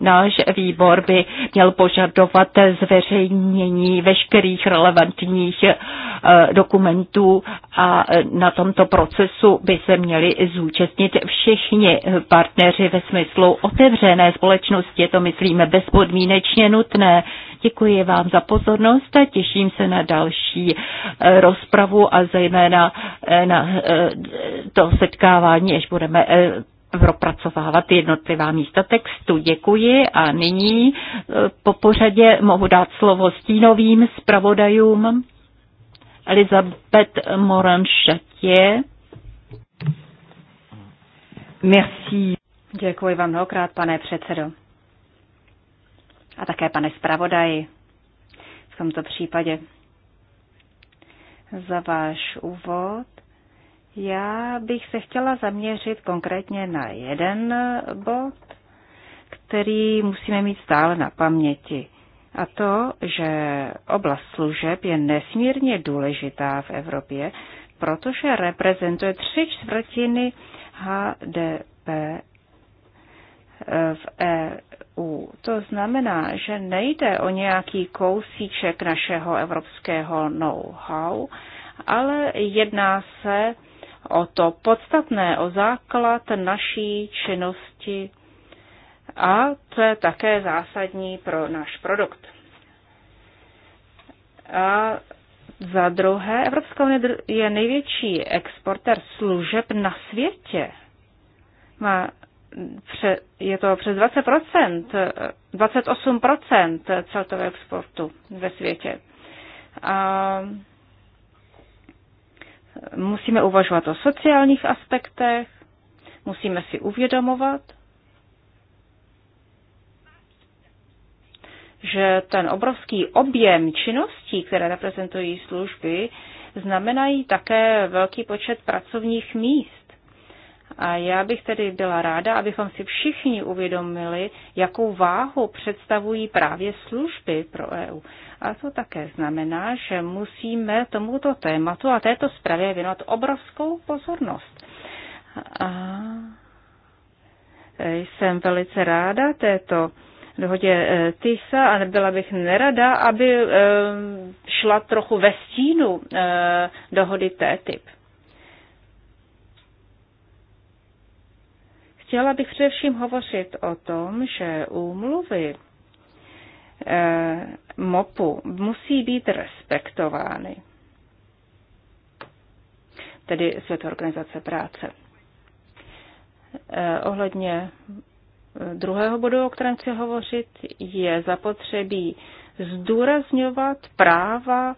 Speaker 4: Náš výbor by měl požadovat zveřejnění veškerých relevantních eh, dokumentů a na tomto procesu by se měli zúčastnit všichni partneři ve smyslu otevřené společnosti. To myslíme bezpodmínečně nutné. Děkuji vám za pozornost a těším se na další eh, rozpravu a zejména eh, na eh, to setkávání, až budeme propracovávat jednotlivá místa textu. Děkuji a nyní po pořadě mohu dát slovo stínovým zpravodajům. Elizabeth Šatě. Merci. Děkuji vám mnohokrát, pane předsedo a také pane zpravodaji v tomto případě za váš úvod. Já bych se chtěla zaměřit konkrétně na jeden bod, který musíme mít stále na paměti. A to, že oblast služeb je nesmírně důležitá v Evropě, protože reprezentuje tři čtvrtiny HDP eh, v, e- EU. To znamená, že nejde o nějaký kousíček našeho evropského know-how, ale jedná se o to podstatné, o základ naší činnosti a to je také zásadní pro náš produkt. A za druhé, Evropská unie je největší exporter služeb na světě. Má je to přes 20%, 28% celkového exportu ve světě. A musíme uvažovat o sociálních aspektech, musíme si uvědomovat, že ten obrovský objem činností, které reprezentují služby, znamenají také velký počet pracovních míst. A já bych tedy byla ráda, abychom si všichni uvědomili, jakou váhu představují právě služby pro EU. A to také znamená, že musíme tomuto tématu a této zprávě věnovat obrovskou pozornost. A jsem velice ráda této dohodě eh, TISA a byla bych nerada, aby eh, šla trochu ve stínu eh, dohody TTIP. Chtěla bych především hovořit o tom, že úmluvy eh, MOPu musí být respektovány, tedy Svět organizace práce. Eh, ohledně eh, druhého bodu, o kterém chci hovořit, je zapotřebí zdůrazňovat práva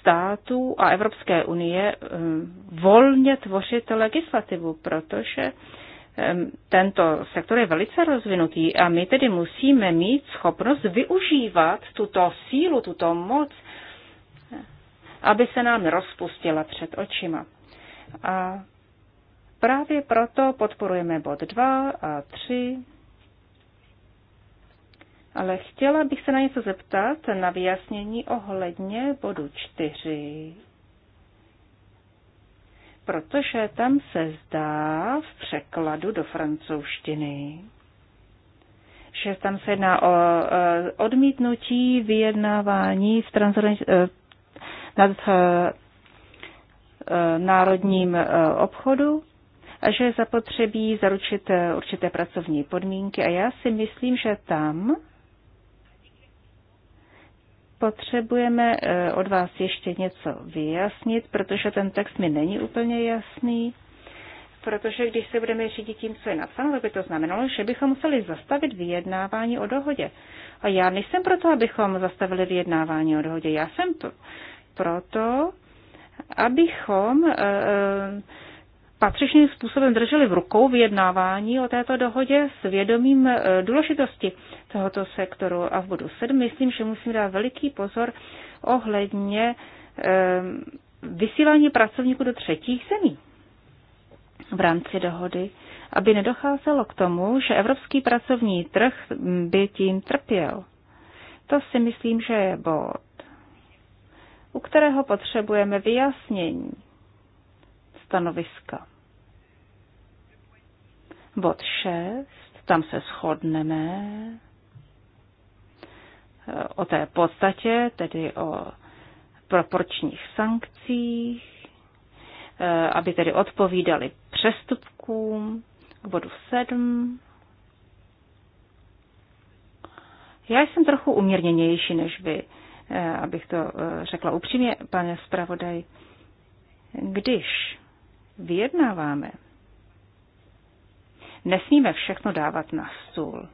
Speaker 4: států a Evropské unie volně tvořit legislativu, protože tento sektor je velice rozvinutý a my tedy musíme mít schopnost využívat tuto sílu, tuto moc, aby se nám rozpustila před očima. A právě proto podporujeme bod 2 a 3. Ale chtěla bych se na něco zeptat na vyjasnění ohledně bodu 4 protože tam se zdá v překladu do francouzštiny, že tam se jedná o e, odmítnutí vyjednávání v transor- e, nad e, národním obchodu a že je zapotřebí zaručit určité pracovní podmínky. A já si myslím, že tam potřebujeme eh, od vás ještě něco vyjasnit, protože ten text mi není úplně jasný. Protože když se budeme řídit tím, co je napsáno, tak by to znamenalo, že bychom museli zastavit vyjednávání o dohodě. A já nejsem proto, abychom zastavili vyjednávání o dohodě. Já jsem proto, abychom eh, eh, patřičným způsobem drželi v rukou vyjednávání o této dohodě s vědomím e, důležitosti tohoto sektoru. A v bodu 7 myslím, že musíme dát veliký pozor ohledně e, vysílání pracovníků do třetích zemí v rámci dohody, aby nedocházelo k tomu, že evropský pracovní trh by tím trpěl. To si myslím, že je bod, u kterého potřebujeme vyjasnění stanoviska. Bod 6, tam se shodneme eh, o té podstatě, tedy o proporčních sankcích, eh, aby tedy odpovídali přestupkům k bodu 7. Já jsem trochu umírněnější než vy, eh, abych to řekla upřímně, pane zpravodaj. Když vyjednáváme, nesmíme všechno dávat na stůl.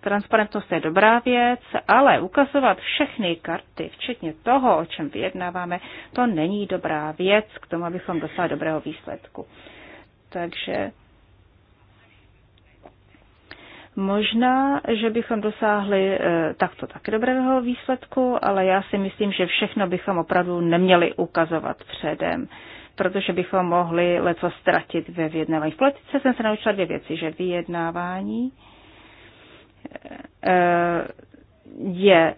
Speaker 4: Transparentnost je dobrá věc, ale ukazovat všechny karty, včetně toho, o čem vyjednáváme, to není dobrá věc k tomu, abychom dosáhli dobrého výsledku. Takže Možná, že bychom dosáhli e, takto taky dobrého výsledku, ale já si myslím, že všechno bychom opravdu neměli ukazovat předem protože bychom mohli leco ztratit ve vyjednávání. V politice jsem se naučila dvě věci, že vyjednávání eh, je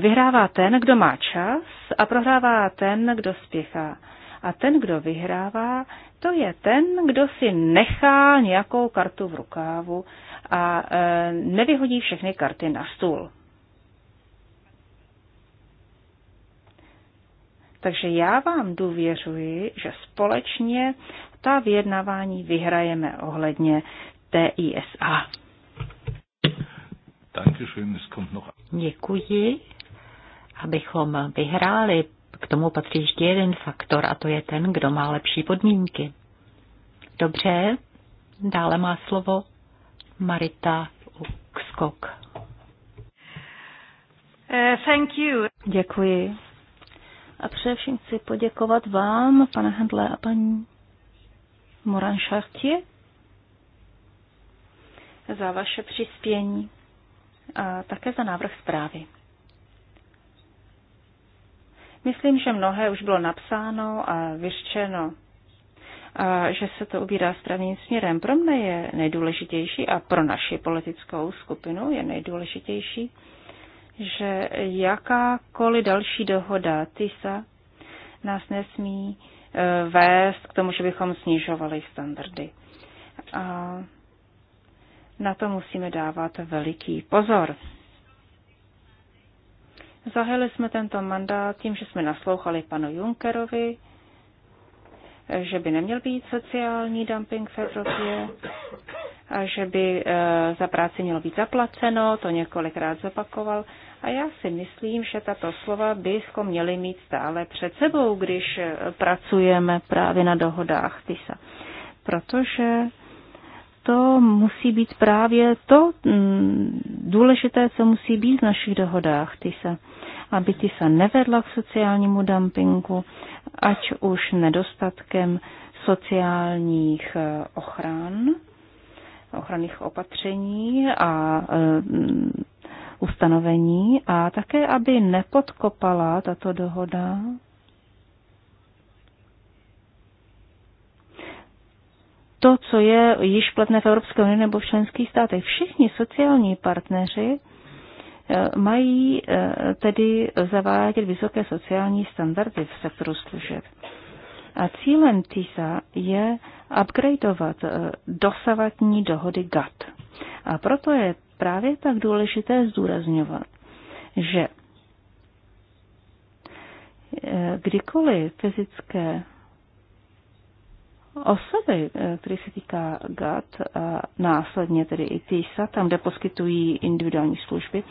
Speaker 4: vyhrává ten, kdo má čas a prohrává ten, kdo spěchá. A ten, kdo vyhrává, to je ten, kdo si nechá nějakou kartu v rukávu a eh, nevyhodí všechny karty na stůl. Takže já vám důvěřuji, že společně ta vyjednávání vyhrajeme ohledně TISA. Děkuji. Abychom vyhráli, k tomu patří ještě jeden faktor a to je ten, kdo má lepší podmínky. Dobře, dále má slovo Marita Ukskok. Uh, thank you. Děkuji. A především chci poděkovat vám, pane Hendle a paní Moran za vaše přispění a také za návrh zprávy. Myslím, že mnohé už bylo napsáno a vyřčeno, a že se to ubírá správným směrem. Pro mne je nejdůležitější a pro naši politickou skupinu je nejdůležitější, že jakákoliv další dohoda TISA nás nesmí eh, vést k tomu, že bychom snižovali standardy. A na to musíme dávat veliký pozor. Zahájili jsme tento mandát tím, že jsme naslouchali panu Junckerovi, eh, že by neměl být sociální dumping v Evropě a že by e, za práci mělo být zaplaceno, to několikrát zopakoval. A já si myslím, že tato slova bychom měli mít stále před sebou, když e, pracujeme právě na dohodách TISA. Protože to musí být právě to mm, důležité, co musí být v našich dohodách TISA. Aby TISA nevedla k sociálnímu dumpingu, ať už nedostatkem sociálních e, ochran ochranných opatření a mm, ustanovení a také, aby nepodkopala tato dohoda to, co je již platné v Evropské unii nebo v členských státech. Všichni sociální partneři e, mají e, tedy zavádět vysoké sociální standardy v sektoru služeb. A cílem TISA je, upgradeovat eh, dosavatní dohody GATT. A proto je právě tak důležité zdůrazňovat, že eh, kdykoliv fyzické osoby, eh, které se týká GAT, a následně tedy i TISA, tam, kde poskytují individuální služby,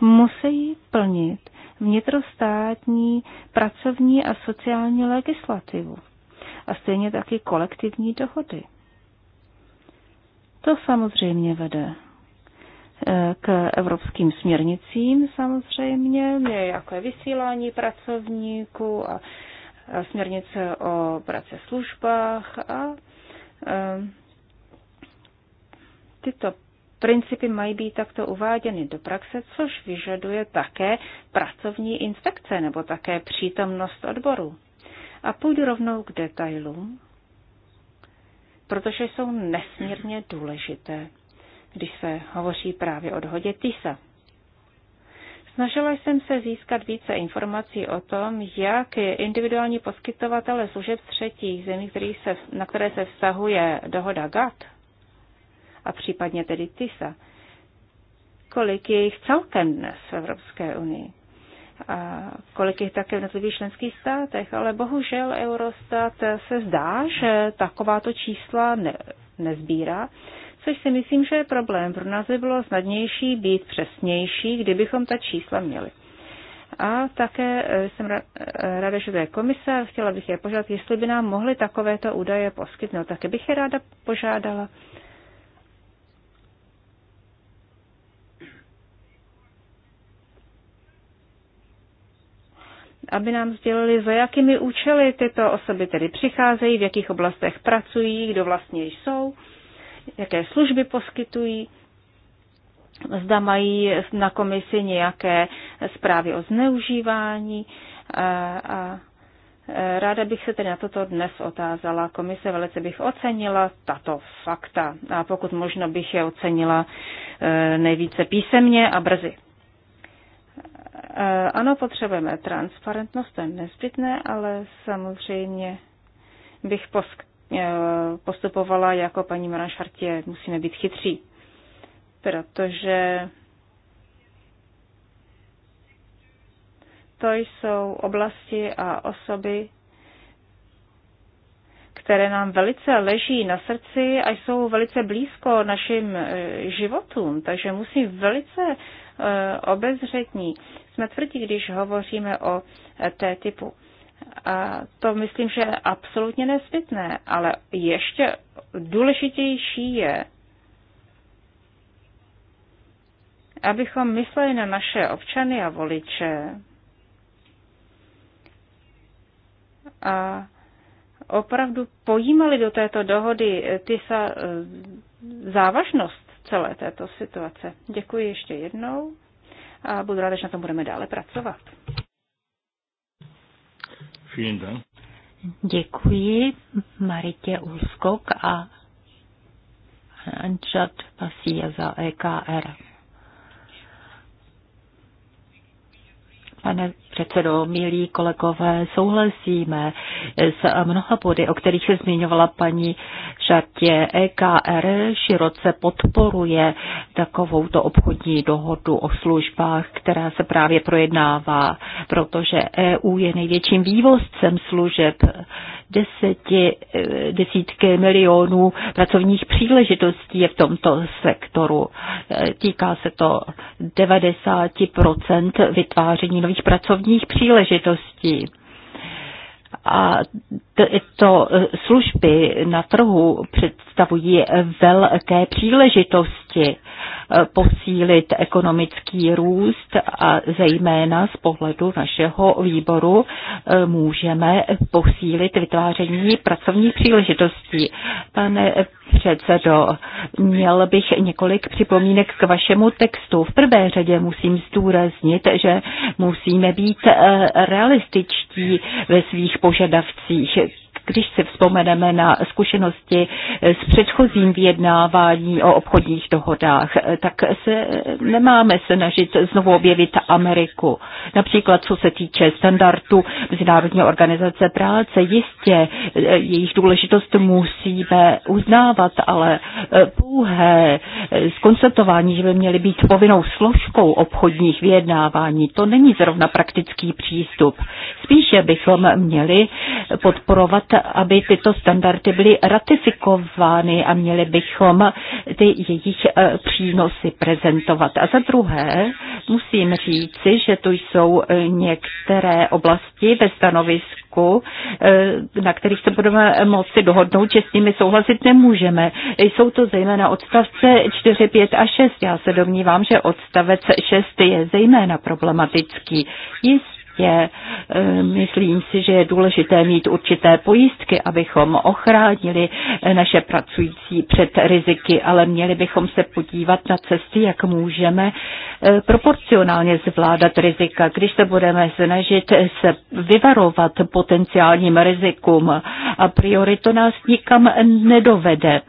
Speaker 4: musí plnit vnitrostátní pracovní a sociální legislativu a stejně taky kolektivní dohody. To samozřejmě vede eh, k evropským směrnicím samozřejmě, jako je vysílání pracovníků a směrnice o práce službách a eh, tyto principy mají být takto uváděny do praxe, což vyžaduje také pracovní inspekce nebo také přítomnost odboru. A půjdu rovnou k detailům, protože jsou nesmírně důležité, když se hovoří právě o dohodě TISA. Snažila jsem se získat více informací o tom, jak individuální poskytovatele služeb třetích zemí, který se, na které se vztahuje dohoda GATT a případně tedy TISA, kolik je jich celkem dnes v Evropské unii kolik je také v jednotlivých členských státech. Ale bohužel Eurostat se zdá, že takováto čísla ne, nezbírá, což si myslím, že je problém. Pro nás by bylo snadnější být přesnější, kdybychom ta čísla měli. A také e, jsem e, ráda, že to je komise, chtěla bych je požádat, jestli by nám mohli takovéto údaje poskytnout. Také bych je ráda požádala. aby nám sdělili, za jakými účely tyto osoby tedy přicházejí, v jakých oblastech pracují, kdo vlastně jsou, jaké služby poskytují, zda mají na komisi nějaké zprávy o zneužívání. A, a ráda bych se tedy na toto dnes otázala. Komise velice bych ocenila tato fakta a pokud možno bych je ocenila e, nejvíce písemně a brzy. Eh, ano, potřebujeme transparentnost, to je nezbytné, ale samozřejmě bych eh, postupovala jako paní Maran Šartě, musíme být chytří, protože to jsou oblasti a osoby, které nám velice leží na srdci a jsou velice blízko našim eh, životům, takže musím velice obezřetní jsme tvrdí, když hovoříme o eh, té typu. A to myslím, že je absolutně nezbytné, ale ještě důležitější je, abychom mysleli na naše občany a voliče a opravdu pojímali do této dohody eh, ty eh, závažnost celé této situace. Děkuji ještě jednou a budu ráda, že na tom budeme dále pracovat. Děkuji Maritě Úskok a Anžad Pasíja za EKR. Pane předsedo, milí kolegové, souhlasíme s mnoha body, o kterých se zmiňovala paní Šatě. EKR široce podporuje takovouto obchodní dohodu o službách, která se právě projednává, protože EU je největším vývozcem služeb deseti, eh, desítky milionů pracovních příležitostí je v tomto sektoru. Eh, týká se to 90% vytváření nových pracovních příležitostí a tyto eh, služby na trhu představují velké příležitosti Eh, posílit ekonomický růst a zejména z pohledu našeho výboru eh, můžeme posílit vytváření pracovních příležitostí. Pane předsedo, měl bych několik připomínek k vašemu textu. V prvé řadě musím zdůraznit, že musíme být eh, realističtí ve svých požadavcích když si vzpomeneme na zkušenosti s předchozím vyjednávání o obchodních dohodách, tak se nemáme snažit znovu objevit Ameriku. Například co se týče standardu Mezinárodní organizace práce, jistě eh, jejich důležitost musíme uznávat, ale eh, pouhé eh, skonstatování, že by měly být povinnou složkou obchodních vyjednávání, to není zrovna praktický přístup. Spíše bychom měli podporovat aby tyto standardy byly ratifikovány a měli bychom ty jejich eh, přínosy prezentovat. A za druhé musím říci, že tu jsou eh, některé oblasti ve stanovisku, eh, na kterých se budeme moci dohodnout, že s nimi souhlasit nemůžeme. Jsou to zejména odstavce 4, 5 a 6. Já se domnívám, že odstavec 6 je zejména problematický. Jistě je, eh, myslím si, že je důležité mít určité pojistky, abychom ochránili eh, naše pracující před riziky, ale měli bychom se podívat na cesty, jak můžeme eh, proporcionálně zvládat rizika, když se budeme snažit se vyvarovat potenciálním rizikům. A priori to nás nikam nedovede.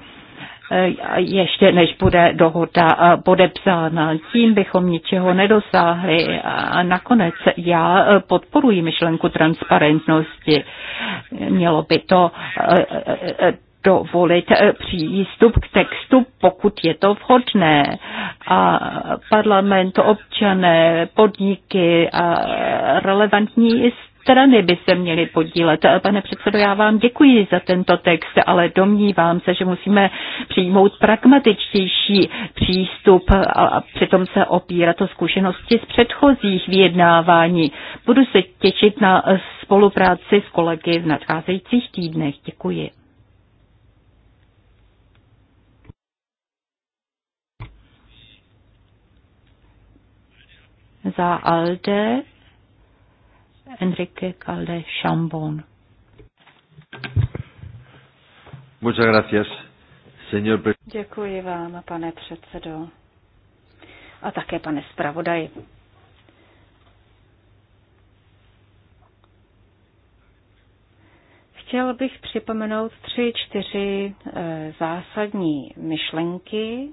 Speaker 4: Eh, ještě než bude dohoda eh, podepsána. Tím bychom ničeho nedosáhli. A nakonec já eh, podporuji myšlenku transparentnosti. Mělo by to dovolit přístup k textu, pokud je to vhodné. A parlament, občané, podniky a relevantní strany by se měly podílet. Pane předsedo, já vám děkuji za tento text, ale domnívám se, že musíme přijmout pragmatičtější přístup a přitom se opírat o zkušenosti z předchozích vyjednávání. Budu se těšit na spolupráci s kolegy v nadcházejících týdnech. Děkuji. Za Alde Enrique Calde Chambon.
Speaker 2: Muchas gracias, señor
Speaker 4: Děkuji vám, pane předsedo. A také pane zpravodaji. Chtěl bych připomenout tři, čtyři e, zásadní myšlenky,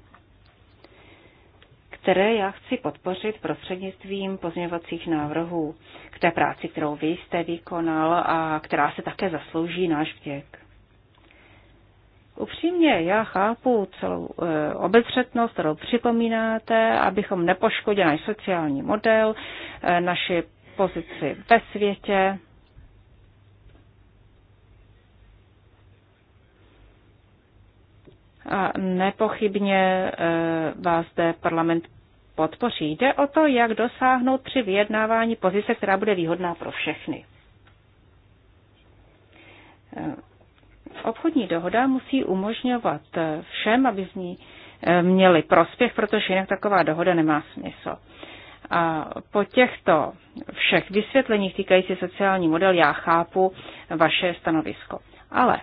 Speaker 4: které já chci podpořit prostřednictvím pozměňovacích návrhů k té práci, kterou vy jste vykonal a která se také zaslouží náš vděk. Upřímně, já chápu celou e, obezřetnost, kterou připomínáte, abychom nepoškodili náš sociální model, e, naši pozici ve světě, A nepochybně e, vás zde parlament podpoří. Jde o to, jak dosáhnout při vyjednávání pozice, která bude výhodná pro všechny. E, obchodní dohoda musí umožňovat e, všem, aby z ní měli prospěch, protože jinak taková dohoda nemá smysl. A po těchto všech vysvětleních týkající sociální model já chápu vaše stanovisko. Ale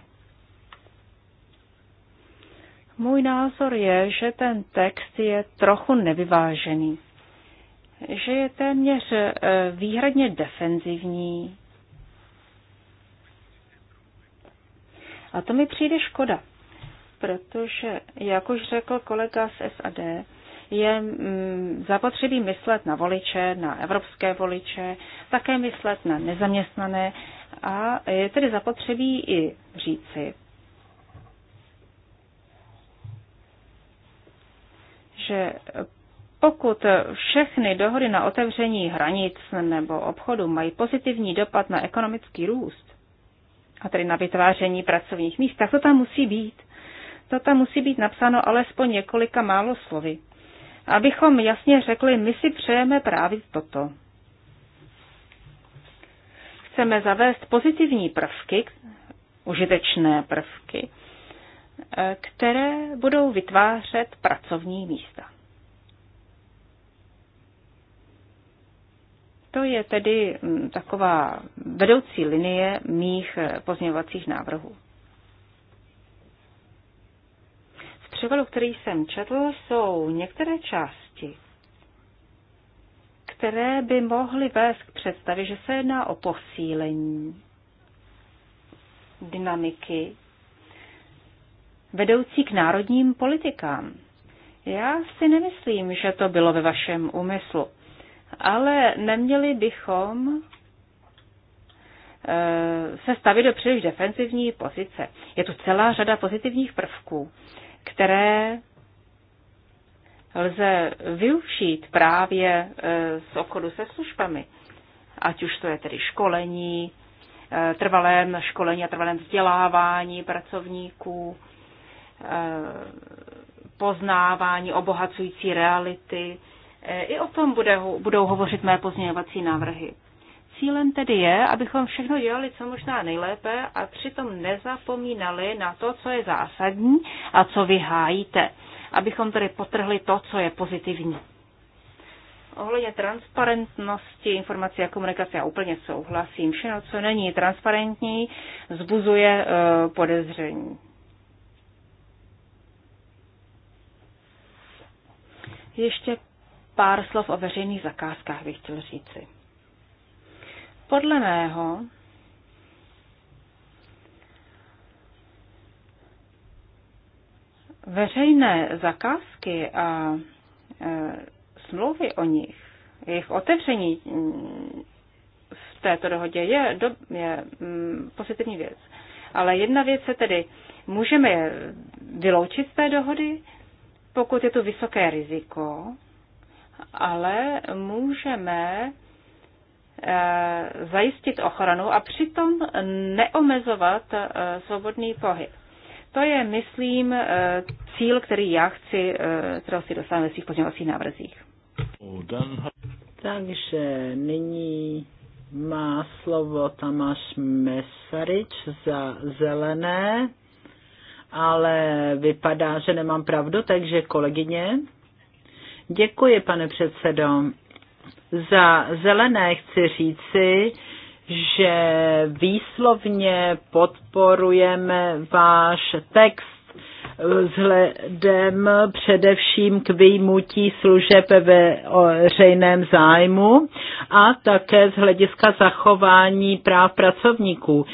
Speaker 4: můj názor je, že ten text je trochu nevyvážený, že je téměř e, výhradně defenzivní. A to mi přijde škoda, protože, jak už řekl kolega z SAD, je mm, zapotřebí myslet na voliče, na evropské voliče, také myslet na nezaměstnané a je tedy zapotřebí i říci, že pokud všechny dohody na otevření hranic nebo obchodu mají pozitivní dopad na ekonomický růst, a tedy na vytváření pracovních míst, tak to tam musí být. To tam musí být napsáno alespoň několika málo slovy. Abychom jasně řekli, my si přejeme právě toto. Chceme zavést pozitivní prvky, užitečné prvky, které budou vytvářet pracovní místa. To je tedy mm, taková vedoucí linie mých eh, pozměňovacích návrhů. V převodu, který jsem četl, jsou některé části, které by mohly vést k představě, že se jedná o posílení dynamiky vedoucí k národním politikám. Já si nemyslím, že to bylo ve vašem úmyslu, ale neměli bychom eh, se stavit do příliš defensivní pozice. Je tu celá řada pozitivních prvků, které lze využít právě eh, z obchodu se službami. Ať už to je tedy školení, eh, trvalém školení a trvalém vzdělávání pracovníků, poznávání, obohacující reality. I o tom budou hovořit mé pozměňovací návrhy. Cílem tedy je, abychom všechno dělali co možná nejlépe a přitom nezapomínali na to, co je zásadní a co vy hájíte. Abychom tedy potrhli to, co je pozitivní. Ohledně transparentnosti informací a komunikace já úplně souhlasím. Všechno, co není transparentní, zbuzuje e, podezření. Ještě pár slov o veřejných zakázkách bych chtěl říci. Podle mého veřejné zakázky a e, smlouvy o nich, jejich otevření mm, v této dohodě je, do, je mm, pozitivní věc. Ale jedna věc je tedy, můžeme je vyloučit z té dohody, pokud je to vysoké riziko, ale můžeme eh, zajistit ochranu a přitom neomezovat eh, svobodný pohyb. To je, myslím, eh, cíl, který já chci, kterou si dostanu ve svých pozměňovacích návrzích.
Speaker 3: Takže nyní má slovo Tamáš Mesarič za zelené ale vypadá, že nemám pravdu, takže kolegyně. Děkuji, pane předsedo. Za zelené chci říci, že výslovně podporujeme váš text vzhledem především k vyjmutí služeb ve veřejném zájmu a také z hlediska zachování práv pracovníků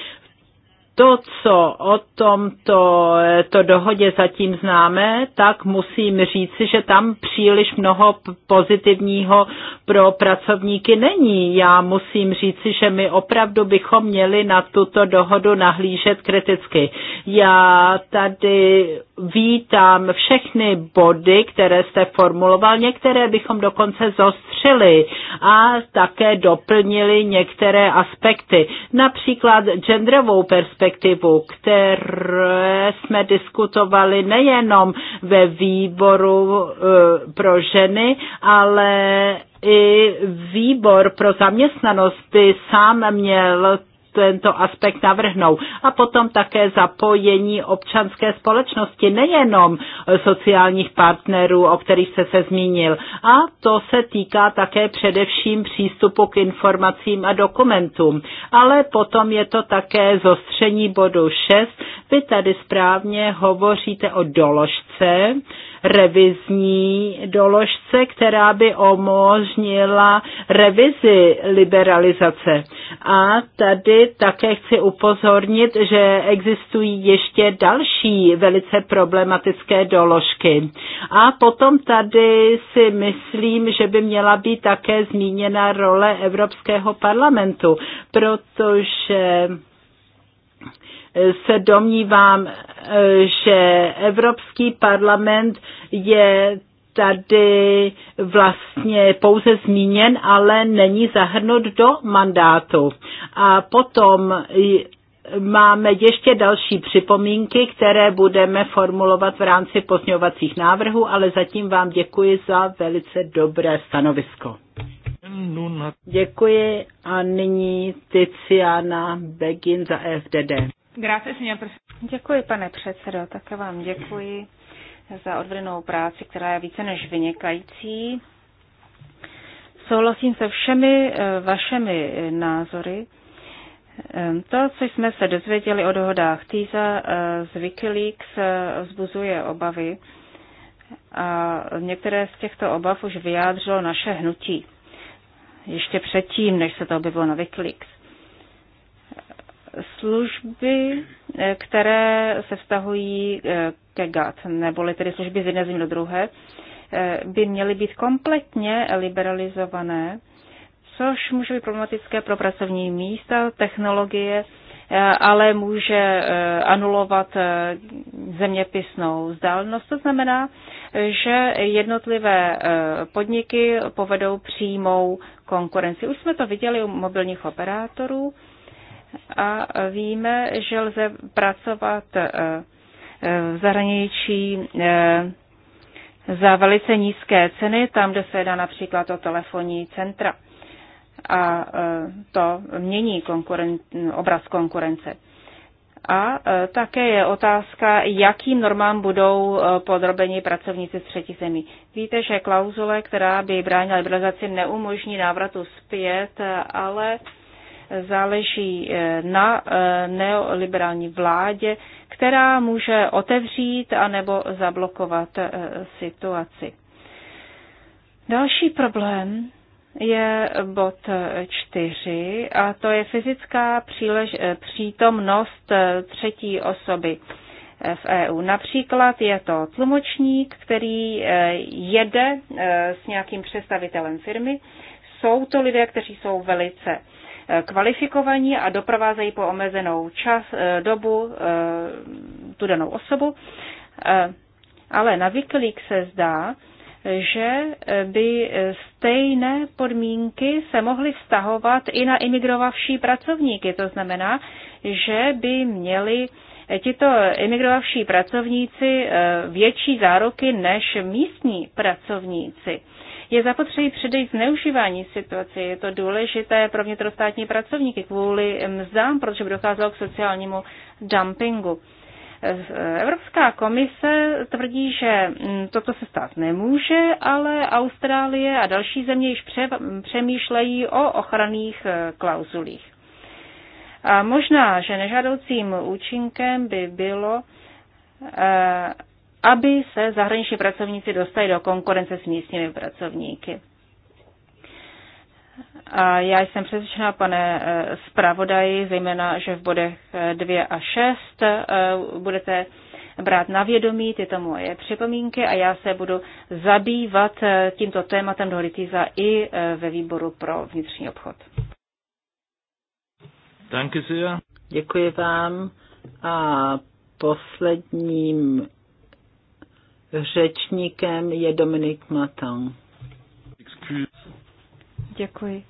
Speaker 3: to, co o tomto eh, to dohodě zatím známe, tak musím říci, že tam příliš mnoho pozitivního pro pracovníky není. Já musím říci, že my opravdu bychom měli na tuto dohodu nahlížet kriticky. Já tady vítám všechny body, které jste formuloval, některé bychom dokonce zostřili a také doplnili některé aspekty, například genderovou perspektivu perspektivu, které jsme diskutovali nejenom ve výboru e, pro ženy, ale i výbor pro zaměstnanost by sám měl tento aspekt navrhnou. A potom také zapojení občanské společnosti, nejenom sociálních partnerů, o kterých jste se zmínil. A to se týká také především přístupu k informacím a dokumentům. Ale potom je to také zostření bodu 6. Vy tady správně hovoříte o doložce, revizní doložce, která by umožnila revizi liberalizace. A tady také chci upozornit, že existují ještě další velice problematické doložky. A potom tady si myslím, že by měla být také zmíněna role Evropského parlamentu, protože se domnívám, že Evropský parlament je tady vlastně pouze zmíněn, ale není zahrnut do mandátu. A potom máme ještě další připomínky, které budeme formulovat v rámci pozňovacích návrhů, ale zatím vám děkuji za velice dobré stanovisko. Děkuji a nyní Tiziana Begin za FDD.
Speaker 4: Děkuji, pane předsedo, také vám děkuji za odvedenou práci, která je více než vynikající. Souhlasím se všemi eh, vašemi eh, názory. Ehm, to, co jsme se dozvěděli o dohodách TISA eh, z Wikileaks, vzbuzuje obavy a některé z těchto obav už vyjádřilo naše hnutí ještě předtím, než se to objevilo na Wikileaks služby, eh, které se vztahují eh, ke GAT, neboli tedy služby z jedné země do druhé, eh, by měly být kompletně liberalizované, což může být problematické pro pracovní místa, technologie, ale může anulovat zeměpisnou vzdálenost. To znamená, že jednotlivé podniky povedou přímou konkurenci. Už jsme to viděli u mobilních operátorů, a víme, že lze pracovat eh, v zahraničí eh, za velice nízké ceny, tam, kde se jedná například o telefonní centra. A eh, to mění konkuren, obraz konkurence. A také je otázka, jakým normám budou podrobeni pracovníci z třetí zemí. Víte, že klauzule, která by bránila liberalizaci, neumožní návratu zpět, ale záleží eh, na eh, neoliberální vládě, která může otevřít anebo zablokovat eh, situaci. Další problém je bod čtyři a to je fyzická přílež, přítomnost třetí osoby v EU. Například je to tlumočník, který jede s nějakým představitelem firmy. Jsou to lidé, kteří jsou velice Eh, kvalifikovaní a doprovázejí po omezenou čas, eh, dobu eh, tu danou osobu. Ale na Wikileaks se zdá, že by stejné podmínky se mohly vztahovat i na imigrovavší pracovníky. To znamená, že by měli tito imigrovavší pracovníci větší záruky než místní pracovníci. Je zapotřebí předejít zneužívání situace. Je to důležité pro vnitrostátní pracovníky kvůli mzdám, protože by docházelo k sociálnímu dumpingu. Evropská komise tvrdí, že toto se stát nemůže, ale Austrálie a další země již přemýšlejí o ochranných eh, klauzulích. A možná, že nežádoucím účinkem by bylo eh, aby se zahraniční pracovníci dostali do konkurence s místními pracovníky. A já jsem přesvědčena, pane eh, zpravodaji, zejména, že v bodech 2 eh, a 6 eh, budete brát na vědomí tyto moje připomínky a já se budu zabývat tímto tématem do Litiza i ve výboru pro vnitřní obchod.
Speaker 3: Děkuji vám. A posledním Řečníkem je Dominik Matan.
Speaker 4: Děkuji.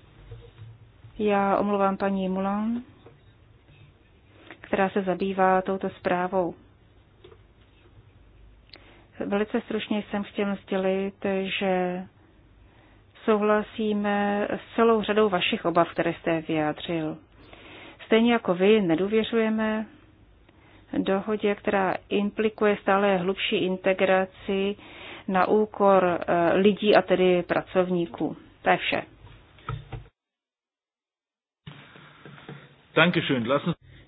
Speaker 4: Já omluvám paní Mulan, která se zabývá touto zprávou. Velice stručně jsem chtěl sdělit, že souhlasíme s celou řadou vašich obav, které jste vyjádřil. Stejně jako vy nedůvěřujeme dohodě, která implikuje stále hlubší integraci na úkor eh, lidí a tedy pracovníků. To je vše.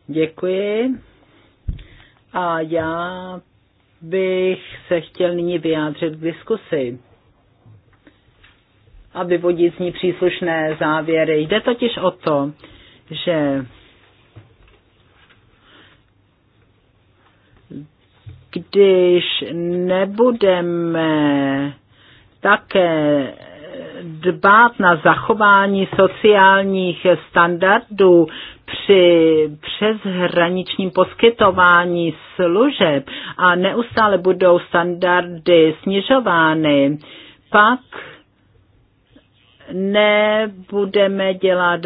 Speaker 3: Děkuji. A já bych se chtěl nyní vyjádřit k diskusi a vyvodit z ní příslušné závěry. Jde totiž o to, že když nebudeme také dbát na zachování sociálních standardů při přeshraničním poskytování služeb a neustále budou standardy snižovány, pak nebudeme dělat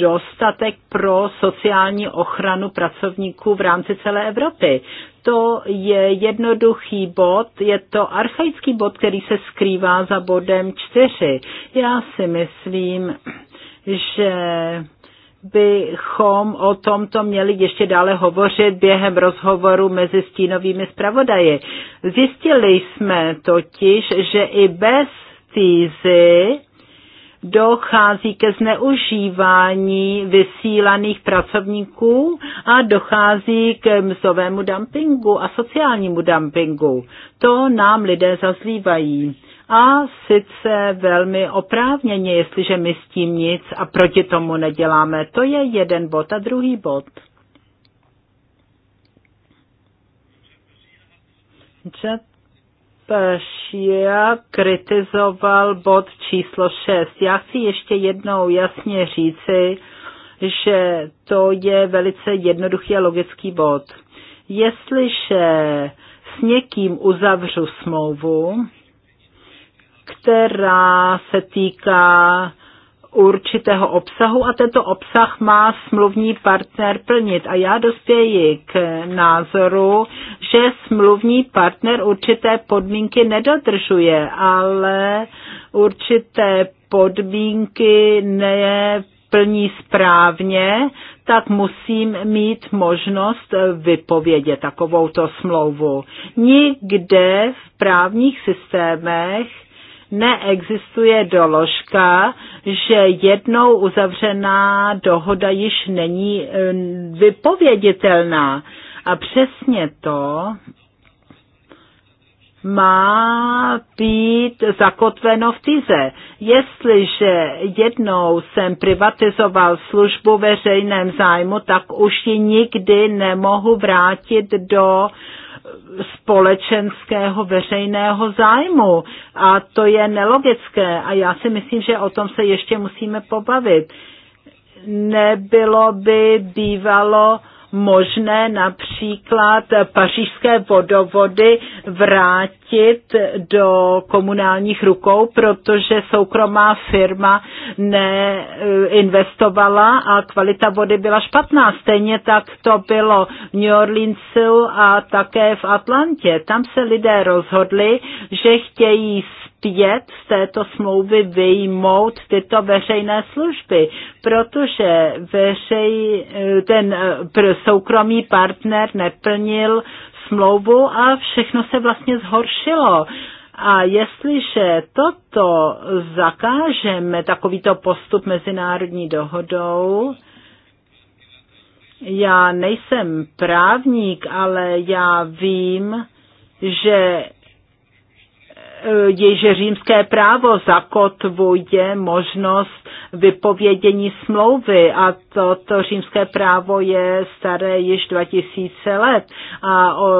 Speaker 3: dostatek pro sociální ochranu pracovníků v rámci celé Evropy to je jednoduchý bod, je to archaický bod, který se skrývá za bodem čtyři. Já si myslím, že bychom o tomto měli ještě dále hovořit během rozhovoru mezi stínovými zpravodaji. Zjistili jsme totiž, že i bez týzy dochází ke zneužívání vysílaných pracovníků a dochází k mzovému dumpingu a sociálnímu dumpingu. To nám lidé zazlívají. A sice velmi oprávněně, jestliže my s tím nic a proti tomu neděláme. To je jeden bod. A druhý bod. Čet Pašia kritizoval bod číslo 6. Já chci ještě jednou jasně říci, že to je velice jednoduchý a logický bod. Jestliže s někým uzavřu smlouvu, která se týká určitého obsahu a tento obsah má smluvní partner plnit. A já dospěji k názoru, že smluvní partner určité podmínky nedodržuje, ale určité podmínky neplní správně, tak musím mít možnost vypovědět takovouto smlouvu. Nikde v právních systémech neexistuje doložka, že jednou uzavřená dohoda již není eh, vypověditelná. A přesně to má být zakotveno v týze. Jestliže jednou jsem privatizoval službu veřejném zájmu, tak už ji nikdy nemohu vrátit do uh, společenského veřejného zájmu. A to je nelogické a já si myslím, že o tom se ještě musíme pobavit. Nebylo by bývalo možné například pařížské vodovody vrátit do komunálních rukou, protože soukromá firma neinvestovala a kvalita vody byla špatná. Stejně tak to bylo v New Orleansu a také v Atlantě. Tam se lidé rozhodli, že chtějí pět z této smlouvy vyjmout tyto veřejné služby, protože veřej, ten eh, soukromý partner neplnil smlouvu a všechno se vlastně zhoršilo. A jestliže toto zakážeme, takovýto postup mezinárodní dohodou, já nejsem právník, ale já vím, že že římské právo zakotvuje možnost vypovědění smlouvy a toto římské právo je staré již 2000 let. A o,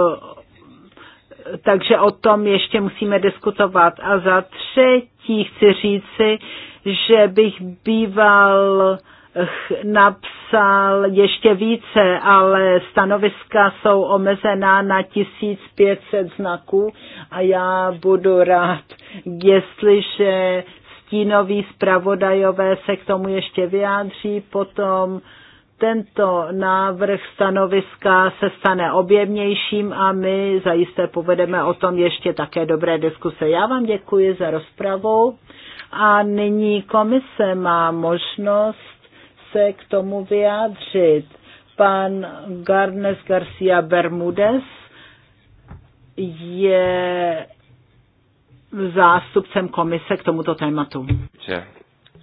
Speaker 3: takže o tom ještě musíme diskutovat. A za třetí chci říci, že bych býval uh, napsal ještě více, ale stanoviska jsou omezená na 1500 znaků a já budu rád, jestliže stínoví zpravodajové se k tomu ještě vyjádří, potom tento návrh stanoviska se stane objemnějším a my zajisté povedeme o tom ještě také dobré diskuse. Já vám děkuji za rozpravu a nyní komise má možnost se k tomu vyjádřit. Pan Garnes Garcia Bermudez je zástupcem komise k tomuto tématu.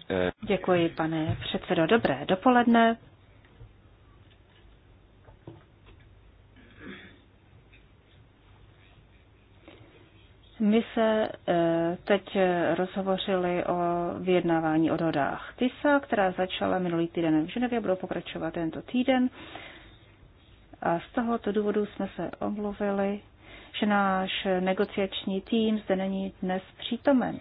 Speaker 1: Eh,
Speaker 4: Děkuji, pane předsedo. Dobré dopoledne. My se eh, teď rozhovořili o vyjednávání o dohodách TISA, která začala minulý týden v Ženevě, budou pokračovat tento týden. A z tohoto důvodu jsme se omluvili, že náš negociační tým zde není dnes přítomen.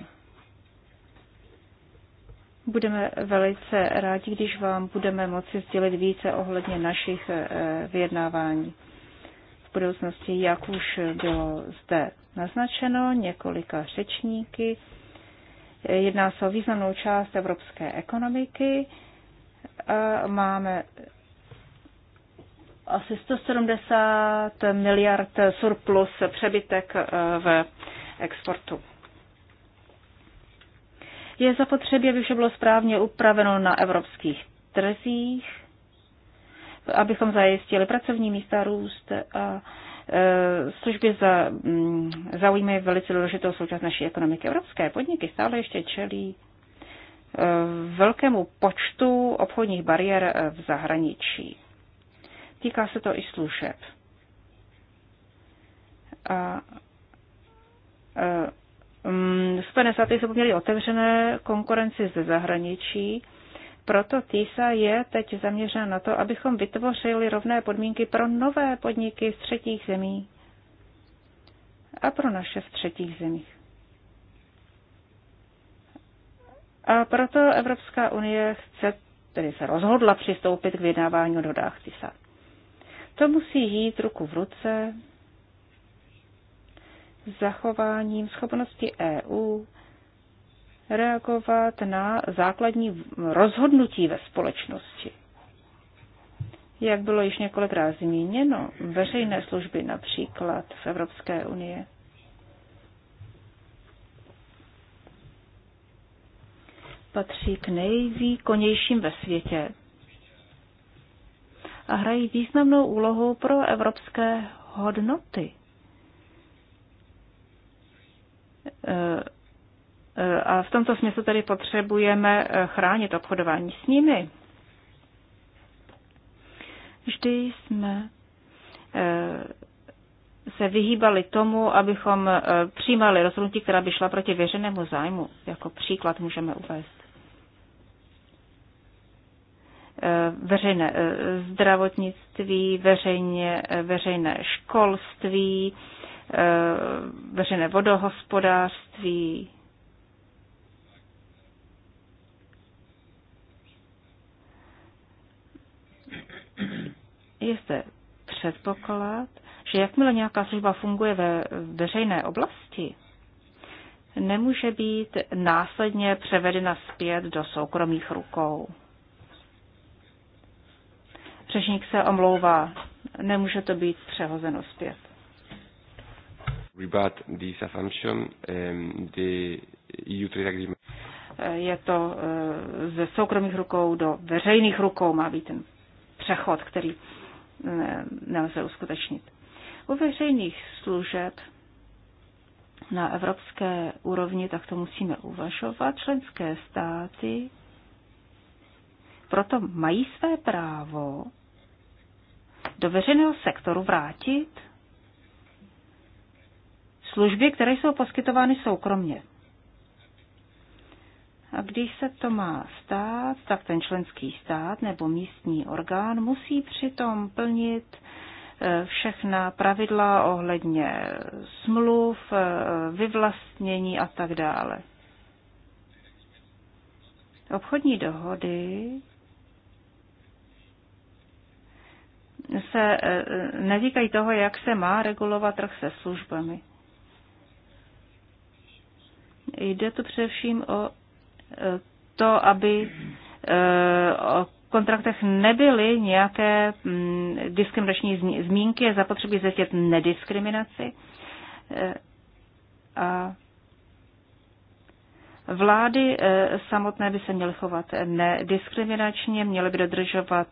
Speaker 4: Budeme velice rádi, když vám budeme moci sdělit více ohledně našich eh, vyjednávání v budoucnosti, jak už bylo zde naznačeno několika řečníky. Jedná se o významnou část evropské ekonomiky. Máme asi 170 miliard surplus přebytek e, v exportu. Je zapotřebí, aby vše bylo správně upraveno na evropských trzích, abychom zajistili pracovní místa, růst a Eh, služby za, mm, zaujímají velice důležitou součást naší ekonomiky. Evropské podniky stále ještě čelí eh, velkému počtu obchodních bariér eh, v zahraničí. Týká se to i služeb. A, a, um, mm, Spojené státy jsou poměrně otevřené konkurenci ze zahraničí proto TISA je teď zaměřena na to, abychom vytvořili rovné podmínky pro nové podniky z třetích zemí a pro naše v třetích zemích. A proto Evropská unie chce, tedy se rozhodla přistoupit k vydávání o dodách TISA. To musí jít ruku v ruce s zachováním schopnosti EU reagovat na základní rozhodnutí ve společnosti. Jak bylo již několikrát zmíněno, veřejné služby například v Evropské unie patří k nejvýkonnějším ve světě a hrají významnou úlohu pro evropské hodnoty. E a v tomto smyslu tedy potřebujeme eh, chránit obchodování s nimi. Vždy jsme eh, se vyhýbali tomu, abychom eh, přijímali rozhodnutí, která by šla proti věřenému zájmu. Jako příklad můžeme uvést veřejné zdravotnictví, veřejně, veřejné školství, veřejné vodohospodářství, je zde předpoklad, že jakmile nějaká služba funguje ve veřejné oblasti, nemůže být následně převedena zpět do soukromých rukou. Řečník se omlouvá, nemůže to být přehozeno zpět.
Speaker 1: Um, e
Speaker 4: je to eh, ze soukromých rukou do veřejných rukou má být ten přechod, který eh, nelze uskutečnit. U veřejných služeb na evropské úrovni, tak to musíme uvažovat. Členské státy proto mají své právo do veřejného sektoru vrátit služby, které jsou poskytovány soukromně. A když se to má stát, tak ten členský stát nebo místní orgán musí přitom plnit e, všechna pravidla ohledně smluv, e, vyvlastnění a tak dále. Obchodní dohody se e, netýkají toho, jak se má regulovat trh se službami. Jde tu především o to, aby eh, o kontraktech nebyly nějaké mm, diskriminační zmínky, je zapotřebí zjistit nediskriminaci. Eh, a vlády eh, samotné by se měly chovat nediskriminačně, měly by dodržovat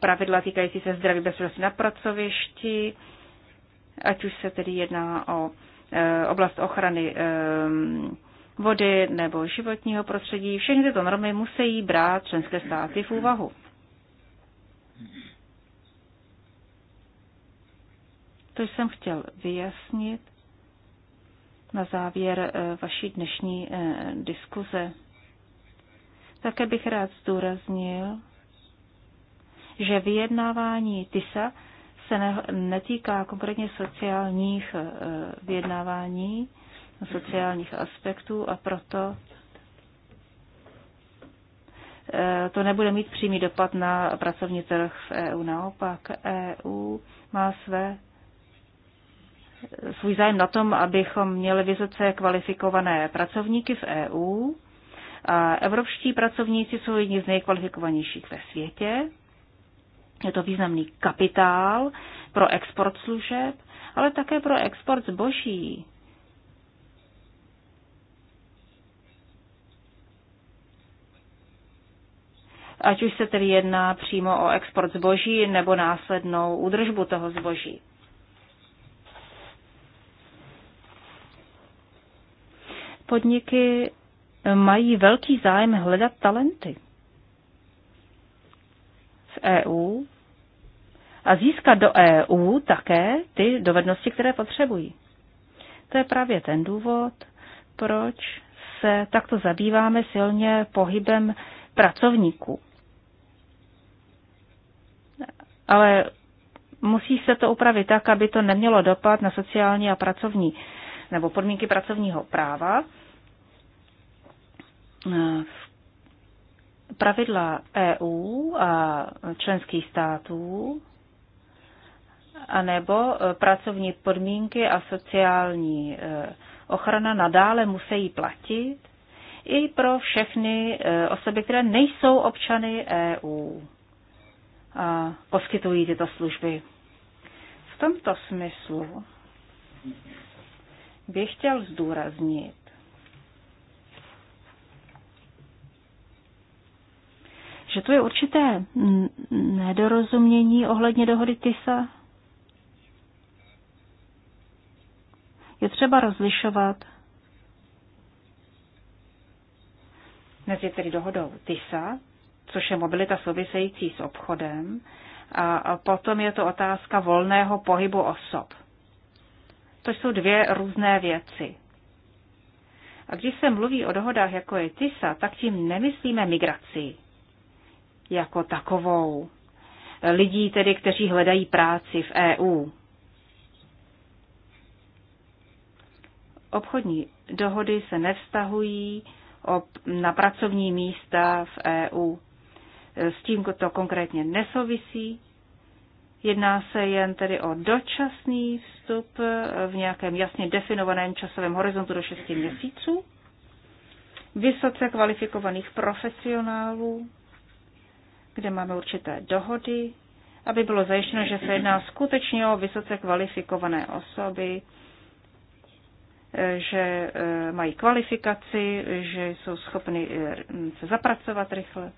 Speaker 4: pravidla týkající se zdraví bezpečnosti na pracovišti, ať už se tedy jedná o oblast ochrany vody nebo životního prostředí. Všechny tyto normy musí brát členské státy v úvahu. To jsem chtěl vyjasnit na závěr eh, vaší dnešní eh, diskuze. Také bych rád zdůraznil, že vyjednávání TISA se netýká konkrétně sociálních eh, vyjednávání, sociálních aspektů a proto eh, to nebude mít přímý dopad na pracovní trh v EU. Naopak EU má své svůj zájem na tom, abychom měli vysoce kvalifikované pracovníky v EU. A evropští pracovníci jsou jedni z nejkvalifikovanějších ve světě. Je to významný kapitál pro export služeb, ale také pro export zboží. ať už se tedy jedná přímo o export zboží nebo následnou údržbu toho zboží. Podniky mají velký zájem hledat talenty v EU a získat do EU také ty dovednosti, které potřebují. To je právě ten důvod, proč se takto zabýváme silně pohybem pracovníků ale musí se to upravit tak, aby to nemělo dopad na sociální a pracovní nebo podmínky pracovního práva. Eh, pravidla EU a členských států anebo eh, pracovní podmínky a sociální eh, ochrana nadále musí platit i pro všechny osoby, které nejsou občany EU poskytují tyto služby. V tomto smyslu bych chtěl zdůraznit, že tu je určité nedorozumění ohledně dohody TISA. Je třeba rozlišovat mezi tedy dohodou TISA což je mobilita související s obchodem. A potom je to otázka volného pohybu osob. To jsou dvě různé věci. A když se mluví o dohodách, jako je TISA, tak tím nemyslíme migraci jako takovou. Lidí tedy, kteří hledají práci v EU. Obchodní dohody se nevztahují na pracovní místa v EU s tím to konkrétně nesouvisí. Jedná se jen tedy o dočasný vstup v nějakém jasně definovaném časovém horizontu do 6 měsíců vysoce kvalifikovaných profesionálů, kde máme určité dohody, aby bylo zajištěno, že se jedná skutečně o vysoce kvalifikované osoby, že eh, mají kvalifikaci, že jsou schopny eh, se zapracovat rychle.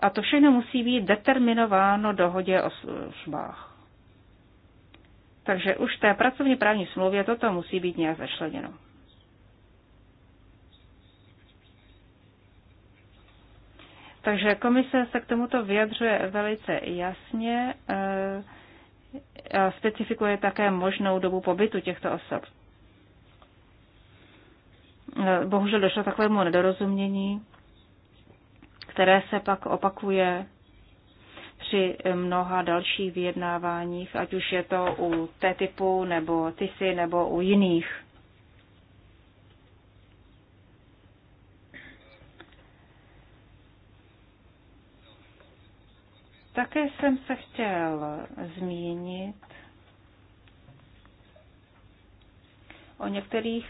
Speaker 4: A to všechno musí být determinováno dohodě o službách. Takže už v té pracovní právní smlouvě toto musí být nějak začleněno. Takže komise se k tomuto vyjadřuje velice jasně eh, a specifikuje také možnou dobu pobytu těchto osob. Eh, bohužel došlo takovému nedorozumění které se pak opakuje při mnoha dalších vyjednáváních, ať už je to u T-typu nebo TISy nebo u jiných. Také jsem se chtěl zmínit o některých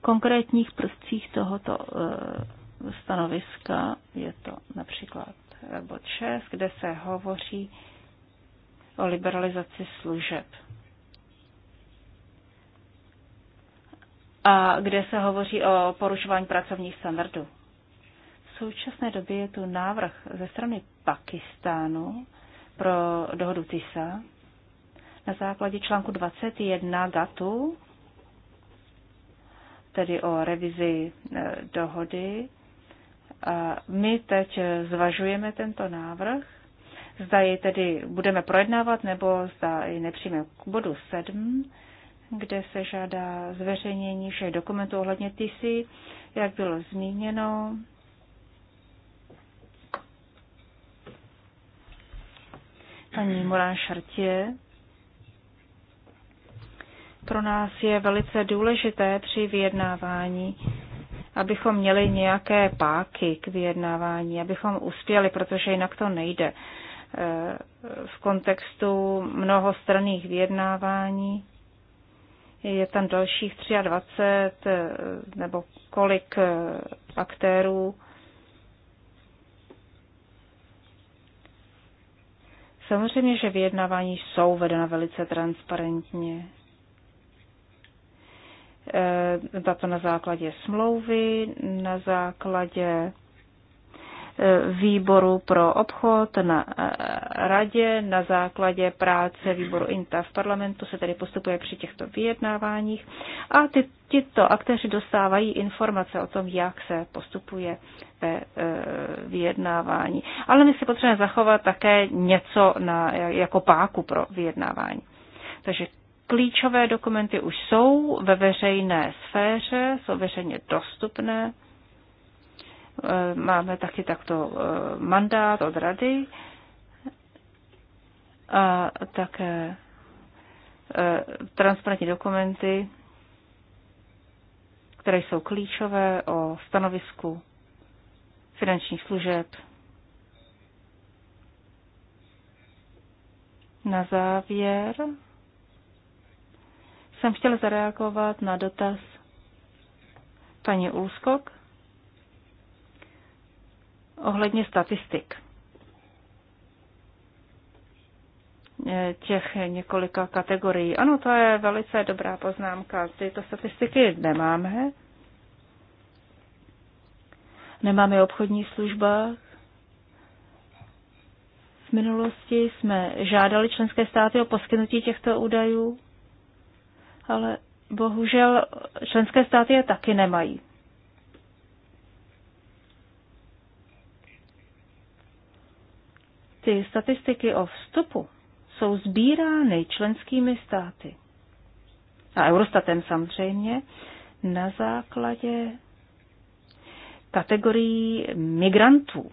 Speaker 4: konkrétních prvcích tohoto eh, stanoviska, je to například bod 6, kde se hovoří o liberalizaci služeb. A kde se hovoří o porušování pracovních standardů. V současné době je tu návrh ze strany Pakistánu pro dohodu TISA na základě článku 21 GATU, tedy o revizi eh, dohody my teď zvažujeme tento návrh, zda ji tedy budeme projednávat, nebo zda ji nepřijme k bodu 7, kde se žádá zveřejnění všech dokumentů ohledně TISY, jak bylo zmíněno. Paní Morán Šartě. Pro nás je velice důležité při vyjednávání abychom měli nějaké páky k vyjednávání, abychom uspěli, protože jinak to nejde. E, v kontextu mnohostranných vyjednávání je tam dalších 23 e, nebo kolik e, aktérů. Samozřejmě, že vyjednávání jsou vedena velice transparentně. Eh, tato na základě smlouvy, na základě eh, výboru pro obchod na eh, radě, na základě práce výboru INTA v parlamentu se tedy postupuje při těchto vyjednáváních a ty, tyto aktéři dostávají informace o tom, jak se postupuje ve e, vyjednávání. Ale my si potřebujeme zachovat také něco na, jako páku pro vyjednávání. Takže Klíčové dokumenty už jsou ve veřejné sféře, jsou veřejně dostupné. E, máme taky takto e, mandát od rady a také e, transparentní dokumenty, které jsou klíčové o stanovisku finančních služeb. Na závěr jsem chtěl zareagovat na dotaz paní Úskok ohledně statistik. Eh, těch několika kategorií. Ano, to je velice dobrá poznámka. Tyto statistiky nemáme. Nemáme obchodní služba. službách. V minulosti jsme žádali členské státy o poskytnutí těchto údajů ale bohužel členské státy je taky nemají. Ty statistiky o vstupu jsou sbírány členskými státy a Eurostatem samozřejmě na základě kategorií migrantů.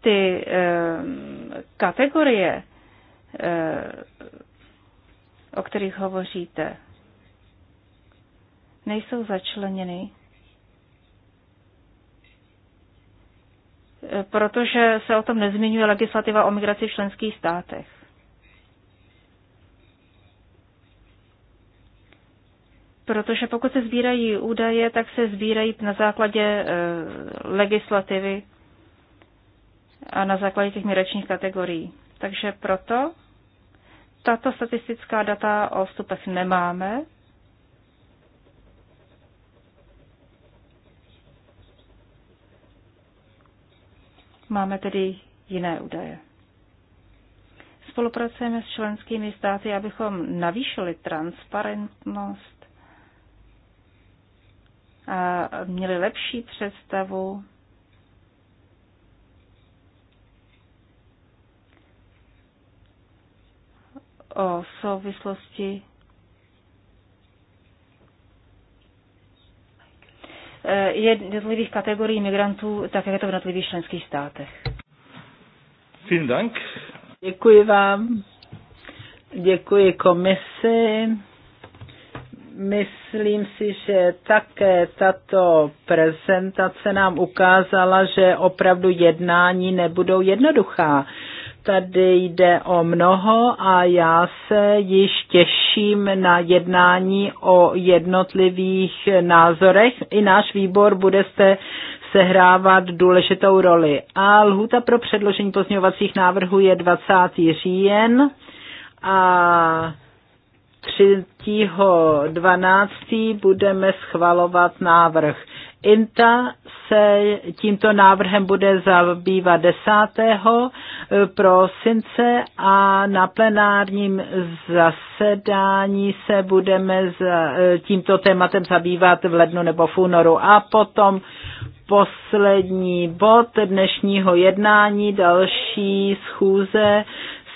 Speaker 4: Ty eh, kategorie Eh, o kterých hovoříte, nejsou začleněny, eh, protože se o tom nezmiňuje legislativa o migraci v členských státech. Protože pokud se sbírají údaje, tak se sbírají na základě eh, legislativy a na základě těch migračních kategorií. Takže proto tato statistická data o vstupech nemáme. Máme tedy jiné údaje. Spolupracujeme s členskými státy, abychom navýšili transparentnost a měli lepší představu o souvislosti e, jednotlivých kategorií migrantů, tak jak je to v jednotlivých členských státech. Vielen Dank. Děkuji vám.
Speaker 3: Děkuji komisi. Myslím si, že také tato prezentace nám ukázala, že opravdu jednání nebudou jednoduchá. Tady jde o mnoho a já se již těším na jednání o jednotlivých názorech. I náš výbor bude se sehrávat důležitou roli. A lhůta pro předložení pozměňovacích návrhů je 20. říjen a 3.12. budeme schvalovat návrh. INTA se tímto návrhem bude zabývat 10. Eh, prosince a na plenárním zasedání se budeme eh, tímto tématem zabývat v lednu nebo v únoru. A potom poslední bod dnešního jednání, další schůze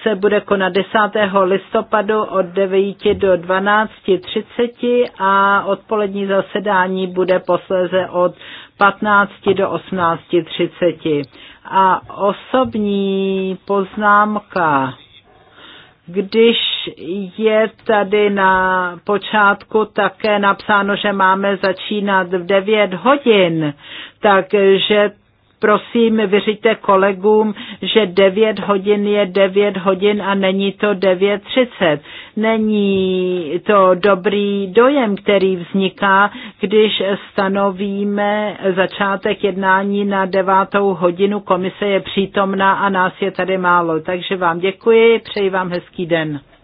Speaker 3: se bude konat 10. listopadu od 9 do 12.30 a odpolední zasedání bude posléze od 15 do 18.30. A osobní poznámka když je tady na počátku také napsáno, že máme začínat v 9 hodin, takže prosím vyřiďte kolegům, že 9 hodin je 9 hodin a není to 9.30. Není to dobrý dojem, který vzniká, když stanovíme začátek jednání na 9 hodinu. Komise je přítomná a nás je tady málo. Takže vám děkuji, přeji vám hezký den.